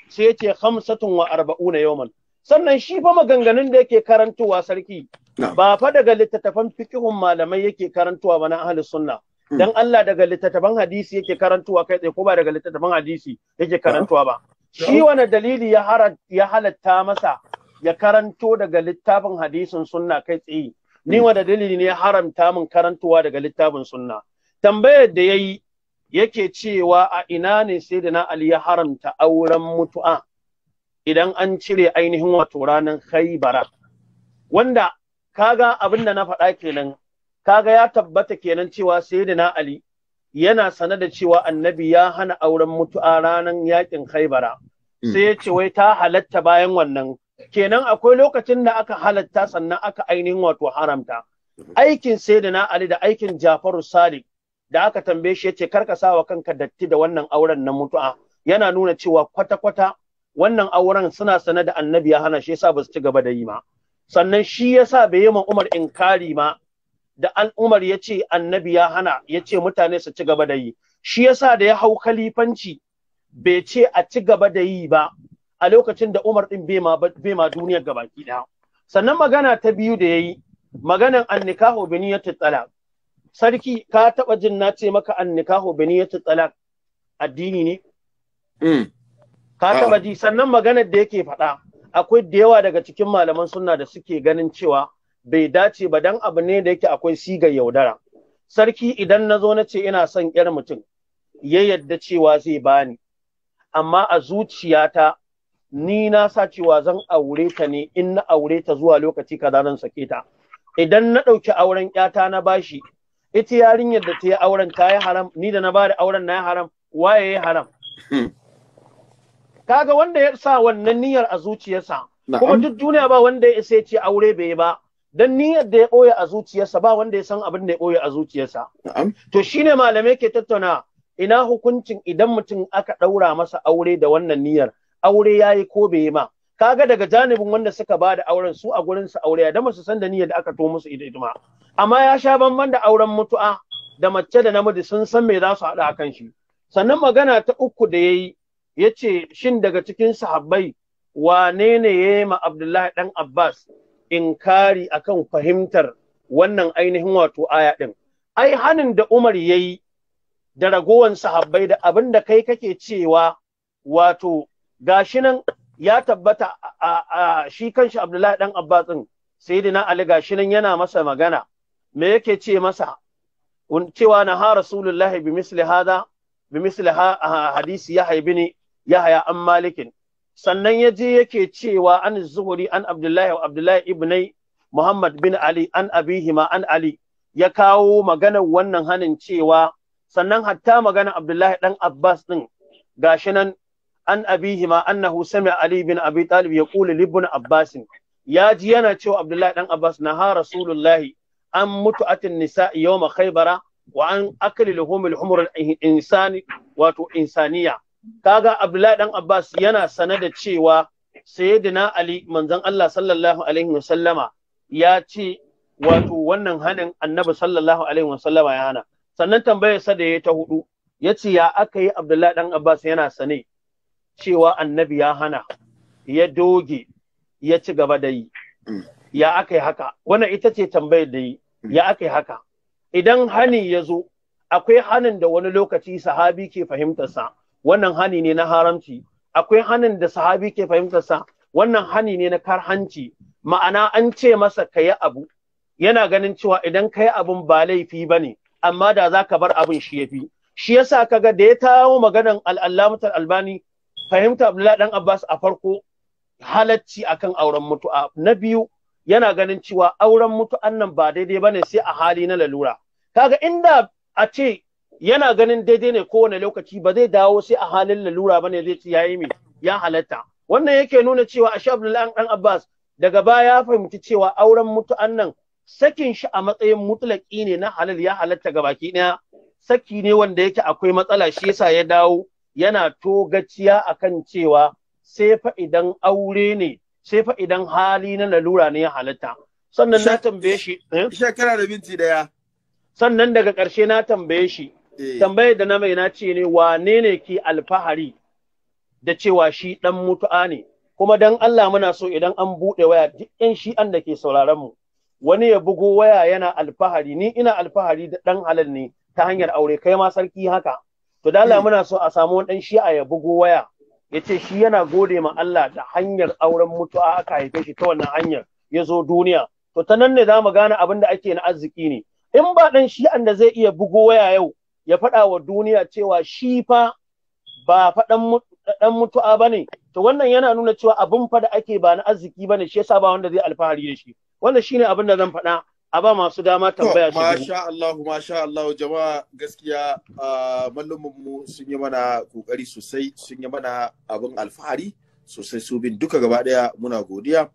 sai ya ce hamsatun wa arba'una yawman sannan shi fa maganganun da yake karantowa sarki ba fa daga littattafan fikihun malamai yake karantowa ba na ahlus sunnah Hmm. dan Allah daga littattafan hadisi yake karantuwa kai tsaye ko ba daga littattafan hadisi yake karantuwa ba shi wani dalili ya ya halatta masa ya karanto daga littafin hadisin sunna kai tsaye ni hmm. wani dalili ne ya haramta min karantuwa daga littafin sunna tambayar da yayi yake cewa a ina ne sai da na Ali ya haramta auren mutu'a idan an cire ainihin wato ranar khaibara wanda kaga abin da na faɗa kenan kaga ya tabbata kenan cewa sayyidina ali yana sane da cewa annabi ya hana auren mutu'a ranan yakin khaibara hmm. sai ya ce wai ta halatta bayan wannan kenan akwai lokacin da aka halatta sannan aka ainihin wato haramta aikin sayyidina ali da aikin jafaru sadiq da aka tambaye shi yace karka sawa kanka datti da wannan auren na mutu'a yana nuna cewa kwata-kwata wannan auren suna sane da annabi ya hana shi yasa ba su ci gaba da yi ma sannan shi yasa bai yi ma Umar inkari ma da an Umar ya ce annabi ya hana ya ce mutane su ci gaba da yi shi yasa da ya hau khalifanci bai ce a ci gaba da yi ba a lokacin da Umar din bai ma bai duniyar gabaki sannan magana ta biyu da yayi maganan annikahu bi niyyati talaq sarki ka taba jin na ce maka annikahu bi niyyati talaq addini ne mm. ka ah. taba ji sannan maganar da yake faɗa akwai da yawa daga cikin malaman sunna da suke ganin cewa bai dace ba dan abu ne da yake akwai sigar yaudara sarki idan na zo na ce ina son yar mutum ya yadda cewa zai bani amma a zuciyata ni na sa cewa zan aure ta ne in na aure ta zuwa lokaci kaza nan sake ta idan na ɗauki auren 'yata na bashi ita yarinyar da ta yi auren ta yi haram ni da na bada auren na yi haram waye ya yi haram kaga wanda ya sa wannan niyyar a zuciyarsa kuma duk duniya ba wanda ya isa ya ce aure bai ba dan niyyar da ya ɓoye a zuciyarsa ba wanda ya san abin da ya ɓoye a zuciyarsa to shi ne malamai ke tattauna ina hukuncin idan mutum aka ɗaura masa aure da wannan niyyar aure yayi ko bai yi ma kaga daga janibin wanda suka ba da auren su a gurin su aure da musu san da niyyar da aka to musu ita ita ma amma ya sha bamban da auren mutu'a da mace da namiji sun san me za su haɗa a kan shi sannan magana ta uku da yayi ce shin daga cikin sahabbai wane ne ya yi ma Abdullahi dan Abbas inkari akan fahimtar wannan ainihin wato aya ɗin. Ai hanin da Umar ya yi da ragowan sahabbai da abinda kai kake cewa wato gashi nan ya tabbata a, shi kanshi Abdullahi ɗan Abbatsin Sayyidina Ali gashi nan yana masa magana me yake ce masa cewa na ha Rasulullahi bi misli hada bi misli hadisi ya haibini ya haya an malikin sannan ya je yake cewa an zuhuri an abdullahi wa abdullahi ibn muhammad bin ali an abihima an ali ya kawo maganar wannan hanin cewa sannan hatta maganar abdullahi dan abbas din gashi nan an abihima annahu sami ali bin abi talib ya kula libun abbas ya ji yana cewa abdullahi dan abbas na ha rasulullahi an mutu nisa nisa'i yawma khaybara wa an akli lahumul humur insani wato insaniya kaga Abdullahi dan Abbas yana sane da cewa sayyidina Ali manzon Allah sallallahu alaihi wasallama ya ce wato wannan hanin annabi sallallahu alaihi wasallama ya hana sannan tambayarsa da ya ta hudu ya ce ya aka yi Abdullahi dan Abbas yana sane cewa annabi ya hana ya doge ya ci gaba da yi ya aka yi haka wannan ita ce tambayar da yi ya aka yi haka idan hani ya zo akwai hanin da wani lokaci sahabi ke fahimtarsa wannan hani ne na haramci akwai hanin da sahabi ke fahimtar sa wannan hani ne na karhanci ma'ana an ce masa kayi abu yana ganin cewa idan kayi abun ba laifi bane amma da za ka bar abun shi yafi shi yasa kaga da ya tawo maganan al'allamatar albani fahimta abdullahi dan abbas a farko halacci akan auren mutu'a na biyu yana ganin cewa auren mutu'an nan ba daidai bane sai a hali na lalura kaga inda a ce yana ganin daidai ne kowane lokaci ba zai dawo sai a halin lalura ba ne zai ci yayi mai ya halatta wannan yake nuna cewa ashe abdullahi dan abbas daga baya ya fahimci cewa auren mutu'an nan sakin shi a matsayin mutlaki ne na halal ya halatta ga baki ɗaya saki ne wanda yake akwai matsala shi yasa ya dawo yana to gaciya akan cewa sai fa idan aure ne sai fa idan hali na lalura ne ya halatta sannan na tambaye shi eh? shekara da binti daya sannan daga ƙarshe na tambaye shi Eh. tambayar da na mai na ce ne wane ne ke alfahari da cewa shi dan mutu'a ne kuma dan Allah muna so idan an buɗe waya duk yan shi'an da ke sauraron mu wani ya bugo waya yana alfahari ni ina alfahari da dan halal ne ta hanyar aure kai ma sarki haka to da Allah eh. muna so a samu wani dan shi'a ya bugo waya ya ce shi yana gode ma Allah da hanyar auren mutu'a aka haife shi ta wannan hanyar ya zo duniya to ta nan ne za mu gane abin da ake na arziki ne in ba dan shi'an da zai iya bugo waya yau ya faɗa wa duniya cewa shi fa ba faɗan ɗan mutu'a bane to wannan yana nuna cewa abin fa da ake ba na arziki ba ne shi yasa ba wanda zai alfahari da shi wannan shine abin da zan faɗa a ba masu dama tambaya shi masha Allah masha Allah jama'a gaskiya mallumin mu sun yi mana kokari sosai sun yi mana abin alfahari sosai su bin duka gaba daya muna godiya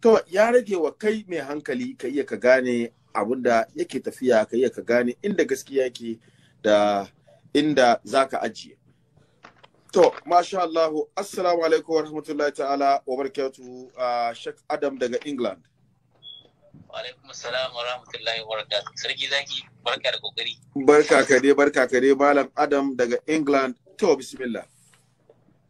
to ya rage wa kai mai hankali ka iya ka gane abin da yake tafiya ka iya ka gane inda gaskiya yake da inda za ka ajiye. To, masha Allahu, Assalamu alaikum wa rahmatullahi ta'ala wa barakatuhu a uh, Sheikh Adam daga England. Wa alaikum assalam wa rahmatullahi wa barakatuhu. Sarki zaki, barka da kokari. Barka ka dai, barka ka dai, Malam Adam daga England. To, bismillah.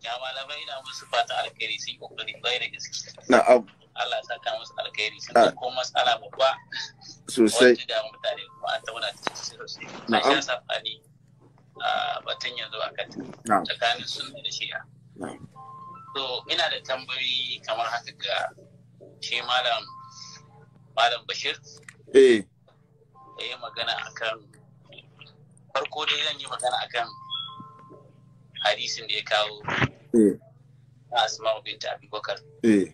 Ya malamai ina musu fata alkhairi sun kokari bai da gaske. Na'am. Allah ya saka musu alkhairi sun ko matsala babba. sosai mutane sosai a sha safani a batun yanzu a kan tsakanin da shi'a so ina da tambayi kamar haka ga shi malam malam bashir eh yi magana akan farko dai zan yi magana akan hadisin da ya kawo eh. na asma'u binta abubakar eh.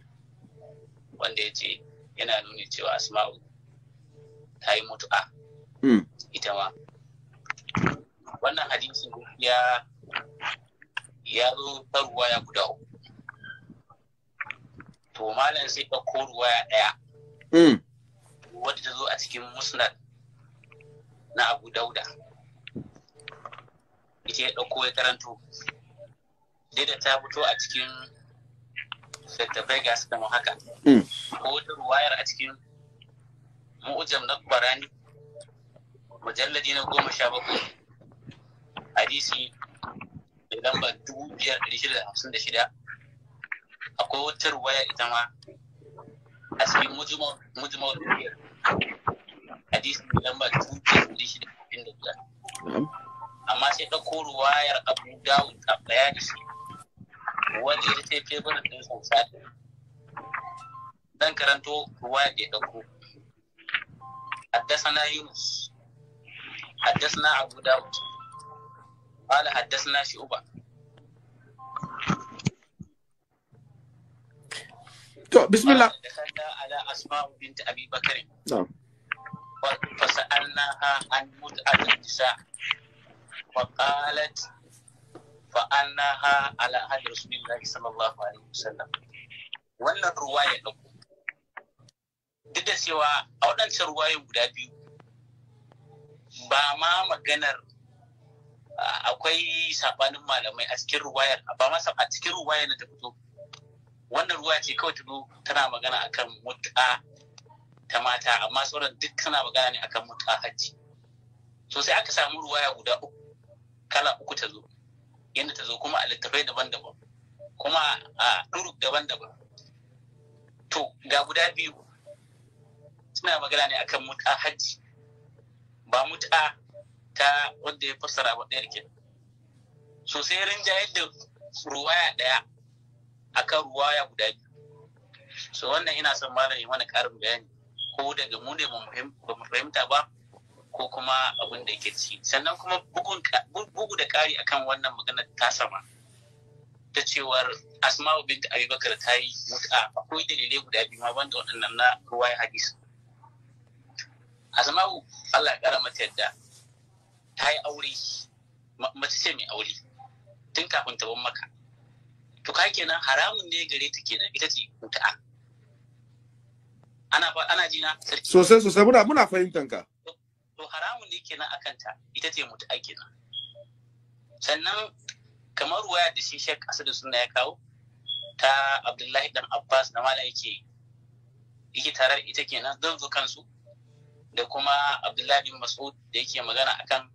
wanda ya ce yana nuni cewa ta yi mutu'a hmm. ita ma wannan hadisi ya ya zo ruwa ya guda uku to malam sai ta ko ya ɗaya hmm. wadda ta zo a cikin musnad na abu dauda ita ya ɗauko ya karanto dai da ta fito a cikin littattafai ga su haka hmm. ko wata ruwayar a cikin mu'jam na barani mujalladi na goma sha bakwai hadisi da lamba dubu biyar ɗari shida da hamsin da shida akwai wata ruwaya ita ma a cikin mujmal biyar hadisi da lamba dubu biyar da shida da hamsin da biyar amma sai ɗauko ruwayar abu dawo a bayani shi wanda ita ce feburin ɗin sosai zan karanto ruwaya da ya ɗauko حدثنا يونس حدثنا أبو داود قال حدثنا شعبة بسم الله دخلنا على أسماء بنت أبي بكر نعم فسألناها عن متعة النساء وقالت فأنها على أهل رسول الله صلى الله عليه وسلم وأن الرواية نقول duk da cewa a waɗancan ruwaye guda biyu ba ma maganar akwai sabanin malamai a cikin ruwayar ba ma a cikin ruwayar na ta fito wannan ruwa ce kawai tudu tana magana akan mutu'a ta mata amma sauran duk tana magana ne akan mutu'a hajji so sai aka samu ruwaya guda uku kala uku ta zo yadda ta zo kuma a littafai daban-daban kuma a ɗuruk daban-daban to ga guda biyu suna magana ne akan mut'a hajji ba mut'a ta wanda ya fassara ba ɗaya ke so sai rinjayar da ruwaya ɗaya akan ruwaya guda biyu so wannan ina son malami mana ƙarin bayani ko daga mu ne ba mu fahimta ba ko kuma abin da yake ci sannan kuma bugu da ƙari akan wannan maganar ta sama ta cewar asma'u bint abubakar ta yi mut'a akwai dalilai guda biyu ma banda waɗannan na ruwaya hadisi asma'u Allah ya kara mata yadda ta yi aure mace ce mai aure tun kafin ta ban maka to ka kenan haramun ne gare ta kenan ita ce muta'a ana ana ji na sarki sosai sosai muna muna fahimtan ka to haramun ne kenan akan ta ita ce muta'a kenan sannan kamar waya da shi Sheikh da Sunna ya kawo ta Abdullahi dan Abbas na mala yake yake tarar ita kenan zan zo kansu da kuma abdullahi bin mas'ud da yake magana akan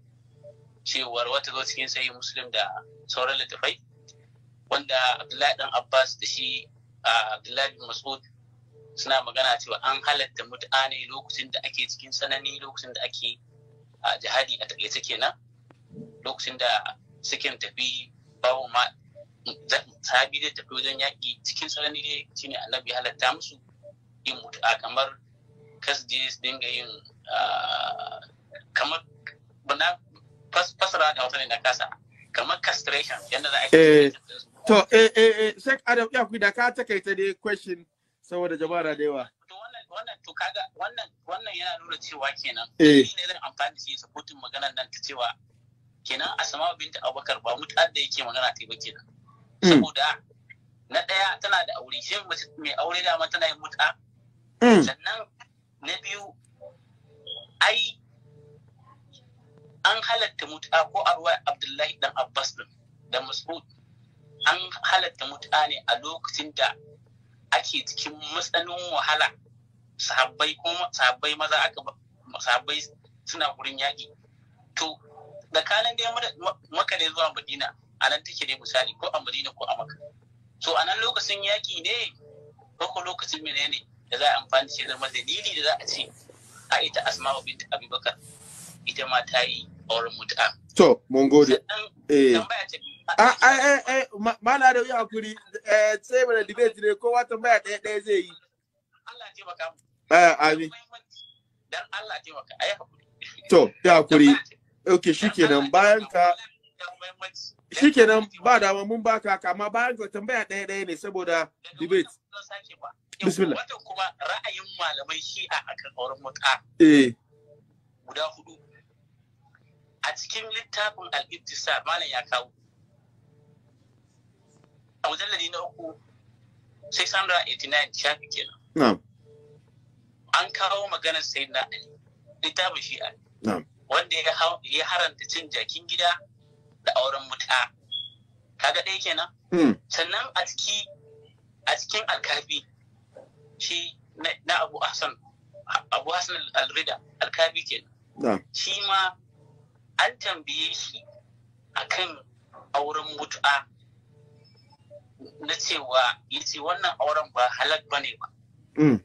cewar wata zo cikin sayi muslim da sauran littafai wanda abdullahi dan abbas da shi abdullahi bin mas'ud suna magana cewa an halatta mutane ne lokacin da ake cikin sanani lokacin da ake a jihadi a takaice kenan lokacin da suke tafi babu ma sabi da tafi wajen yaƙi cikin tsanani ne shine annabi halatta musu yin mutu'a kamar kas je su dinga yin kamar bana fasara da wata ne na kasa kamar castration yadda za a yi eh, to eh eh eh shek adam ya da ka takaita dai question saboda jama'a da yawa wannan to kaga wannan wannan yana nuna cewa kenan eh. ne zan amfani da shi supporting maganar nan ta cewa kenan asma binta abubakar ba mutan da yake magana ta ba kenan hmm. saboda na ɗaya tana da aure shin mace mai aure dama tana yin mut'a hmm. sannan na biyu ai an halatta mut'a ko a ruwa abdullahi dan abbas din da mas'ud an halatta mut'a ne a lokacin da ake cikin matsanin wahala sahabbai ko sahabbai maza aka sahabbai suna gurin yaƙi to tsakanin dai maka ne zuwa madina a nan take ne misali ko a madina ko a maka so a nan lokacin yaƙi ne ko lokacin menene ne da za a amfani shi zama dalili da za a ce a ita wa Binta abubakar ita ma ta yi auren mutu'a. To, mun gode. Eh. Ah, ah, eh, eh, mana da a hakuri, sai mana debate ne kowa tambaya ɗaya ɗaya zai yi. Allah taimaka mu. Eh, amin. Dan Allah taimaka, ayi hakuri. To, ya hakuri. Okay, shikenan bayan ka. shikenan ba dama mun baka haka amma bayan ka tambaya ɗaya ɗaya ne saboda debate bismillah wannan kuma ra'ayin malamai shi a akan auren muka. eh guda hudu a cikin littafin al malam ya kawo a wajen mujalladi na uku 689 shafi kenan na'am an kawo maganar sayyidina na littafin shi a na'am wanda ya haranta cin jakin gida da auren muta kaga ɗaya kenan hmm. sannan a ciki a cikin alkafi shi na abu hassan abu hassan alrida alkafi kenan shi ma an tambaye shi akan auren mutu'a na cewa ya ce wannan auren ba halak ba ne hmm.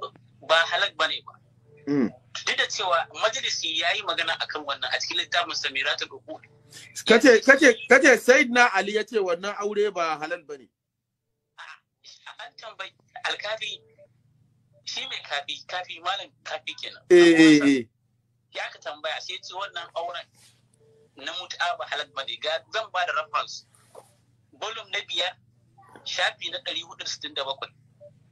ba ba halak ba ne hmm. ba duk da cewa majalisi ya yi magana akan wannan a cikin littafin samiratul uqud kace kace kace na ali ya ce wannan aure ba halal bane an tambayi alkafi shi mai kafi kafi malam kafi kenan eh eh, eh. ya ka tambaya sai ce wannan auren na mut'a ba halal ba ne, ga zan ba da reference volume na biyar shafi na 467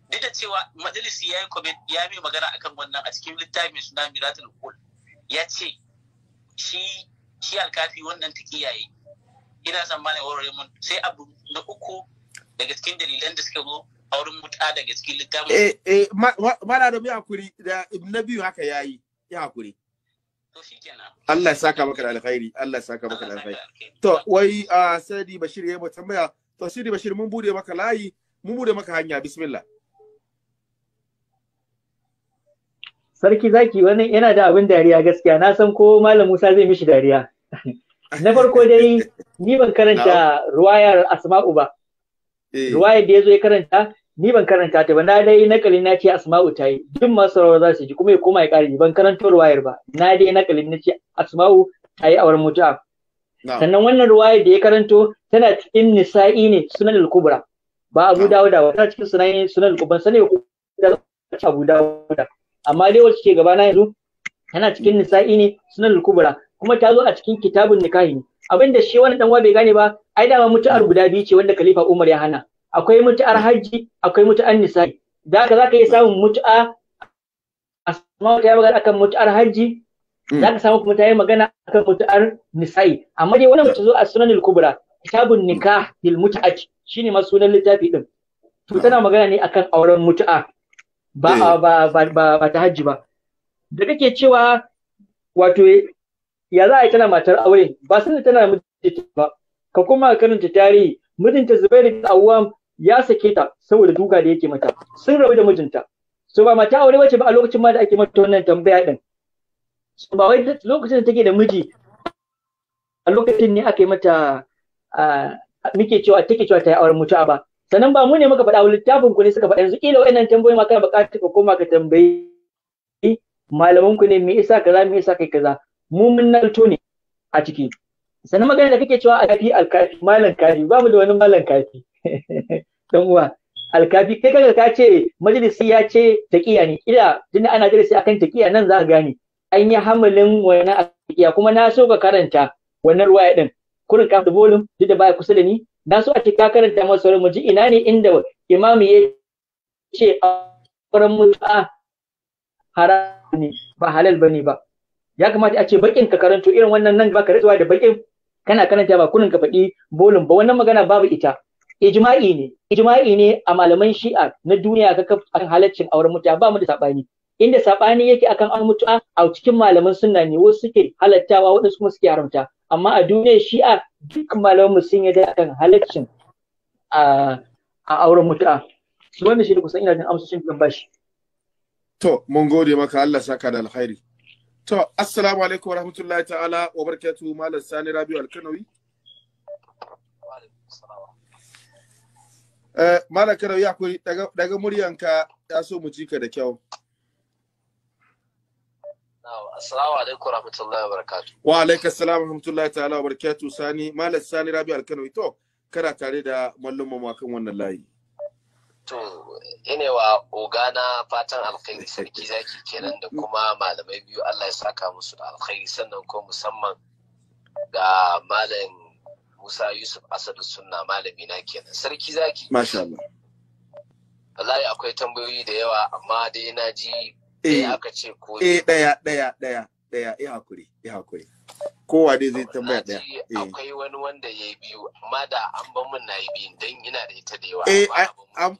duk da cewa majalisi ya yi comment ya mai magana akan wannan a cikin littafin suna miratul qul ya ce shi shi alkafi wannan ta kiyaye ina son malam warware mun sai abu na uku daga cikin dalilan da suka zo a wurin muta daga cikin littafin eh eh mala da mu hakuri da ibn biyu haka yayi ya hakuri to shikenan Allah ya saka maka da alkhairi Allah ya saka maka da alkhairi to wai a ah, sadi bashir yayi mu tambaya to sadi bashir mun bude maka layi mun bude maka hanya bismillah sarki zaki wani yana da abin dariya gaskiya na san ko malam Musa zai mishi dariya na farko dai ni ban karanta ruwayar asma'u ba eh. ruwayar da yazo ya karanta ni ban karanta ta ba na dai nakalin na ce asma'u ta yi duk masu rawar za su ji kuma ya koma ya ƙara ban karanta ruwayar ba na dai nakalin na ce asma'u ta yi auren mutu'a sannan wannan ruwayar da ya karanto tana cikin nisa'i ne sunan al-kubra ba abu dawuda ba tana cikin sunan sunan al-kubra sanin ku da abu dawuda amma dai wacce ke gabana yanzu tana cikin nisa'i ne sunan kubra kuma ta zo a cikin kitabun nikahi ne abin da shi wani dan bai gane ba ai dama mutu'ar guda biyu ce wanda khalifa Umar ya hana akwai mutu'ar haji akwai mutu'ar nisa'i da haka zaka yi samun mutu'a asma ta yi magana akan mutu'ar haji hmm. zaka samu kuma ta yi magana akan mutu'ar nisa'i amma dai wannan mutu zo a sunan kubra kitabun nikah lil mut'ati shine ma sunan littafi din to tana magana ne akan auren mutu'a Eh. ba ba ba ba ta hajji ba da kake cewa wato ya za a yi tana matar aure ba sun tana mijinta ba ka kuma karanta tarihi mijinta Zubair da awwa ya sake ta saboda duka da yake mata sun rabu da mijinta so ba mata aure wace ba a lokacin ma da ake mata wannan tambaya din so ba wai lokacin da take da miji a lokacin ne aka yi mata muke cewa take cewa ta yi auren mutuwa ba sannan ba mu ne muka faɗa littafin ku ne suka faɗa yanzu kila wayannan, tambayoyi ma kana buƙatar ka koma ka tambayi malaman ku ne me yasa kaza me yasa kai kaza mu mun nalto ne a ciki sannan magana da kake cewa alkafi alkafi malam kafi ba mu da wani malam kafi dan uwa alkafi kai kaga ka ce majalisi ya ce taqiya ne ila din ana darasi akan taqiya nan za ka gane an yi hamalin wannan taqiya kuma na so ka karanta wannan ruwaya din kurin ka da bolin duk da baya kusa da ni na su a cikin karanta masa wani mu ji ina ne inda imamu ya ce auren mutu'a haram ne ba halal bane ba ya kamata a ce bakin ka karanto irin wannan nan ba ka rantsuwa da bakin kana karanta ba kunin ka faɗi bolin ba wannan magana babu ita ijma'i ne ijma'i ne a malaman shi'a na duniya ka akan halaccin auren mutu'a ba mu da sabani inda sabani yake akan auren mutu'a a cikin malaman sunna ne wasu suke halattawa waɗansu kuma suke haramta amma a duniya, shi'a duk malaman sun yi akan halaccin a auren mutu'a Su Wani shi da kusan ina jin amsoshin kan bashi to mun gode maka Allah saka da alkhairi to assalamu alaikum warahmatullahi ta'ala wa barakatuhu malam sani rabiu alkanawi eh, Malam Kanawi, akwai daga muryanka ya so mu ji ka da kyau. Assalamu alaikum rahmatullahi wa barakatuh. Wa alaikum assalam rahmatullahi ta'ala wa barakatuh Sani Malam Sani Rabi Alkano to kana tare da mallum mu akan wannan layi. To ine wa ogana fatan alkhairi sarki zaki kenan da kuma malamai biyu Allah ya saka musu da alkhairi sannan ko musamman ga malam Musa Yusuf Asadu Sunna malami na kenan sarki zaki. Masha Allah. Wallahi akwai tambayoyi da yawa amma dai na ji eh aka ce ko eh daya daya daya daya eh hakuri eh hakuri kowa dai zai tambaya daya eh. akwai wani wanda yayi biyu amma da an ba mun nayi biyu dan ina da ita da yawa eh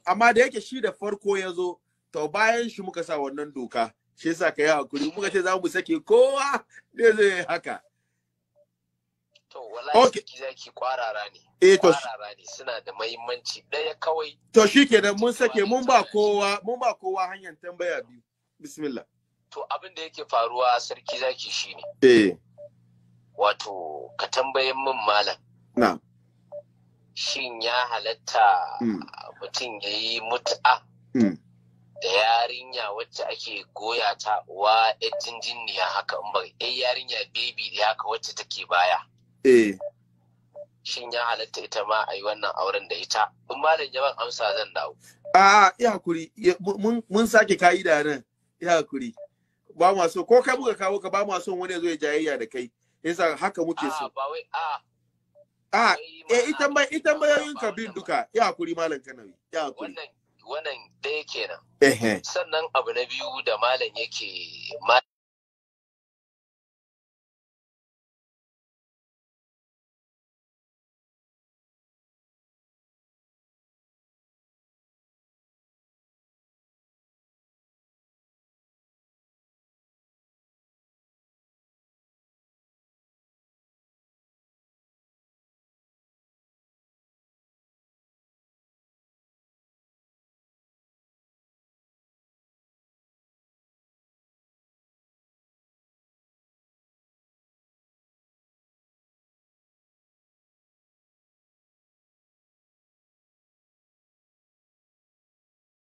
amma da yake shi da farko ya zo to bayan shi muka sa wannan doka shi yasa ka yi hakuri muka ce za mu sake kowa dai zai haka To wallahi ki zaki kwarara ne. Eh to ne suna da muhimmanci ɗaya kawai. To shikenan mun sake mun ba kowa mun ba kowa hanyar tambaya biyu. bismillah to abin da yake faruwa sarki zaki shine eh wato ka tambayin min malam na'am shin ya halatta hmm. mutum ya yi mut'a hmm. da yarinya wacce ake goya ta wa jinjiniya haka in ba yarinya baby da haka wacce take baya eh shin ya halatta ita ma a yi wannan auren da ita in malam ya ban amsa zan dawo A'a, ya hakuri mun sake ka'ida nan ya hakuri ba mu so ko kai muka kawo ka ba mu so wani ya zo ya jayayya da kai yasa haka muke so ba wai a a eh ita mai ita mai yayin ka bin duka ya hakuri malam kanawi ya hakuri wannan wannan dai kenan sannan abu na biyu da malam yake